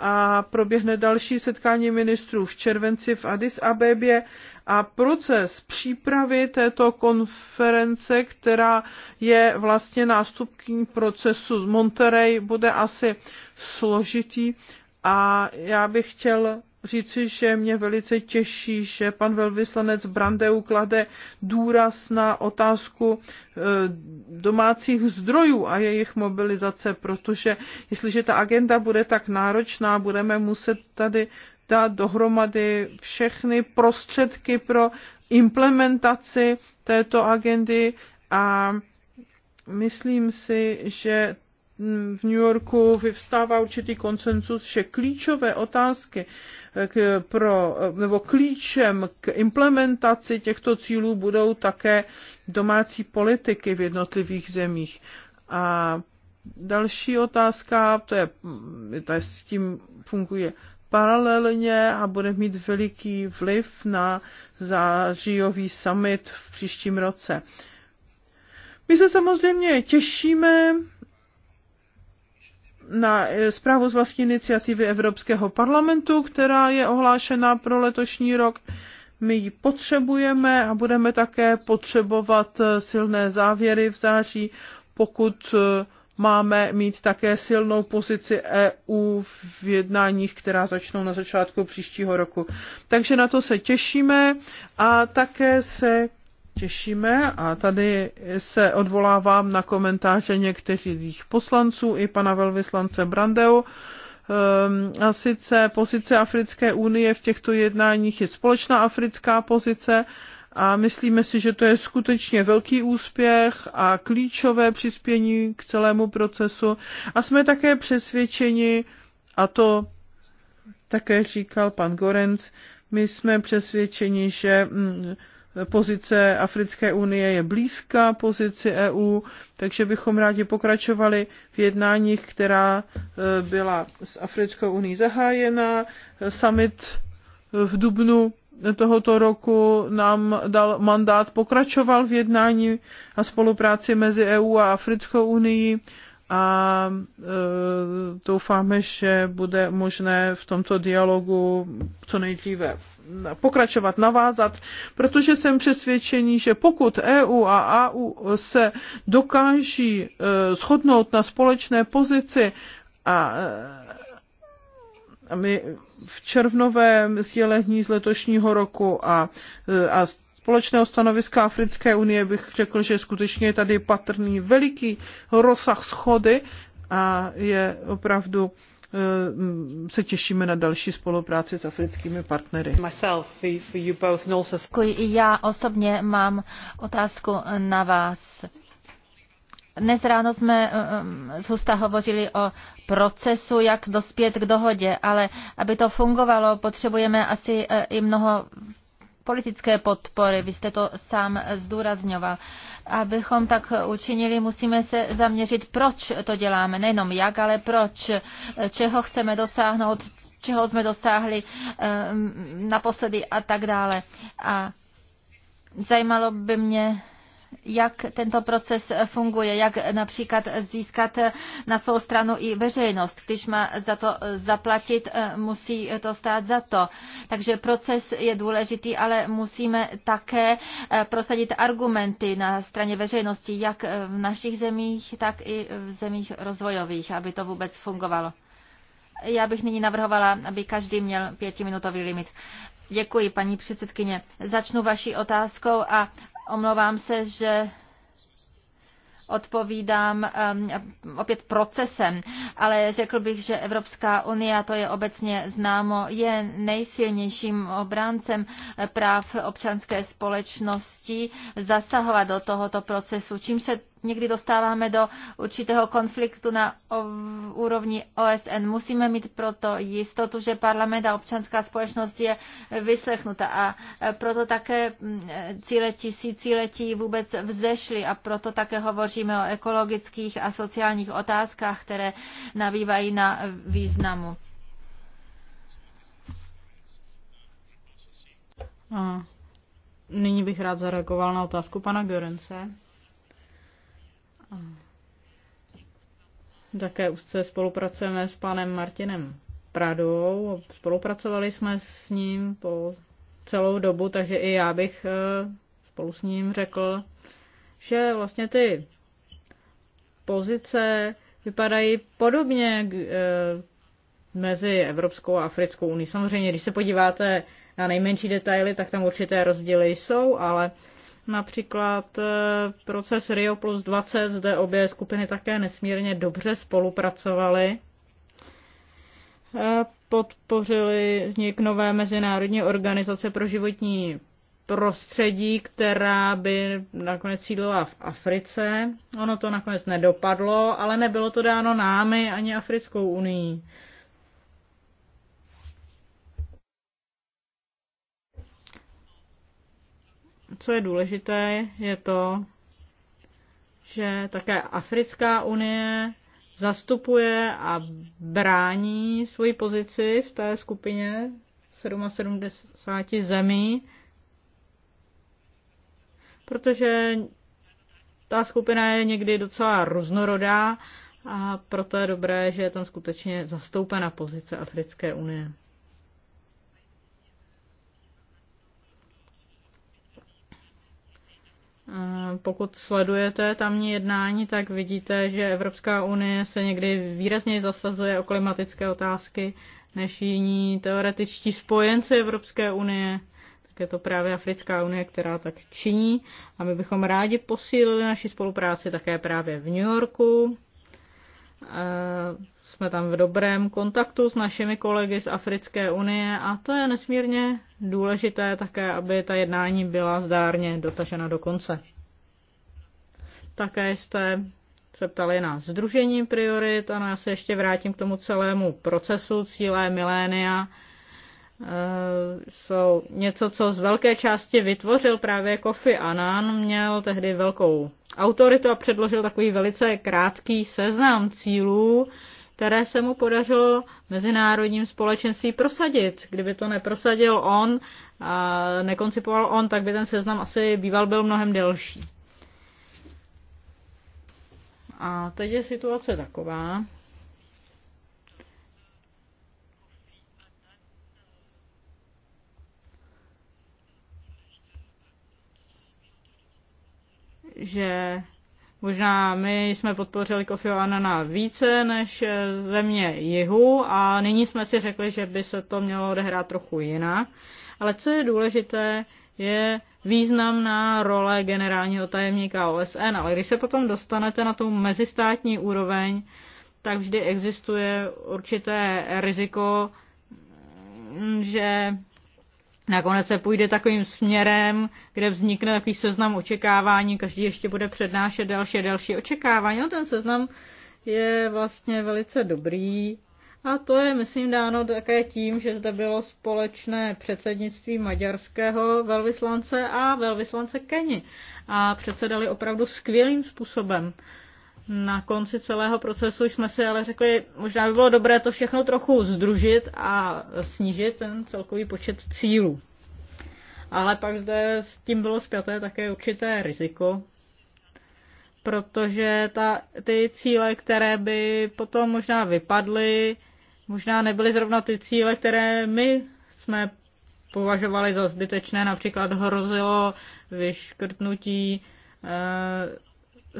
a proběhne další setkání ministrů v červenci v Addis Abebě a proces přípravy této konference, která je vlastně nástupní procesu z Monterey, bude asi složitý a já bych chtěl říci, že mě velice těší, že pan velvyslanec Brandeu klade důraz na otázku e, domácích zdrojů a jejich mobilizace, protože jestliže ta agenda bude tak náročná, budeme muset tady dát dohromady všechny prostředky pro implementaci této agendy a myslím si, že Mm, v New Yorku vyvstává určitý konsenzus, že klíčové otázky eh, k, pro, eh, nebo klíčem k implementaci těchto cílů budou také domácí politiky v jednotlivých zemích. A další otázka, to je, mm, to je s tím funguje paralelně a bude mít veliký vliv na zářijový summit v příštím roce. My se samozřejmě těšíme na eh, zprávu z vlastní iniciativy Evropského parlamentu, která je ohlášena pro letošní rok. My ji potřebujeme a budeme také potřebovat eh, silné závěry v září, pokud eh, máme mít také silnou pozici EU v jednáních, která začnou na začátku příštího roku. Takže na to se těšíme a také se těšíme a tady se odvolávám na komentáře některých poslanců i pana velvyslance Brandeu. Ehm, a sice pozice Africké unie v těchto jednáních je společná africká pozice a myslíme si, že to je skutečně velký úspěch a klíčové přispění k celému procesu. A jsme také přesvědčeni, a to také říkal pan Gorenc, my jsme přesvědčeni, že mm, pozice Africké unie je blízká pozici EU, takže bychom rádi pokračovali v jednáních, která e, byla s Africkou unii zahájena. Summit v Dubnu tohoto roku nám dal mandát, pokračoval v jednání a spolupráci mezi EU a Africkou unii a e, doufáme, že bude možné v tomto dialogu co nejdříve pokračovat, navázat, protože jsem přesvědčený, že pokud EU a AU se dokáží e, shodnout na společné pozici e, a my v červnovém sdělení z letošního roku a, e, a společného stanoviska Africké unie bych řekl, že skutečně je tady patrný veliký rozsah schody a je opravdu Eh, se těšíme na další spolupráci s africkými partnery. I já osobně mám otázku na vás. Dnes ráno jsme eh, eh, z Husta hovořili o procesu, jak dospět k dohodě, ale aby to fungovalo, potřebujeme asi i mnoho politické podpory, vy jste to sám zdůrazňoval. Abychom tak učinili, musíme se zaměřit, proč to děláme, nejenom jak, ale proč, čeho chceme dosáhnout, čeho jsme dosáhli ehm, naposledy a tak dále. A zajímalo by mě, jak tento proces funguje, jak například získat na svou stranu i veřejnost. Když má za to zaplatit, musí to stát za to. Takže proces je důležitý, ale musíme také eh, prosadit argumenty na straně veřejnosti, jak v našich zemích, tak i v zemích rozvojových, aby to vůbec fungovalo. Já bych nyní navrhovala, aby každý měl pětiminutový limit. Děkuji, paní předsedkyně. Začnu vaší otázkou a Omlouvám se, že odpovídám um, opět procesem, ale řekl bych, že Evropská unie, to je obecně známo, je nejsilnějším obráncem práv občanské společnosti zasahovat do tohoto procesu, čím se někdy dostáváme do určitého konfliktu na úrovni OSN. Musíme mít proto jistotu, že parlament a občanská společnost je vyslechnuta a e, proto také e, cíle tisíciletí vůbec vzešly a proto také hovoříme o ekologických a sociálních otázkách, které nabývají na významu. A nyní bych rád zareagoval na otázku pana Görence také úzce spolupracujeme s panem Martinem Pradou. Spolupracovali jsme s ním po celou dobu, takže i já bych eh, spolu s ním řekl, že vlastně ty pozice vypadají podobně eh, mezi Evropskou a Africkou unii. Samozřejmě, když se podíváte na nejmenší detaily, tak tam určité rozdíly jsou, ale Například eh, proces Rio plus 20, zde obě skupiny také nesmírně dobře spolupracovaly. Eh, podpořili vznik nové mezinárodní organizace pro životní prostředí, která by nakonec sídlila v Africe. Ono to nakonec nedopadlo, ale nebylo to dáno námi ani Africkou unii. co je důležité, je to, že také Africká unie zastupuje a brání svoji pozici v té skupině 77 zemí, protože ta skupina je někdy docela různorodá a proto je dobré, že je tam skutečně zastoupena pozice Africké unie. Eh, pokud sledujete tamní jednání, tak vidíte, že Evropská unie se někdy výrazně zasazuje o klimatické otázky než jiní teoretičtí spojenci Evropské unie. Tak je to právě Africká unie, která tak činí. A my bychom rádi posílili naši spolupráci také právě v New Yorku. Eh, jsme tam v dobrém kontaktu s našimi kolegy z Africké unie a to je nesmírně důležité také, aby ta jednání byla zdárně dotažena do konce. Také jste se ptali na združení priorit, a já se ještě vrátím k tomu celému procesu, cíle milénia eh, jsou něco, co z velké části vytvořil právě Kofi Annan, měl tehdy velkou autoritu a předložil takový velice krátký seznam cílů, které se mu podařilo mezinárodním společenství prosadit. Kdyby to neprosadil on a nekoncipoval on, tak by ten seznam asi býval byl mnohem delší. A teď je situace taková, že Možná my jsme podpořili Kofi Anana více než eh, země jihu a nyní jsme si řekli, že by se to mělo odehrát trochu jinak. Ale co je důležité, je významná role generálního tajemníka OSN, ale když se potom dostanete na tu mezistátní úroveň, tak vždy existuje určité riziko, mm, že Nakonec se půjde takovým směrem, kde vznikne takový seznam očekávání, každý ještě bude přednášet další a další očekávání. No, ten seznam je vlastně velice dobrý a to je, myslím, dáno také tím, že zde bylo společné předsednictví maďarského velvyslance a velvyslance Keni a předsedali opravdu skvělým způsobem. Na konci celého procesu jsme si ale řekli, možná by bylo dobré to všechno trochu združit a snížit ten celkový počet cílů. Ale pak zde s tím bylo zpěté také určité riziko, protože ta, ty cíle, které by potom možná vypadly, možná nebyly zrovna ty cíle, které my jsme považovali za zbytečné, například hrozilo vyškrtnutí eh,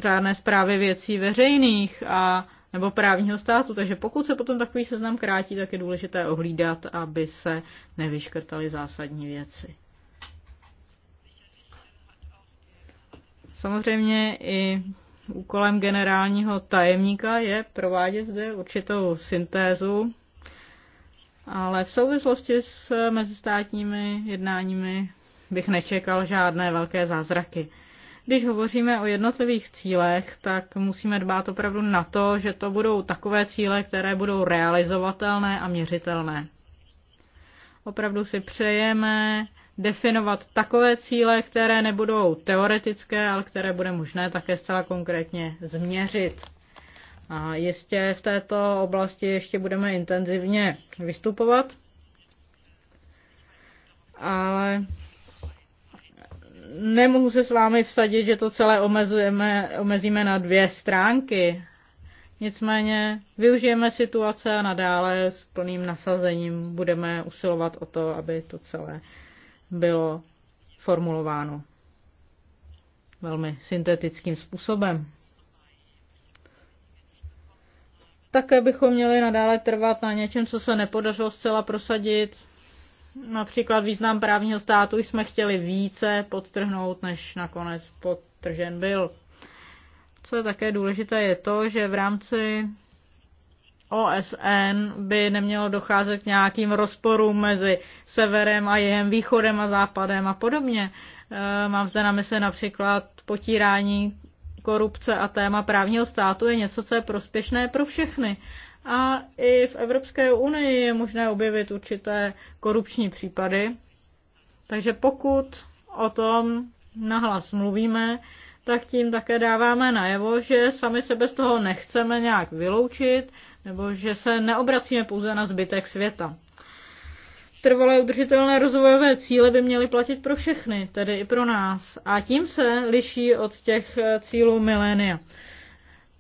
řádné zprávy věcí veřejných a nebo právního státu. Takže pokud se potom takový seznam krátí, tak je důležité ohlídat, aby se nevyškrtaly zásadní věci. Samozřejmě i úkolem generálního tajemníka je provádět zde určitou syntézu, ale v souvislosti s mezistátními jednáními bych nečekal žádné velké zázraky. Když hovoříme o jednotlivých cílech, tak musíme dbát opravdu na to, že to budou takové cíle, které budou realizovatelné a měřitelné. Opravdu si přejeme definovat takové cíle, které nebudou teoretické, ale které bude možné také zcela konkrétně změřit. A jistě v této oblasti ještě budeme intenzivně vystupovat, ale nemohu se s vámi vsadit, že to celé omezíme, omezíme na dvě stránky. Nicméně využijeme situace a nadále s plným nasazením budeme usilovat o to, aby to celé bylo formulováno velmi syntetickým způsobem. Také bychom měli nadále trvat na něčem, co se nepodařilo zcela prosadit, Například význam právního státu jsme chtěli více podtrhnout, než nakonec podtržen byl. Co je také důležité, je to, že v rámci OSN by nemělo docházet k nějakým rozporům mezi severem a jihem, východem a západem a podobně. E, mám zde na mysli například potírání korupce a téma právního státu je něco, co je prospěšné pro všechny. A i v Evropské unii je možné objevit určité korupční případy. Takže pokud o tom nahlas mluvíme, tak tím také dáváme najevo, že sami sebe z toho nechceme nějak vyloučit, nebo že se neobracíme pouze na zbytek světa. Trvalé udržitelné rozvojové cíle by měly platit pro všechny, tedy i pro nás. A tím se liší od těch cílů milénia.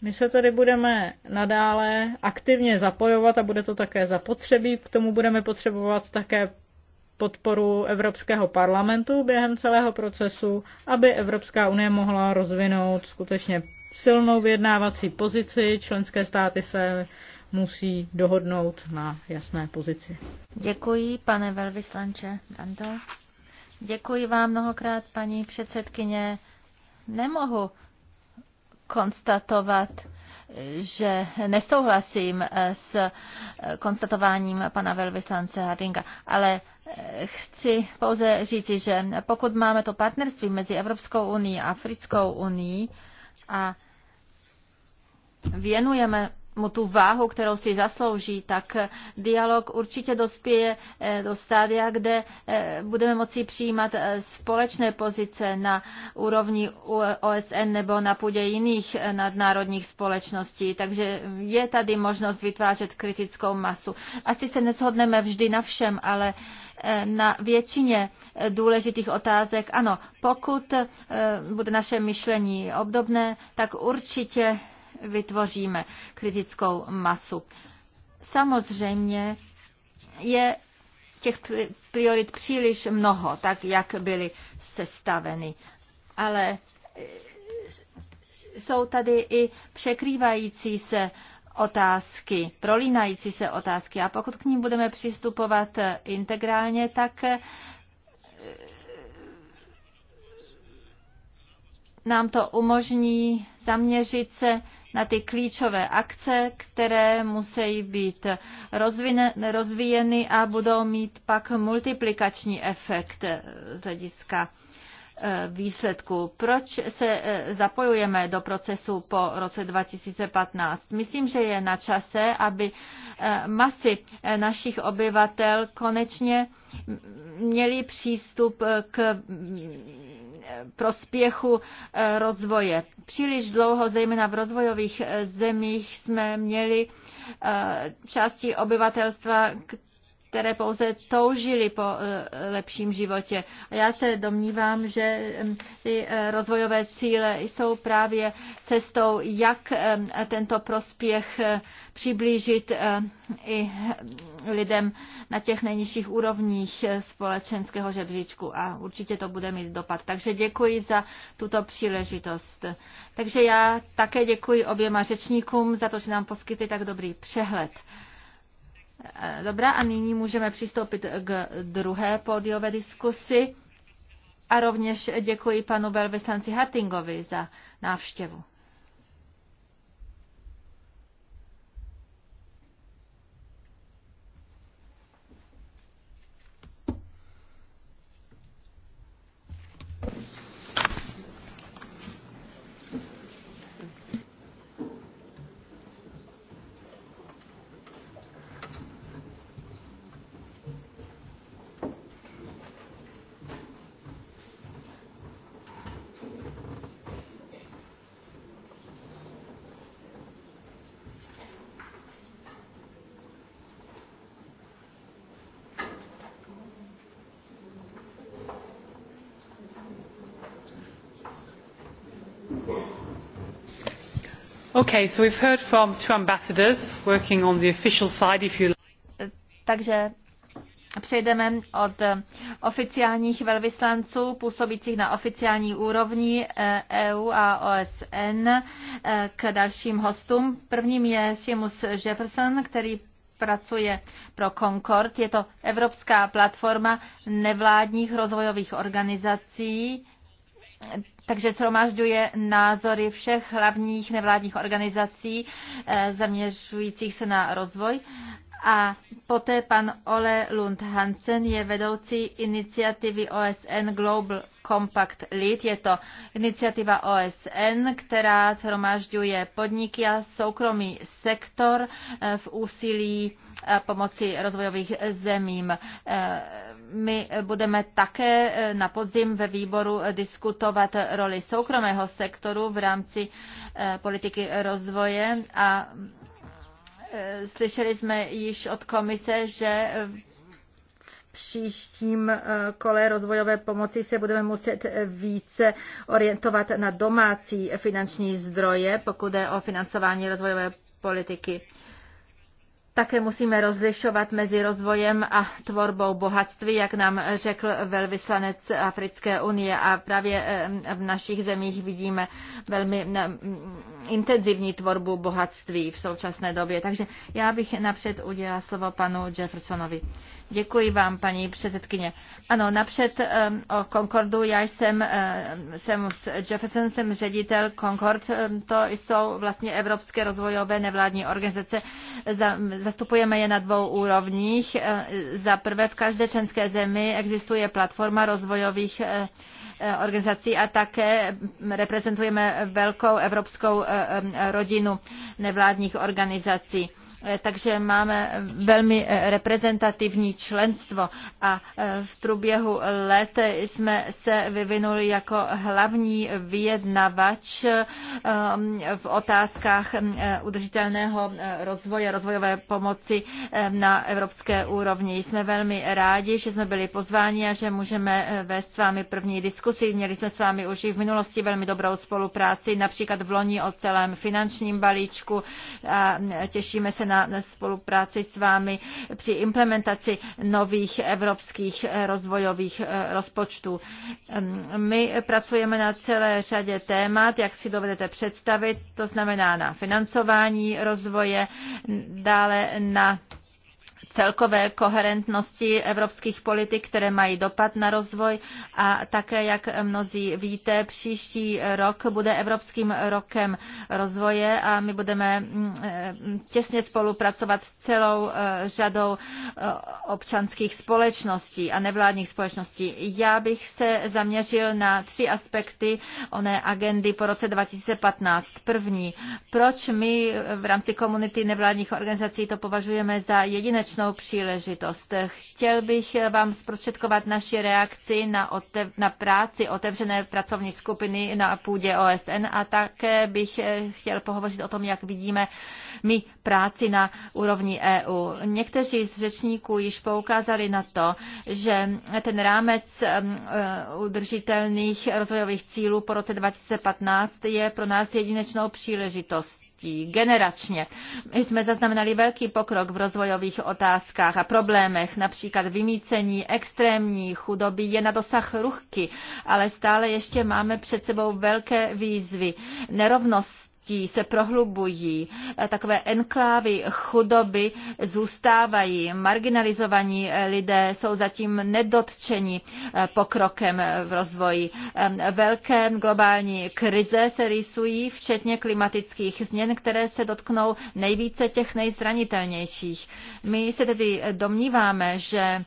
My se tedy budeme nadále aktivně zapojovat a bude to také zapotřebí. K tomu budeme potřebovat také podporu Evropského parlamentu během celého procesu, aby Evropská unie mohla rozvinout skutečně silnou vyjednávací pozici. Členské státy se musí dohodnout na jasné pozici. Děkuji, pane velvyslanče Dando. Děkuji vám mnohokrát, paní předsedkyně. Nemohu konstatovat, že nesouhlasím s konstatováním pana velvyslance Hardinga, ale chci pouze říci, že pokud máme to partnerství mezi Evropskou unii a Africkou unii a věnujeme mu tu váhu, kterou si zaslouží, tak dialog určitě dospěje eh, do stádia, kde eh, budeme moci přijímat eh, společné pozice na úrovni OSN nebo na půdě jiných nadnárodních společností. Takže je tady možnost vytvářet kritickou masu. Asi se neshodneme vždy na všem, ale na většině důležitých otázek. Ano, pokud bude naše myšlení obdobné, tak určitě vytvoříme kritickou masu. Samozřejmě je těch priorit příliš mnoho, tak jak byly sestaveny. Ale e, jsou tady i překrývající se otázky, prolínající se otázky. A pokud k ním budeme přistupovat e, integrálně, tak e, nám to umožní zaměřit se na ty klíčové akce, které musí být rozvíjeny a budou mít pak multiplikační efekt z hlediska Eh, výsledku. Proč se eh, zapojujeme do procesu po roce 2015? Myslím, že je na čase, aby eh, masy našich obyvatel konečně měli přístup k prospěchu rozvoje. Příliš dlouho, zejména v rozvojových zemích, jsme měli části obyvatelstva, které pouze toužili po eh, lepším životě. A já se domnívám, že ty eh, rozvojové cíle jsou právě cestou, jak tento prospěch eh, přiblížit i lidem na těch nejnižších úrovních společenského žebříčku a určitě to bude mít dopad. Takže děkuji za tuto příležitost. Takže já také děkuji oběma řečníkům za to, že nám poskytli tak dobrý přehled. Eh, dobrá, a nyní můžeme přistoupit k druhé pódiové diskusi. A rovněž děkuji panu velvyslanci Hartingovi za návštěvu. Takže přejdeme od eh, oficiálních velvyslanců působících na oficiální úrovni EU eh, e a OSN eh, k dalším hostům. Prvním je Seamus Jefferson, který pracuje pro Concord. Je to evropská platforma nevládních rozvojových organizací takže shromažďuje názory všech hlavních nevládních organizací eh, zaměřujících se na rozvoj. A poté pan Ole Lund Hansen je vedoucí iniciativy OSN Global Compact Lead. Je to iniciativa OSN, která shromažďuje podniky a soukromý sektor eh, v úsilí eh, pomoci rozvojových zemím my budeme také eh, na podzim ve výboru diskutovat roli soukromého sektoru v rámci eh, politiky rozvoje a eh, slyšeli jsme již od komise, že příštím kole rozvojové pomoci se budeme muset více orientovat na domácí finanční zdroje, pokud je o financování rozvojové politiky. Také musíme rozlišovat mezi rozvojem a tvorbou bohatství, jak nám řekl velvyslanec Africké unie. A právě eh, v našich zemích vidíme velmi mm, mm, intenzivní tvorbu bohatství v současné době. Takže já bych napřed udělala slovo panu Jeffersonovi. Děkuji vám, paní předsedkyně. Ano, napřed um, o Concordu, já jsem, um, jsem Jefferson, jsem ředitel Concord, um, to jsou vlastně evropské rozvojové nevládní organizace. Za, zastupujeme je na dvou úrovních. Uh, za prvé, v každé členské zemi existuje platforma rozvojových uh, uh organizací a také reprezentujeme velkou evropskou uh, um, rodinu nevládních organizací. Eh, takže máme eh, velmi eh, reprezentativní členstvo a v průběhu let jsme se vyvinuli jako hlavní vyjednavač v otázkách udržitelného rozvoje, rozvojové pomoci na evropské úrovni. Jsme velmi rádi, že jsme byli pozváni a že můžeme vést s vámi první diskusi. Měli jsme s vámi už i v minulosti velmi dobrou spolupráci, například v loni o celém finančním balíčku a těšíme se na spolupráci s vámi při implementaci nových evropských rozvojových eh, rozpočtů. Ehm, my pracujeme na celé řadě témat, jak si dovedete představit, to znamená na financování rozvoje, dále na celkové koherentnosti evropských politik, které mají dopad na rozvoj a také, jak mnozí víte, příští rok bude Evropským rokem rozvoje a my budeme mm, e, těsně spolupracovat s celou e, řadou e, občanských společností a nevládních společností. Já bych se zaměřil na tři aspekty oné agendy po roce 2015. První, proč my v rámci komunity nevládních organizací to považujeme za jedinečnou jinou příležitost. Chtěl bych vám zprostředkovat naši reakci na, otev, na práci otevřené pracovní skupiny na půdě OSN a také bych chtěl pohovořit o tom, jak vidíme my práci na úrovni EU. Někteří z řečníků již poukázali na to, že ten rámec eh, udržitelných rozvojových cílů po roce 2015 je pro nás jedinečnou příležitost dětí generačně. My jsme zaznamenali velký pokrok v rozvojových otázkách a problémech, například vymícení extrémní chudoby je na dosah ruchky, ale stále ještě máme před sebou velké výzvy. Nerovnost propastí se prohlubují, eh, takové enklávy chudoby zůstávají, marginalizovaní eh, lidé jsou zatím nedotčeni eh, pokrokem v rozvoji. Velké globální krize se rýsují, včetně klimatických změn, které se dotknou nejvíce těch nejzranitelnějších. My se tedy domníváme, že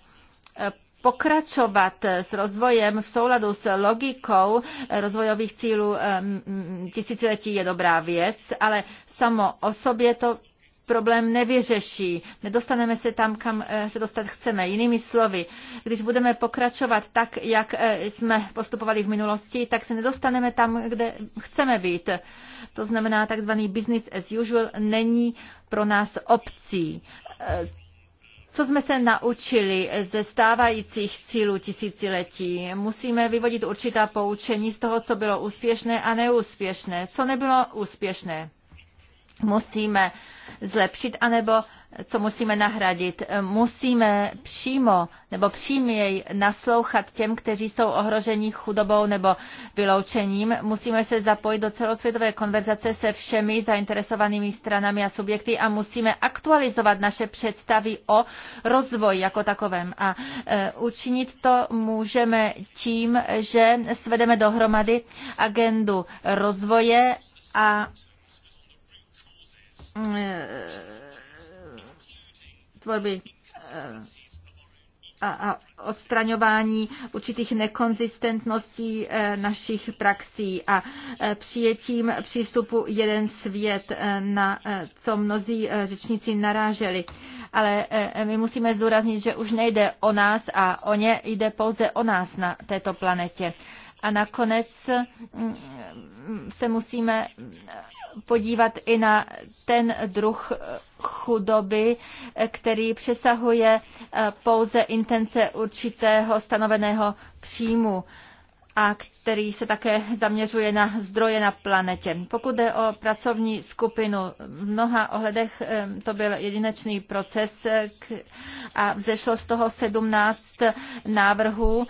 pokračovat s rozvojem v souladu s logikou rozvojových cílů tisíciletí je dobrá věc, ale samo o sobě to problém nevyřeší. Nedostaneme se tam, kam eh, se dostat chceme. Jinými slovy, když budeme pokračovat tak, jak eh, jsme postupovali v minulosti, tak se nedostaneme tam, kde chceme být. To znamená, takzvaný business as usual není pro nás opcí. Eh, co jsme se naučili ze stávajících cílů tisíciletí? Musíme vyvodit určitá poučení z toho, co bylo úspěšné a neúspěšné. Co nebylo úspěšné? musíme zlepšit, anebo co musíme nahradit. Musíme přímo nebo příměji naslouchat těm, kteří jsou ohroženi chudobou nebo vyloučením. Musíme se zapojit do celosvětové konverzace se všemi zainteresovanými stranami a subjekty a musíme aktualizovat naše představy o rozvoji jako takovém. A e, učinit to můžeme tím, že svedeme dohromady agendu rozvoje a Eh, tvorby eh, a, a odstraňování určitých nekonzistentností eh, našich praxí a přijetím přístupu jeden svět, na co mnozí řečníci naráželi. Ale my musíme zdůraznit, že už nejde o nás a o ně jde pouze o nás na této planetě. A nakonec mm, se musíme podívat i na ten druh chudoby, který přesahuje eh, pouze intence určitého stanoveného příjmu a který se také zaměřuje na zdroje na planetě. Pokud jde o pracovní skupinu, v mnoha ohledech to byl jedinečný proces eh, a vzešlo z toho 17 návrhů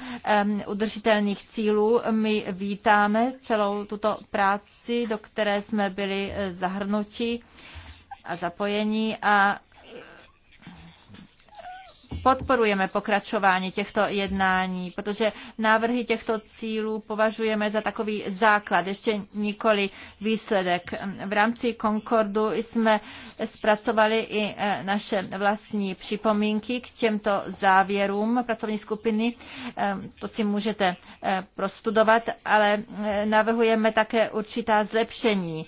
udržitelných cílů. My vítáme celou tuto práci, do které jsme byli eh, zahrnuti a zapojení a podporujeme pokračování těchto jednání, protože návrhy těchto cílů považujeme za takový základ, ještě nikoli výsledek. V rámci Concordu jsme zpracovali i e, naše vlastní připomínky k těmto závěrům pracovní skupiny. E, to si můžete e, prostudovat, ale navrhujeme také určitá zlepšení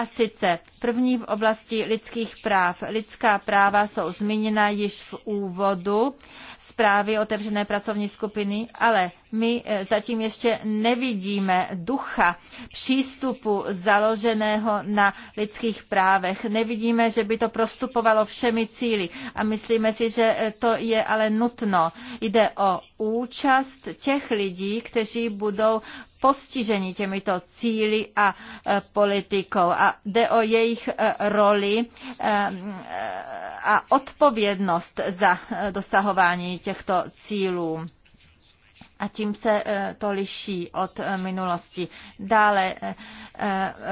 a sice první v oblasti lidských práv. Lidská práva jsou zmíněna již v úvodu zprávy otevřené pracovní skupiny, ale my eh, zatím ještě nevidíme ducha přístupu založeného na lidských právech. Nevidíme, že by to prostupovalo všemi cíly a myslíme si, že eh, to je ale nutno. Jde o účast těch lidí, kteří budou postiženi těmito cíly a eh, politikou a jde o jejich roli ehm, a odpovědnost za dosahování těchto cílů a tím se eh, to liší od eh, minulosti. Dále eh,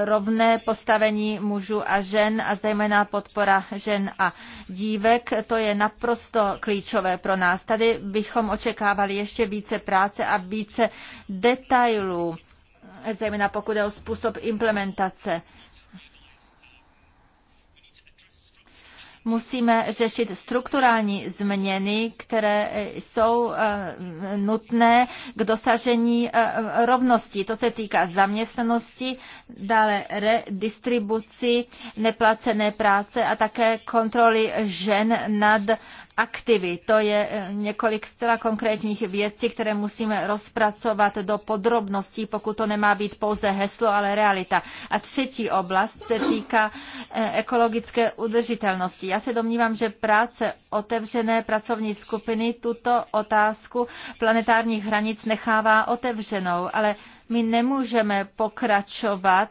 rovné postavení mužů a žen a zejména podpora žen a dívek, to je naprosto klíčové pro nás. Tady bychom očekávali ještě více práce a více detailů, zejména pokud je o způsob implementace. musíme řešit strukturální změny, které e, jsou e, nutné k dosažení e, rovnosti. To se týká zaměstnanosti, dále redistribuci neplacené práce a také kontroly žen nad aktivy. To je eh, několik zcela konkrétních věcí, které musíme rozpracovat do podrobností, pokud to nemá být pouze heslo, ale realita. A třetí oblast se týká eh, ekologické udržitelnosti. Já se domnívám, že práce otevřené pracovní skupiny tuto otázku planetárních hranic nechává otevřenou, ale my nemůžeme pokračovat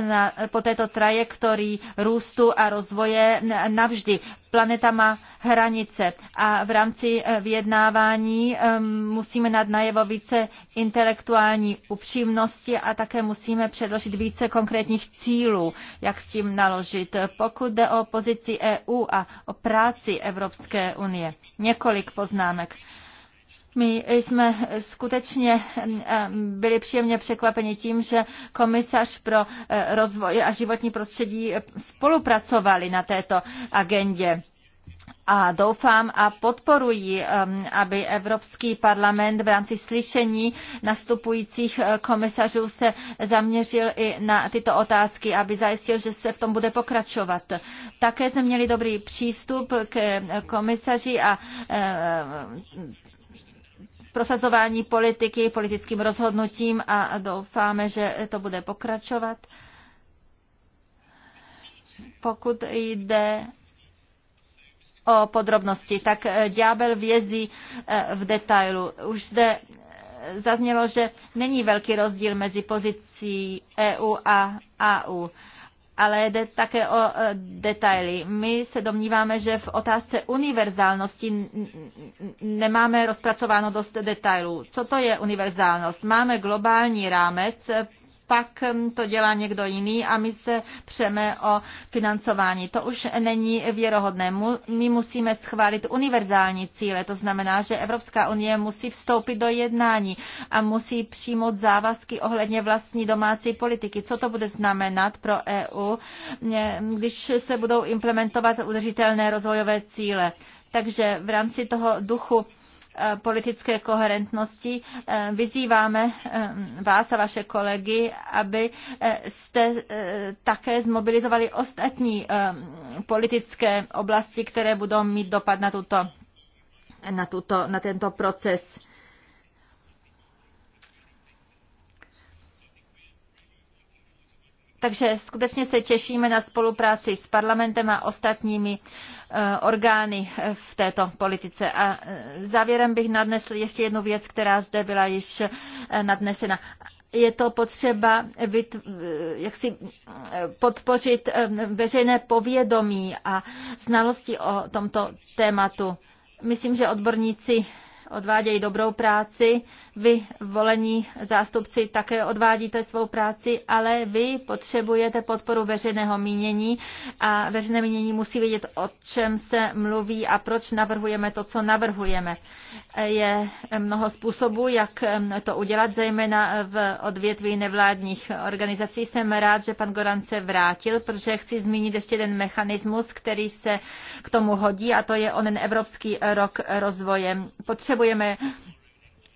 na, po této trajektorii růstu a rozvoje navždy. Planeta má hranice a v rámci eh, vyjednávání eh, musíme nad najevo více intelektuální upřímnosti a také musíme předložit více konkrétních cílů, jak s tím naložit. Pokud jde o pozici EU a o práci Evropské unie, několik poznámek. My jsme skutečně mm, eh, byli příjemně překvapeni tím, že komisař pro eh, rozvoj a životní prostředí eh, spolupracovali na této agendě a doufám a podporuji, ehm, aby Evropský parlament v rámci slyšení nastupujících komisařů se zaměřil i na tyto otázky, aby zajistil, že se v tom bude pokračovat. Také jsme měli dobrý přístup k komisaři a prosazování politiky, politickým rozhodnutím a doufáme, že to bude pokračovat. Pokud jde o podrobnosti, tak ďábel vězí eh, v detailu. Už zde eh, zaznělo, že není velký rozdíl mezi pozicí EU a AU ale jde také o e, detaily. My se domníváme, že v otázce univerzálnosti nemáme rozpracováno dost detailů. Co to je univerzálnost? Máme globální rámec pak hm, to dělá někdo jiný a my se přeme o financování. To už není věrohodné. My musíme schválit univerzální cíle, to znamená, že Evropská unie musí vstoupit do jednání a musí přijmout závazky ohledně vlastní domácí politiky. Co to bude znamenat pro EU, hm, když se budou implementovat udržitelné rozvojové cíle? Takže v rámci toho duchu Eh, politické koherentnosti eh, vyzýváme eh, vás a vaše kolegy, aby jste také zmobilizovali ostatní politické oblasti, které budou mít dopad na, tuto, na, tuto, na tento proces Takže skutečně se těšíme na spolupráci s parlamentem a ostatními eh, orgány eh, v této politice. A eh, závěrem bych nadnesl ještě jednu věc, která zde byla již nadnesena je to potřeba jak si podpořit veřejné povědomí a znalosti o tomto tématu. Myslím, že odborníci odvádějí dobrou práci, vy volení zástupci také odvádíte svou práci, ale vy potřebujete podporu veřejného mínění a veřejné mínění musí vědět, o čem se mluví a proč navrhujeme to, co navrhujeme. Je mnoho způsobů, jak to udělat, zejména v odvětví nevládních organizací. Jsem rád, že pan Goran se vrátil, protože chci zmínit ještě jeden mechanismus, který se k tomu hodí a to je onen Evropský rok rozvoje. Potřebujeme potřebujeme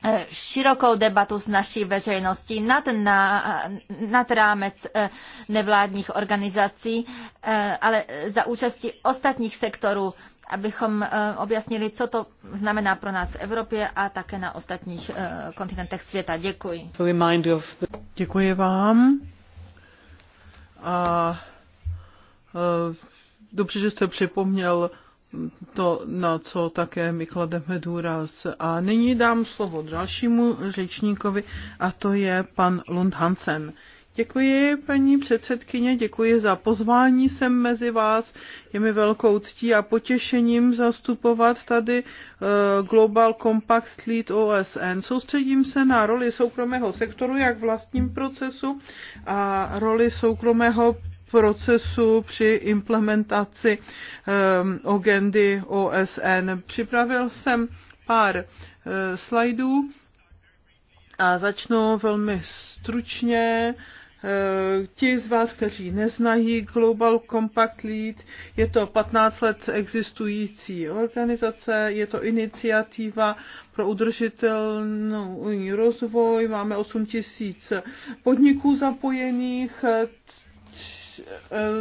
eh, širokou debatu s naší veřejností nad, na, nad rámec eh, nevládních organizací, eh, ale za účasti ostatních sektorů, abychom objasnili, co to znamená pro nás v Evropě a také na ostatních kontinentech světa. Děkuji. Děkuji vám. A, a dobře, že jste připomněl to, na co také my klademe důraz. A nyní dám slovo dalšímu řečníkovi, a to je pan Lund Hansen. Děkuji, paní předsedkyně, děkuji za pozvání sem mezi vás. Je mi velkou ctí a potěšením zastupovat tady eh, Global Compact Lead OSN. Soustředím se na roli soukromého sektoru, jak vlastním procesu a roli soukromého procesu při implementaci ehm, agendy OSN. Připravil jsem pár eh, slajdů a začnu velmi stručně. Eh, ti z vás, kteří neznají Global Compact Lead, je to 15 let existující organizace, je to iniciativa pro udržitelný rozvoj, máme 8 tisíc podniků zapojených,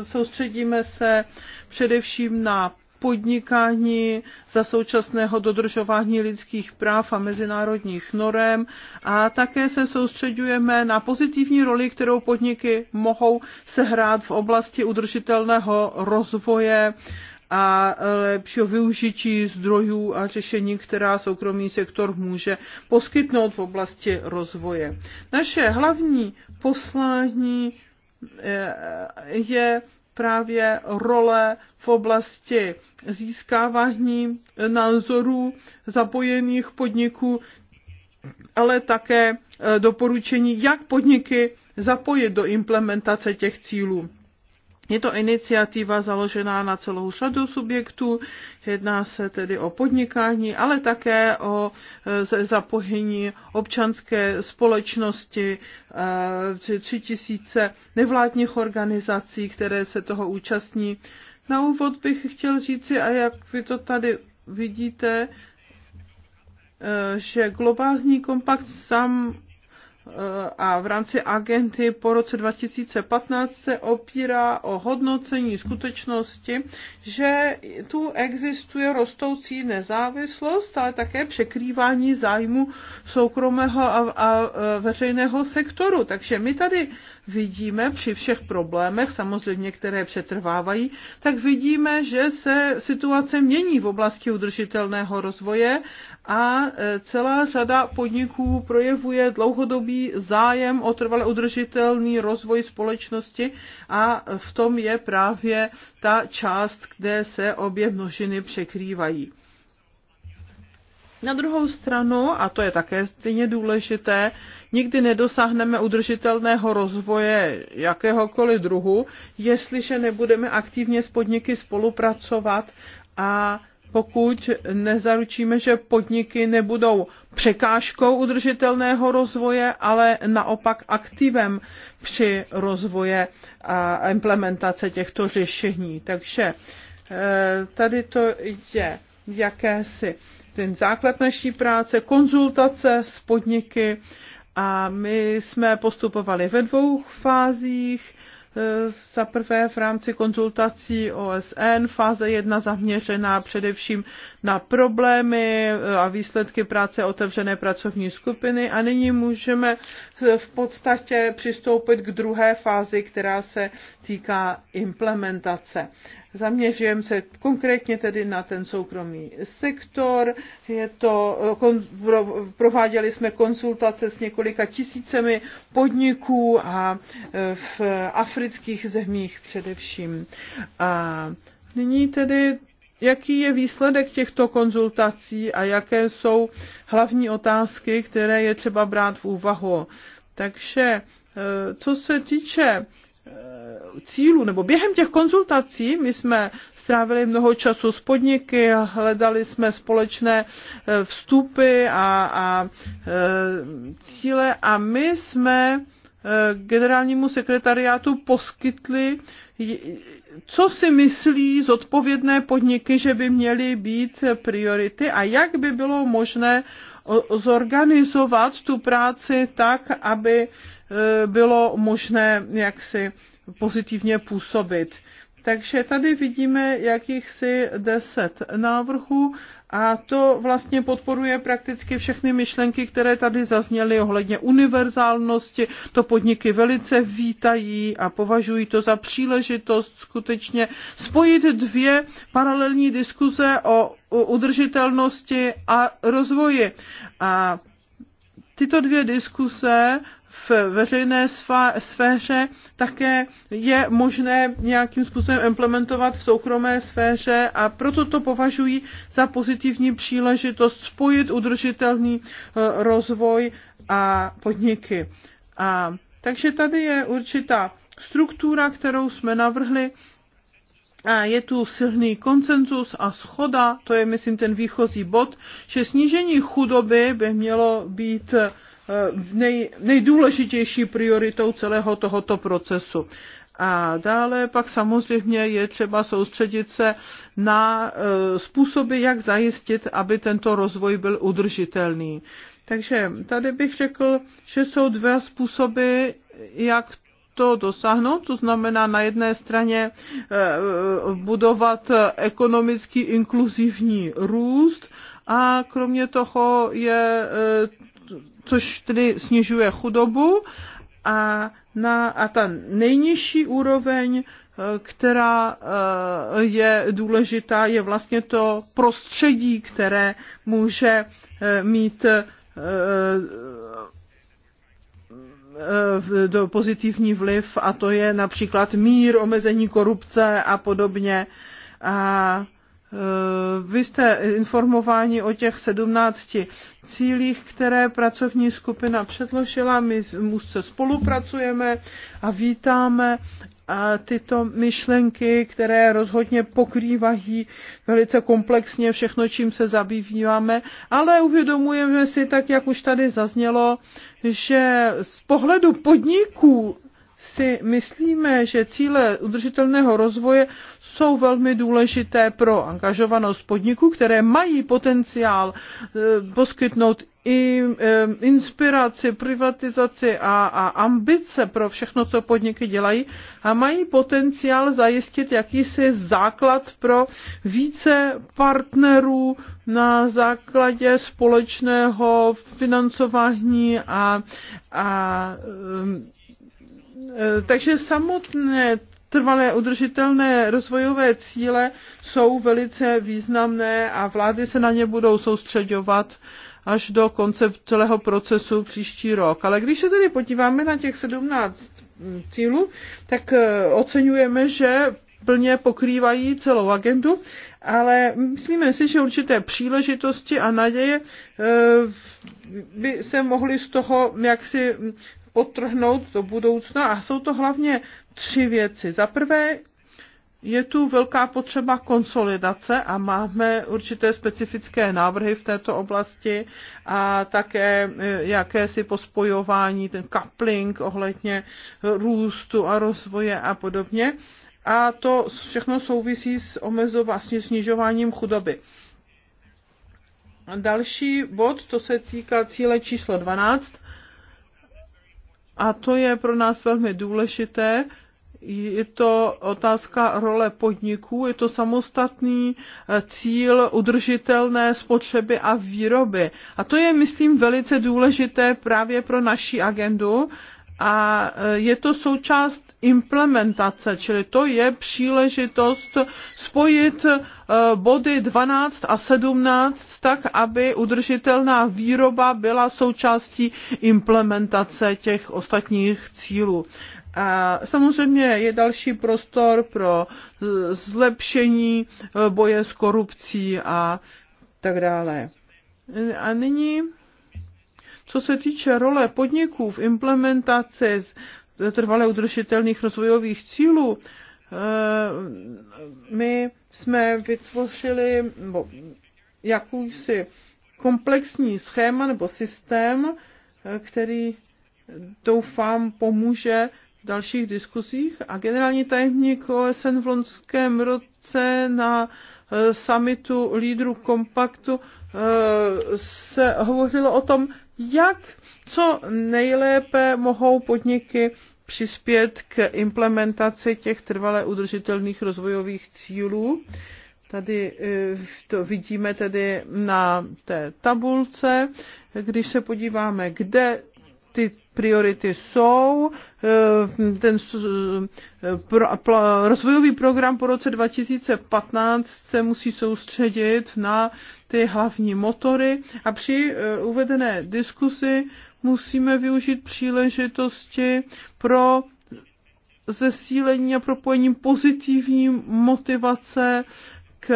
soustředíme se především na podnikání za současného dodržování lidských práv a mezinárodních norem a také se soustředujeme na pozitivní roli, kterou podniky mohou sehrát v oblasti udržitelného rozvoje a lepšího využití zdrojů a řešení, která soukromý sektor může poskytnout v oblasti rozvoje. Naše hlavní poslání je právě role v oblasti získávání názorů zapojených podniků, ale také eh, doporučení, jak podniky zapojit do implementace těch cílů. Je to iniciativa založená na celou řadu subjektů, jedná se tedy o podnikání, ale také o e, zapojení občanské společnosti, e, tři tisíce nevládních organizací, které se toho účastní. Na úvod bych chtěl říci, a jak vy to tady vidíte, e, že globální kompakt sám a v rámci agenty po roce 2015 se opírá o hodnocení skutečnosti, že tu existuje rostoucí nezávislost, ale také překrývání zájmu soukromého a, a e, veřejného sektoru. Takže my tady vidíme při všech problémech, samozřejmě které přetrvávají, tak vidíme, že se situace mění v oblasti udržitelného rozvoje a e, celá řada podniků projevuje dlouhodobý zájem o trvale udržitelný rozvoj společnosti a v tom je právě ta část, kde se obě množiny překrývají. Na druhou stranu, a to je také stejně důležité, nikdy nedosáhneme udržitelného rozvoje jakéhokoliv druhu, jestliže nebudeme aktivně s podniky spolupracovat a pokud nezaručíme, že podniky nebudou překážkou udržitelného rozvoje, ale naopak aktivem při rozvoje a implementace těchto řešení. Takže eh, tady to je jakési ten základ naší práce, konzultace s podniky a my jsme postupovali ve dvou fázích za prvé v rámci konzultací OSN fáze jedna zaměřená především na problémy a výsledky práce otevřené pracovní skupiny a nyní můžeme v podstatě přistoupit k druhé fázi, která se týká implementace. Zaměřujeme se konkrétně tedy na ten soukromý sektor. Je to, kon, prováděli jsme konsultace s několika tisícemi podniků a e, v afrických zemích především. A nyní tedy jaký je výsledek těchto konzultací a jaké jsou hlavní otázky, které je třeba brát v úvahu. Takže eh, co se týče eh, cílu nebo během těch konzultací my jsme strávili mnoho času s podniky, hledali jsme společné eh, vstupy a, a cíle a my jsme Eh, generálnímu sekretariátu poskytli, co si myslí zodpovědné podniky, že by měly být priority a jak by bylo možné zorganizovat tu práci tak, aby eh, bylo možné jaksi pozitivně působit. Takže tady vidíme jakýchsi deset návrhů a to vlastně podporuje prakticky všechny myšlenky, které tady zazněly ohledně univerzálnosti. To podniky velice vítají a považují to za příležitost skutečně spojit dvě paralelní diskuze o udržitelnosti a rozvoji. A tyto dvě diskuse v veřejné sféře také je možné nějakým způsobem implementovat v soukromé sféře a proto to považují za pozitivní příležitost spojit udržitelný eh, rozvoj a podniky. A takže tady je určitá struktura, kterou jsme navrhli a je tu silný koncenzus a schoda, to je myslím ten výchozí bod, že snížení chudoby by mělo být eh, Eh, nej, nejdůležitější prioritou celého tohoto procesu. A dále pak samozřejmě je třeba soustředit se na eh, způsoby, jak zajistit, aby tento rozvoj byl udržitelný. Takže tady bych řekl, že jsou dva způsoby, jak to dosáhnout, to znamená na jedné straně eh, budovat ekonomicky inkluzivní růst a kromě toho je což tedy snižuje chudobu a, na, a ta nejnižší úroveň, eh, která eh, je důležitá, je vlastně to prostředí, které může eh, mít pozitivní vliv a to je například mír, omezení korupce a podobně. A vy jste informováni o těch 17 cílích, které pracovní skupina předložila. My se spolupracujeme a vítáme a tyto myšlenky, které rozhodně pokrývají velice komplexně všechno, čím se zabýváme, ale uvědomujeme si, tak jak už tady zaznělo, že z pohledu podniků si myslíme, že cíle udržitelného rozvoje jsou velmi důležité pro angažovanost podniků, které mají potenciál eh, poskytnout i eh, inspiraci, privatizaci a, a ambice pro všechno, co podniky dělají a mají potenciál zajistit jakýsi základ pro více partnerů na základě společného financování a, a eh, takže samotné trvalé udržitelné rozvojové cíle jsou velice významné a vlády se na ně budou soustředovat až do konce celého procesu příští rok. Ale když se tedy podíváme na těch 17 cílů, tak eh, oceňujeme, že plně pokrývají celou agendu, ale myslíme si, že určité příležitosti a naděje eh, by se mohly z toho jaksi potrhnout do budoucna a jsou to hlavně tři věci. Za prvé je tu velká potřeba konsolidace a máme určité specifické návrhy v této oblasti a také eh, jakési pospojování, ten coupling ohledně růstu a rozvoje a podobně. A to všechno souvisí s omezováním, snižováním chudoby. Další bod, to se týká cíle číslo 12, a to je pro nás velmi důležité, je to otázka role podniků, je to samostatný eh, cíl udržitelné spotřeby a výroby. A to je, myslím, velice důležité právě pro naši agendu a e, je to součást implementace, čili to je příležitost spojit e, body 12 a 17 tak, aby udržitelná výroba byla součástí implementace těch ostatních cílů. A samozřejmě je další prostor pro zlepšení e, boje s korupcí a tak dále. A nyní co se týče role podniků v implementaci trvale udržitelných rozvojových cílů, eh, my jsme vytvořili jakýsi komplexní schéma nebo systém, eh, který doufám pomůže v dalších diskuzích. A generální tajemník OSN v loňském roce na eh, summitu lídrů kompaktu se hovořilo o tom, jak co nejlépe mohou podniky přispět k implementaci těch trvale udržitelných rozvojových cílů. Tady eh, to vidíme tedy na té tabulce, když se podíváme, kde ty priority jsou. Eh, ten eh, rozvojový program po roce 2015 se musí soustředit na ty hlavní motory a při eh, uvedené diskusi musíme využít příležitosti pro zesílení a propojení pozitivní motivace k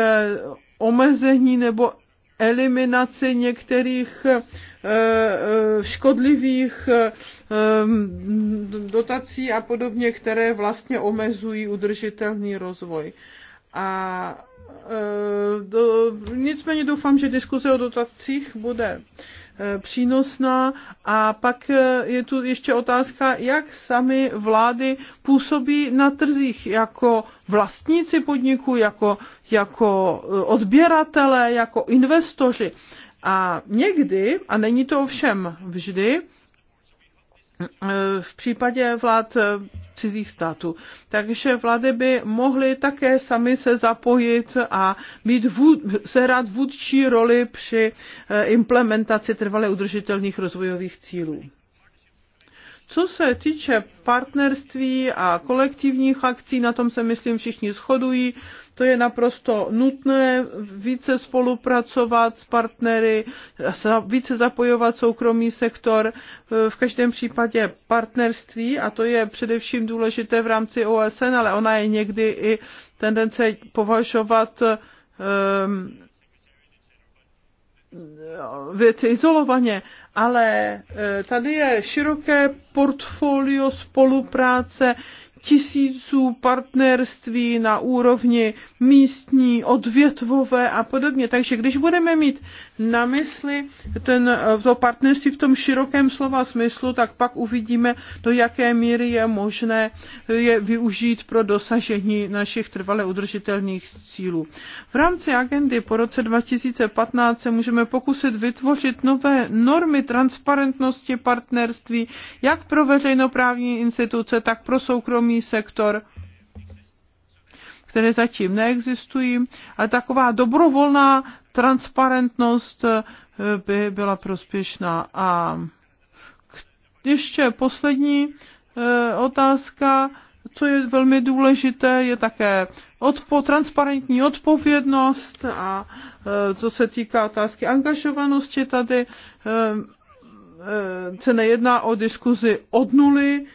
omezení nebo eliminaci některých eh, eh, škodlivých eh, dotací a podobně, které vlastně omezují udržitelný rozvoj. A do, nicméně doufám, že diskuze o dotacích bude Eh, přínosná. A pak eh, je tu ještě otázka, jak sami vlády působí na trzích jako vlastníci podniku, jako, jako eh, odběratele, jako investoři. A někdy, a není to ovšem vždy, v případě vlád cizích států. Takže vlády by mohly také sami se zapojit a mít vůd, sehrát vůdčí roli při eh, implementaci trvale udržitelných rozvojových cílů. Co se týče partnerství a kolektivních akcí, na tom se myslím všichni shodují. To je naprosto nutné více spolupracovat s partnery, více zapojovat soukromý sektor, v každém případě partnerství a to je především důležité v rámci OSN, ale ona je někdy i tendence považovat um, věci izolovaně, ale eh, tady je široké portfolio spolupráce, tisíců partnerství na úrovni místní, odvětvové a podobně. Takže když budeme mít na mysli ten, eh, to partnerství v tom širokém slova smyslu, tak pak uvidíme, do jaké míry je možné eh, je využít pro dosažení našich trvale udržitelných cílů. V rámci agendy po roce 2015 se můžeme pokusit vytvořit nové normy transparentnosti partnerství, jak pro veřejnoprávní instituce, tak pro soukromý sektor které zatím neexistují, ale taková dobrovolná transparentnost eh, by byla prospěšná. A ještě poslední eh, otázka, co je velmi důležité, je také odpo, transparentní odpovědnost a eh, co se týká otázky angažovanosti, tady se nejedná o diskuzi od nuly,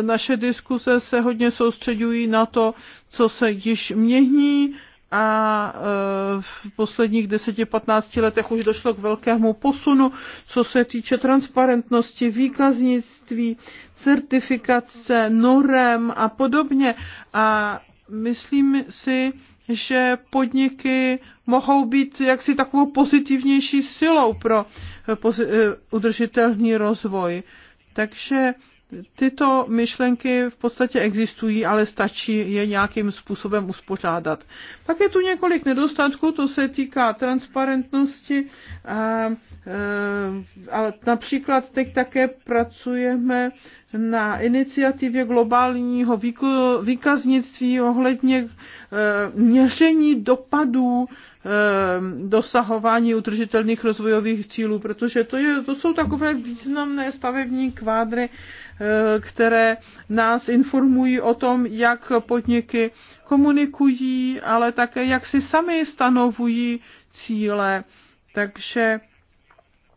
naše diskuze se hodně soustředují na to, co se již mění, a e, v posledních 10-15 letech už došlo k velkému posunu, co se týče transparentnosti, výkaznictví, certifikace, norem a podobně. A myslím si, že podniky mohou být jaksi takovou pozitivnější silou pro e, udržitelný rozvoj. Takže Tyto myšlenky v podstatě existují, ale stačí je nějakým způsobem uspořádat. Pak je tu několik nedostatků, to se týká transparentnosti. A, a například teď také pracujeme na iniciativě globálního výkaznictví ohledně e, měření dopadů e, dosahování udržitelných rozvojových cílů, protože to, je, to jsou takové významné stavební kvádry, které nás informují o tom, jak podniky komunikují, ale také jak si sami stanovují cíle. Takže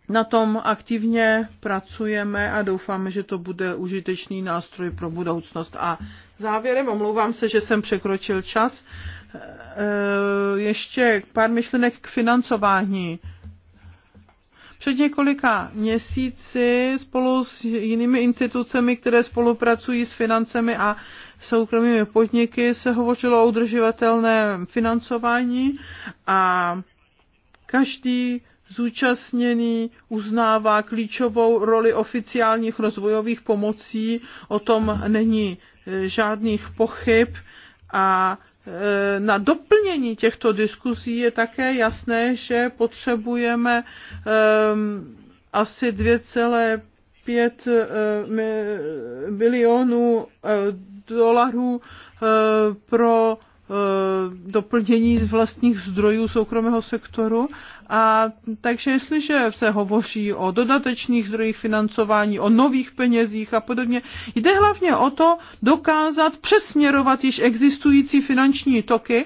na tom aktivně pracujeme a doufáme, že to bude užitečný nástroj pro budoucnost. A závěrem, omlouvám se, že jsem překročil čas, eh, ještě pár myšlenek k financování. Před několika měsíci spolu s jinými institucemi, které spolupracují s financemi a soukromými podniky, se hovořilo o udržovatelném financování a každý zúčastněný uznává klíčovou roli oficiálních rozvojových pomocí, o tom není eh, žádných pochyb a na doplnění těchto diskuzí je také jasné, že potřebujeme ehm, asi 2,5 eh, milionů eh, dolarů eh, pro Eh, doplnění z vlastních zdrojů soukromého sektoru. A takže jestliže se hovoří o dodatečných zdrojích financování, o nových penězích a podobně, jde hlavně o to dokázat přesměrovat již existující finanční toky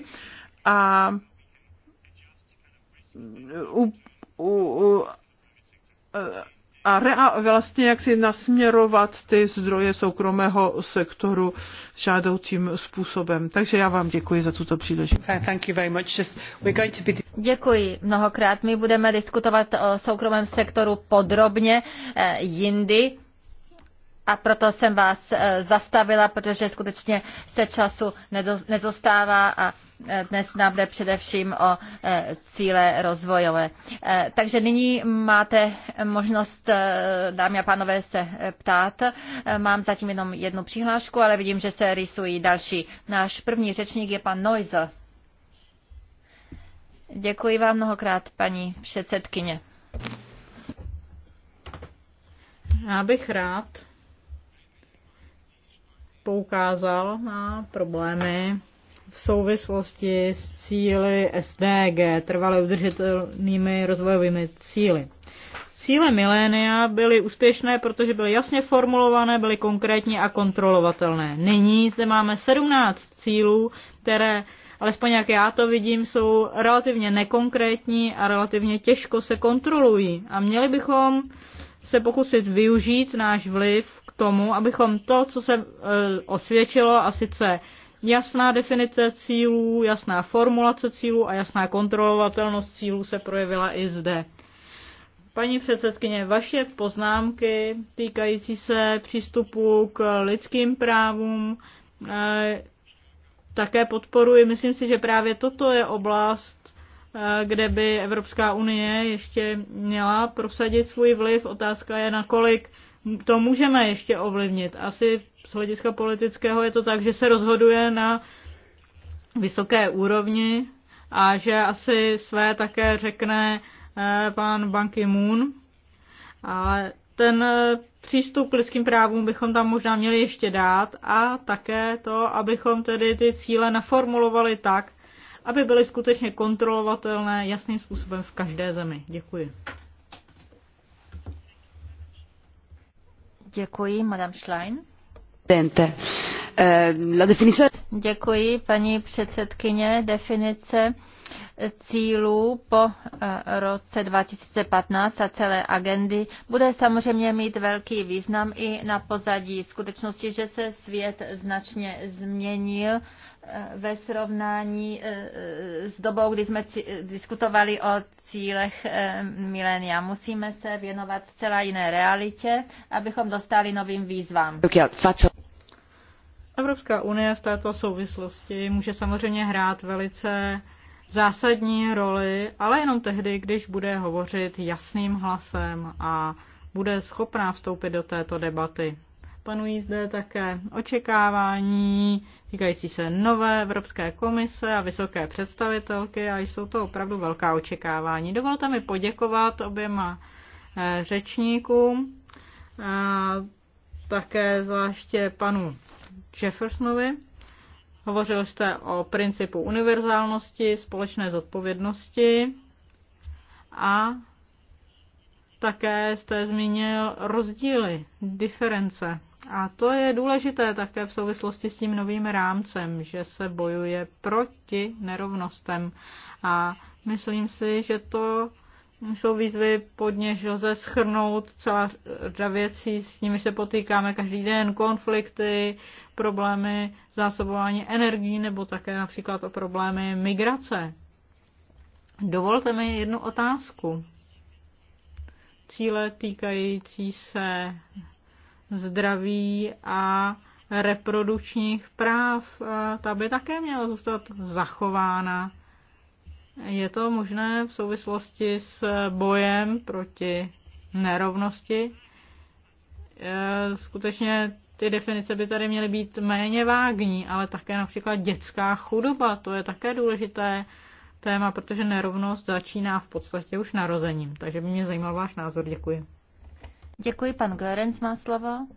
a u, u, u, a rea- vlastně jak si nasměrovat ty zdroje soukromého sektoru žádoucím způsobem. Takže já vám děkuji za tuto příležitost. Děkuji mnohokrát. My budeme diskutovat o soukromém sektoru podrobně eh, jindy. A proto jsem vás eh, zastavila, protože skutečně se času nezostává a dnes nám jde především o e, cíle rozvojové. E, takže nyní máte možnost, e, dámy a pánové, se ptát. Mám zatím jenom jednu přihlášku, ale vidím, že se rysují další. Náš první řečník je pan Noizl. Děkuji vám mnohokrát, paní předsedkyně. Já bych rád poukázal na problémy v souvislosti s cíly SDG, trvale udržitelnými rozvojovými cíly. Cíle milénia byly úspěšné, protože byly jasně formulované, byly konkrétní a kontrolovatelné. Nyní zde máme 17 cílů, které, alespoň jak já to vidím, jsou relativně nekonkrétní a relativně těžko se kontrolují. A měli bychom se pokusit využít náš vliv k tomu, abychom to, co se e, osvědčilo, a sice Jasná definice cílů, jasná formulace cílů a jasná kontrolovatelnost cílů se projevila i zde. Paní předsedkyně, vaše poznámky týkající se přístupu k lidským právům eh, také podporuji. Myslím si, že právě toto je oblast, eh, kde by Evropská unie ještě měla prosadit svůj vliv. Otázka je, nakolik to můžeme ještě ovlivnit. Asi z hlediska politického je to tak, že se rozhoduje na vysoké úrovni a že asi své také řekne eh, pan Banky Moon. A ten eh, přístup k lidským právům bychom tam možná měli ještě dát a také to, abychom tedy ty cíle naformulovali tak, aby byly skutečně kontrolovatelné jasným způsobem v každé zemi. Děkuji. Děkuji, Madame Schlein. Eh, Děkuji, paní předsedkyně. Definice cílů po eh, roce 2015 a celé agendy bude samozřejmě mít velký význam i na pozadí skutečnosti, že se svět značně změnil eh, ve srovnání s dobou, kdy jsme diskutovali o cílech eh, milénia. Musíme se věnovat celá jiné realitě, abychom dostali novým výzvám. Evropská unie v této souvislosti může samozřejmě hrát velice zásadní roli, ale jenom tehdy, když bude hovořit jasným hlasem a bude schopná vstoupit do této debaty panují zde také očekávání týkající se nové Evropské komise a vysoké představitelky a jsou to opravdu velká očekávání. Dovolte mi poděkovat oběma eh, řečníkům, a také zvláště panu Jeffersonovi. Hovořil jste o principu univerzálnosti, společné zodpovědnosti a také jste zmínil rozdíly, diference. A to je důležité také v souvislosti s tím novým rámcem, že se bojuje proti nerovnostem. A myslím si, že to jsou výzvy, pod něž lze schrnout celá řada věcí, s nimi se potýkáme každý den, konflikty, problémy zásobování energií nebo také například o problémy migrace. Dovolte mi jednu otázku. Cíle týkající se zdraví a reprodukčních práv, ta by také měla zůstat zachována. Je to možné v souvislosti s bojem proti nerovnosti. E, skutečně ty definice by tady měly být méně vágní, ale také například dětská chudoba, to je také důležité téma, protože nerovnost začíná v podstatě už narozením. Takže by mě zajímal váš názor. Děkuji. Děkuji, pan Görens má slovo.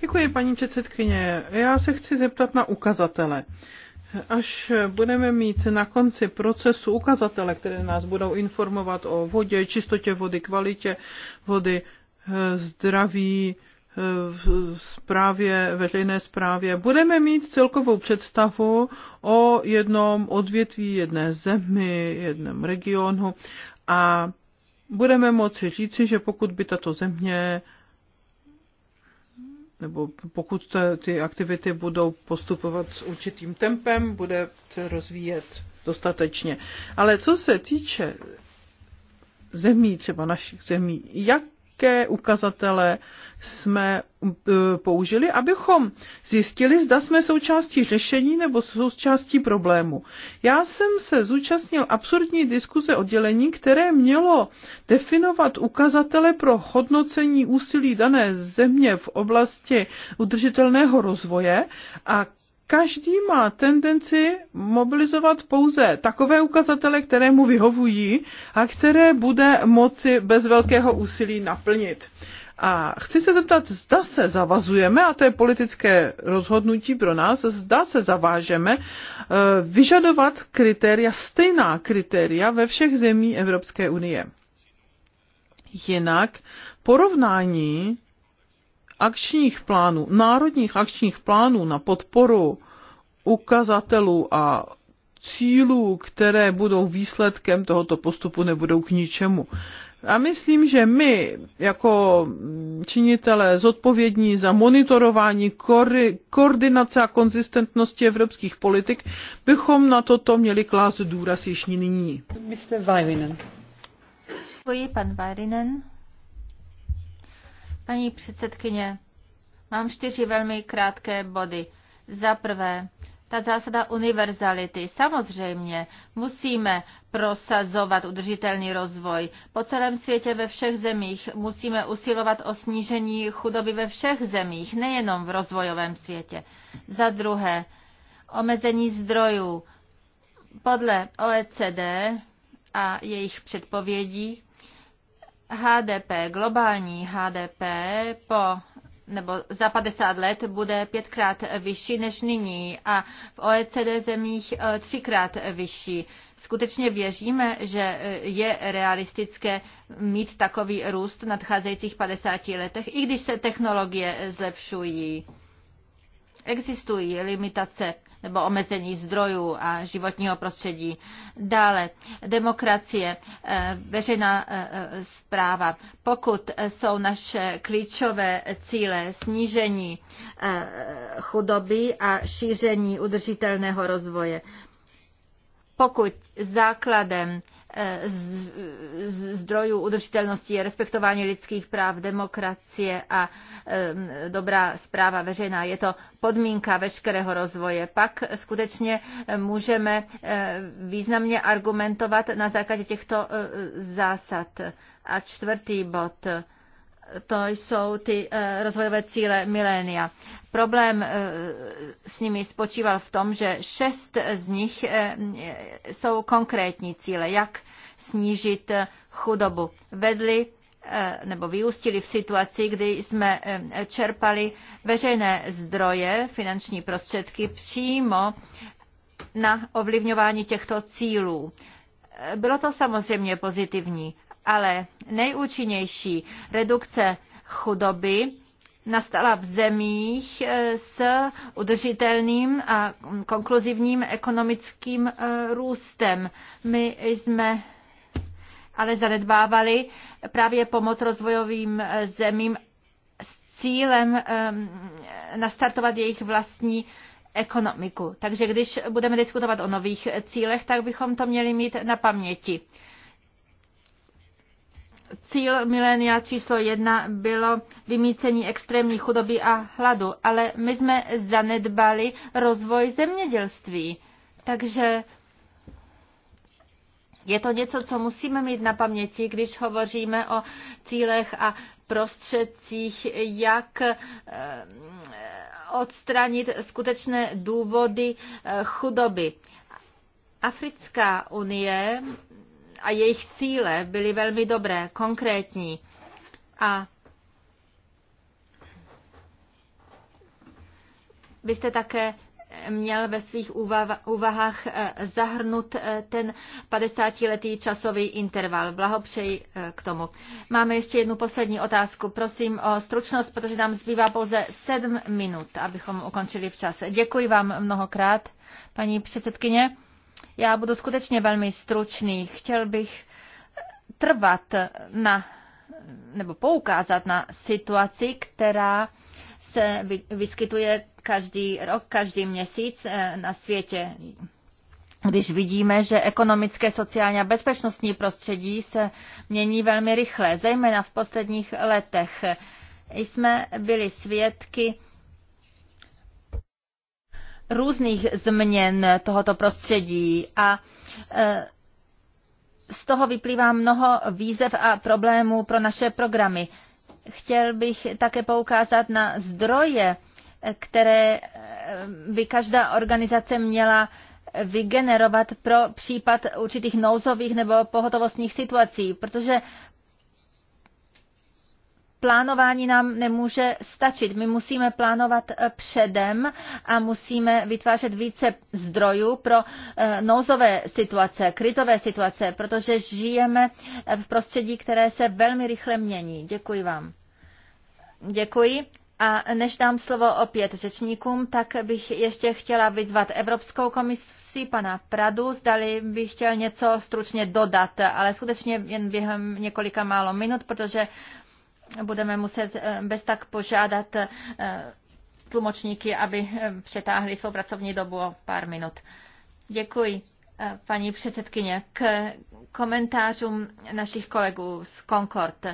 Děkuji, paní předsedkyně. Já se chci zeptat na ukazatele. Až budeme mít na konci procesu ukazatele, které nás budou informovat o vodě, čistotě vody, kvalitě vody, zdraví, v správě, veřejné správě, budeme mít celkovou představu o jednom odvětví, jedné zemi, jednom regionu a budeme moci říci, že pokud by tato země nebo pokud ty aktivity budou postupovat s určitým tempem, bude se rozvíjet dostatečně. Ale co se týče zemí, třeba našich zemí, jak jaké ukazatele jsme e, použili, abychom zjistili, zda jsme součástí řešení nebo součástí problému. Já jsem se zúčastnil absurdní diskuze oddělení, které mělo definovat ukazatele pro hodnocení úsilí dané země v oblasti udržitelného rozvoje a každý má tendenci mobilizovat pouze takové ukazatele, které mu vyhovují a které bude moci bez velkého úsilí naplnit. A chci se zeptat, zda se zavazujeme, a to je politické rozhodnutí pro nás, zda se zavážeme eh, vyžadovat kritéria, stejná kritéria ve všech zemí Evropské unie. Jinak porovnání akčních plánů, národních akčních plánů na podporu ukazatelů a cílů, které budou výsledkem tohoto postupu, nebudou k ničemu. A myslím, že my jako činitelé zodpovědní za monitorování koordinace a konzistentnosti evropských politik bychom na toto měli klást důraz již nyní. Mr. Vajrinen. Děkuji, pan Vajrinen. Paní předsedkyně, mám čtyři velmi krátké body. Za prvé, ta zásada univerzality. Samozřejmě musíme prosazovat udržitelný rozvoj. Po celém světě ve všech zemích musíme usilovat o snížení chudoby ve všech zemích, nejenom v rozvojovém světě. Za druhé, omezení zdrojů. Podle OECD a jejich předpovědí HDP, globální HDP po nebo za 50 let bude pětkrát vyšší než nyní a v OECD zemích e, třikrát vyšší. Skutečně věříme, že e, je realistické mít takový růst v nadcházejících 50 letech, i když se technologie e, zlepšují. Existují limitace nebo omezení zdrojů a životního prostředí. Dále, demokracie, eh, veřejná zpráva. Eh, eh, pokud jsou naše klíčové cíle snížení chudoby a šíření udržitelného rozvoje, pokud základem Eh, zdrojů udržitelnosti, respektování lidských práv, demokracie a dobrá zpráva veřejná. Je to podmínka veškerého rozvoje. Pak skutečně můžeme eh, významně argumentovat na základě těchto eh, zásad. A čtvrtý bod to jsou ty eh, rozvojové cíle milénia. Problém eh, s nimi spočíval v tom, že šest z nich eh, jsou konkrétní cíle, jak snížit chudobu. Vedli nebo vyústili v situaci, kdy jsme čerpali veřejné zdroje, finanční prostředky přímo na ovlivňování těchto cílů. Bylo to samozřejmě pozitivní, ale nejúčinnější redukce chudoby nastala v zemích eh, s udržitelným a konkluzivním ekonomickým eh, růstem. My jsme ale zanedbávali právě pomoc rozvojovým eh, zemím s cílem ehm, nastartovat jejich vlastní ekonomiku. Takže když budeme diskutovat o nových cílech, tak bychom to měli mít na paměti cíl milénia číslo jedna bylo vymícení extrémní chudoby a hladu, ale my jsme zanedbali rozvoj zemědělství. Takže je to něco, co musíme mít na paměti, když hovoříme o cílech a prostředcích, jak eh, odstranit skutečné důvody eh, chudoby. Africká unie a jejich cíle byly velmi dobré, konkrétní. A byste také měl ve svých úvahách eh, zahrnout eh, ten 50-letý časový interval. Blahopřeji eh, k tomu. Máme ještě jednu poslední otázku. Prosím o stručnost, protože nám zbývá pouze 7 minut, abychom ukončili v čase. Děkuji vám mnohokrát, paní předsedkyně. Já budu skutečně velmi stručný. Chtěl bych trvat na nebo poukázat na situaci, která se vyskytuje každý rok, každý měsíc eh, na světě. Když vidíme, že ekonomické, sociální a bezpečnostní prostředí se mění velmi rychle, zejména v posledních letech, jsme byli svědky různých změn tohoto prostředí a e, z toho vyplývá mnoho výzev a problémů pro naše programy. Chtěl bych také poukázat na zdroje, které e, by každá organizace měla vygenerovat pro případ určitých nouzových nebo pohotovostních situací, protože plánování nám nemůže stačit. My musíme plánovat eh, předem a musíme vytvářet více zdrojů pro eh, nouzové situace, krizové situace, protože žijeme eh, v prostředí, které se velmi rychle mění. Děkuji vám. Děkuji. A než dám slovo opět řečníkům, tak bych ještě chtěla vyzvat Evropskou komisi pana Pradu, zdali bych chtěl něco stručně dodat, ale skutečně jen během několika málo minut, protože budeme muset eh, bez tak požádat eh, tlumočníky, aby eh, přetáhli svou pracovní dobu o pár minut. Děkuji, paní předsedkyně. K komentářům našich kolegů z Concord.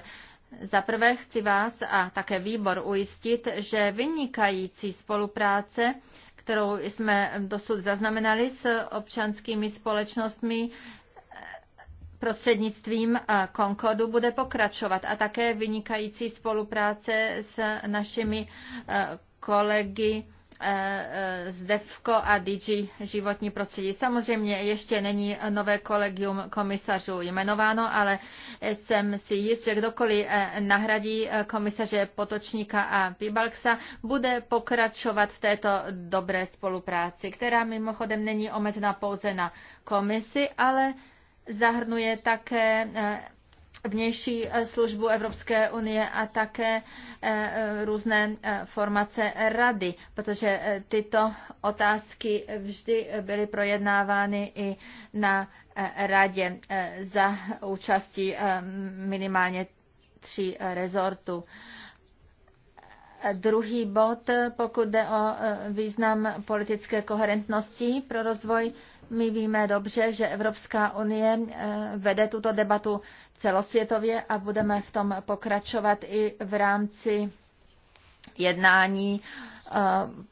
Za prvé chci vás a také výbor ujistit, že vynikající spolupráce, kterou jsme dosud zaznamenali s občanskými společnostmi, prostřednictvím eh, Concordu bude pokračovat a také vynikající spolupráce s našimi eh, kolegy eh, z DEFCO a DG životní prostředí. Samozřejmě ještě není nové kolegium komisařů jmenováno, ale jsem si jist, že kdokoliv nahradí komisaře Potočníka a Pibalksa, bude pokračovat v této dobré spolupráci, která mimochodem není omezena pouze na komisi, ale zahrnuje také eh, vnější eh, službu Evropské unie a také eh, různé formace rady, protože tyto otázky vždy byly projednávány i na radě za účastí minimálně tří rezortů. Druhý bod, pokud jde o význam politické koherentnosti pro rozvoj my víme dobře, že Evropská unie eh, vede tuto debatu celosvětově a budeme v tom pokračovat i v rámci jednání eh,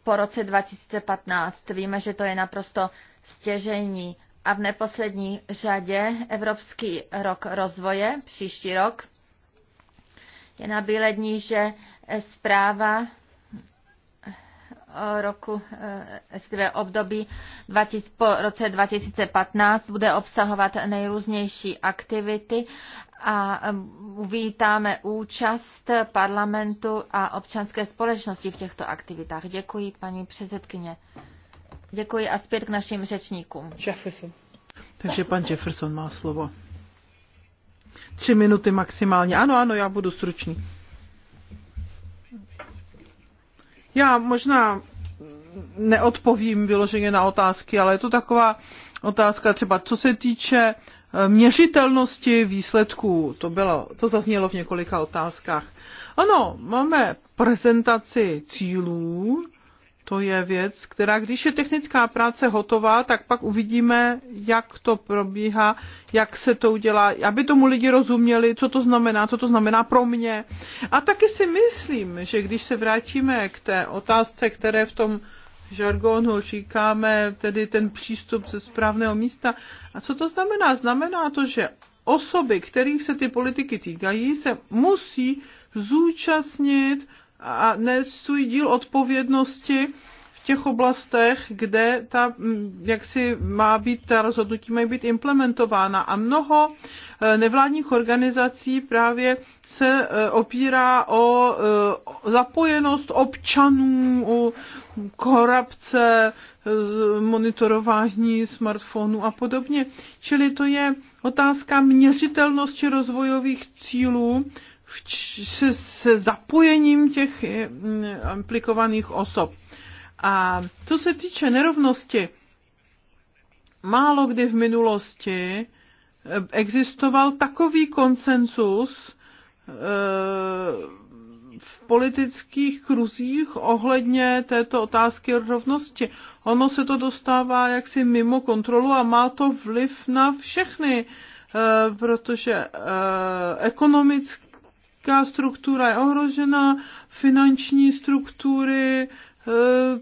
po roce 2015. Víme, že to je naprosto stěžejní. A v neposlední řadě Evropský rok rozvoje, příští rok, je na dní, že zpráva roku, eh, respektive období 20, po roce 2015 bude obsahovat nejrůznější aktivity a eh, uvítáme účast parlamentu a občanské společnosti v těchto aktivitách. Děkuji, paní předsedkyně. Děkuji a zpět k našim řečníkům. Jefferson. Takže pan Jefferson má slovo. Tři minuty maximálně. Ano, ano, já budu stručný. Já možná neodpovím vyloženě na otázky, ale je to taková otázka třeba, co se týče eh, měřitelnosti výsledků. To, bylo, to zaznělo v několika otázkách. Ano, máme prezentaci cílů, to je věc, která když je technická práce hotová, tak pak uvidíme, jak to probíhá, jak se to udělá, aby tomu lidi rozuměli, co to znamená, co to znamená pro mě. A taky si myslím, že když se vrátíme k té otázce, které v tom žargonu říkáme, tedy ten přístup ze správného místa, a co to znamená? Znamená to, že osoby, kterých se ty politiky týkají, se musí zúčastnit a nést svůj díl odpovědnosti v těch oblastech, kde ta, mm, jak si má být, ta rozhodnutí mají být implementována. A mnoho e, nevládních organizací právě se e, opírá o e, zapojenost občanů, o korabce, monitorování smartfonů a podobně. Čili to je otázka měřitelnosti rozvojových cílů se, zapojením těch implikovaných eh, osob. A co se týče nerovnosti, málo kdy v minulosti eh, existoval takový konsensus eh, v politických kruzích ohledně této otázky rovnosti. Ono se to dostává jaksi mimo kontrolu a má to vliv na všechny, protože ekonomický politická struktura je ohrožena, finanční struktury, eh,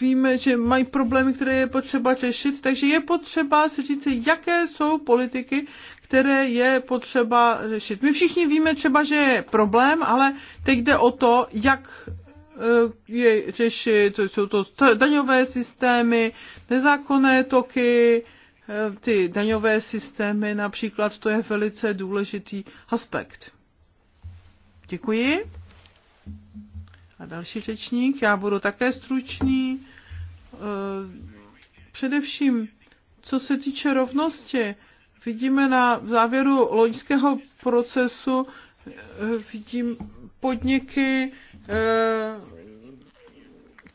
víme, že mají problémy, které je potřeba řešit, takže je potřeba se říct, jaké jsou politiky, které je potřeba řešit. My všichni víme třeba, že je problém, ale teď jde o to, jak eh, je řešit, co jsou to daňové systémy, nezákonné toky, Eh, ty daňové systémy například, to je velice důležitý aspekt. Děkuji. A další řečník, já budu také stručný. Eh, především, co se týče rovnosti, vidíme na závěru loňského procesu, eh, vidím podniky,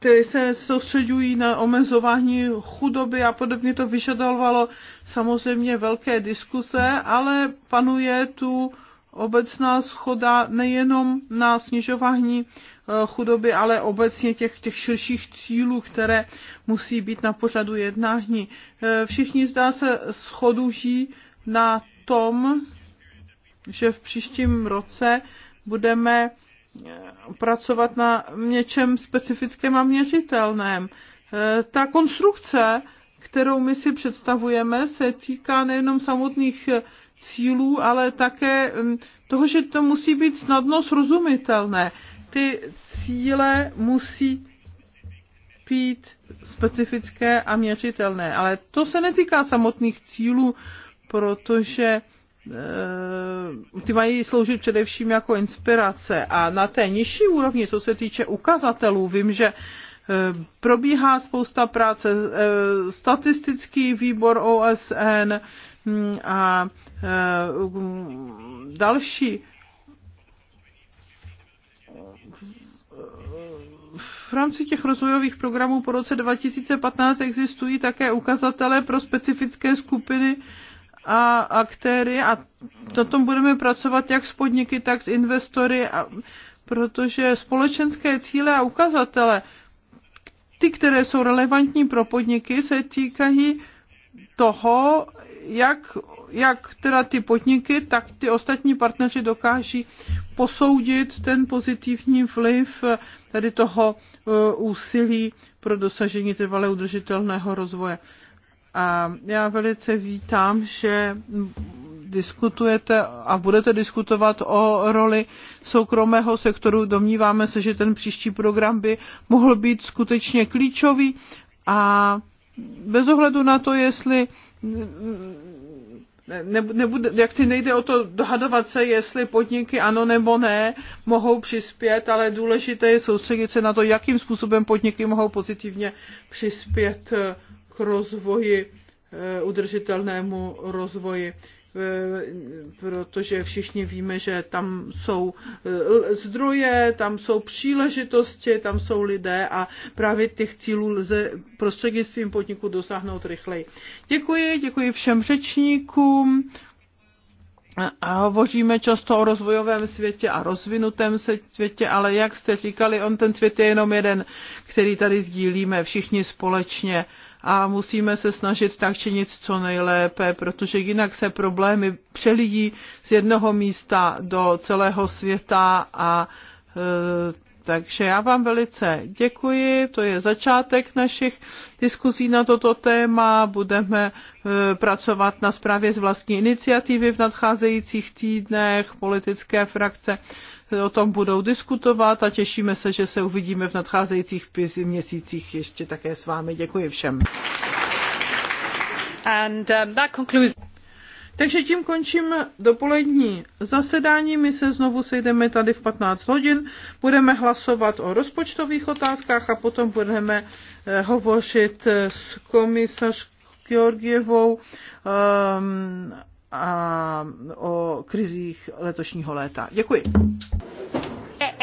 které se soustředují na omezování chudoby a podobně. To vyžadovalo samozřejmě velké diskuse, ale panuje tu obecná schoda nejenom na snižování eh, chudoby, ale obecně těch, těch širších cílů, které musí být na pořadu jednání. Eh, všichni zdá se shodují na tom, že v příštím roce budeme pracovat na něčem specifickém a měřitelném. E, ta konstrukce, kterou my si představujeme, se týká nejenom samotných cílů, ale také mm, toho, že to musí být snadno srozumitelné. Ty cíle musí být specifické a měřitelné, ale to se netýká samotných cílů, protože Eh, ty mají sloužit především jako inspirace. A na té nižší úrovni, co se týče ukazatelů, vím, že eh, probíhá spousta práce, eh, statistický výbor OSN hm, a další. V rámci těch rozvojových programů po roce 2015 existují také ukazatele pro specifické skupiny a aktéry a na tom budeme pracovat jak s podniky, tak s investory, a, protože společenské cíle a ukazatele, ty, které jsou relevantní pro podniky, se týkají toho, jak, jak teda ty podniky, tak ty ostatní partneři dokáží posoudit ten pozitivní vliv tady toho uh, úsilí pro dosažení trvale udržitelného rozvoje. A já velice vítám, že diskutujete a budete diskutovat o roli soukromého sektoru. Domníváme se, že ten příští program by mohl být skutečně klíčový a bez ohledu na to, jestli ne, nebude, jak si nejde o to dohadovat se, jestli podniky ano nebo ne mohou přispět, ale důležité je soustředit se na to, jakým způsobem podniky mohou pozitivně přispět k rozvoji, eh, udržitelnému rozvoji eh, protože všichni víme, že tam jsou eh, zdroje, tam jsou příležitosti, tam jsou lidé a právě těch cílů lze prostřednictvím podniku dosáhnout rychleji. Děkuji, děkuji všem řečníkům. A hovoříme často o rozvojovém světě a rozvinutém světě, ale jak jste říkali, on ten svět je jenom jeden, který tady sdílíme všichni společně a musíme se snažit tak činit co nejlépe, protože jinak se problémy přelijí z jednoho místa do celého světa a e, takže já vám velice děkuji, to je začátek našich diskuzí na toto téma. Budeme e, pracovat na zprávě z vlastní iniciativy v nadcházejících týdnech politické frakce o tom budou diskutovat a těšíme se, že se uvidíme v nadcházejících měsících ještě také s vámi. Děkuji všem. And, um, that concludes... Takže tím končím dopolední zasedání. My se znovu sejdeme tady v 15 hodin. Budeme hlasovat o rozpočtových otázkách a potom budeme eh, hovořit eh, s komisařkou Georgievou um, a o krizích letošního léta. Děkuji.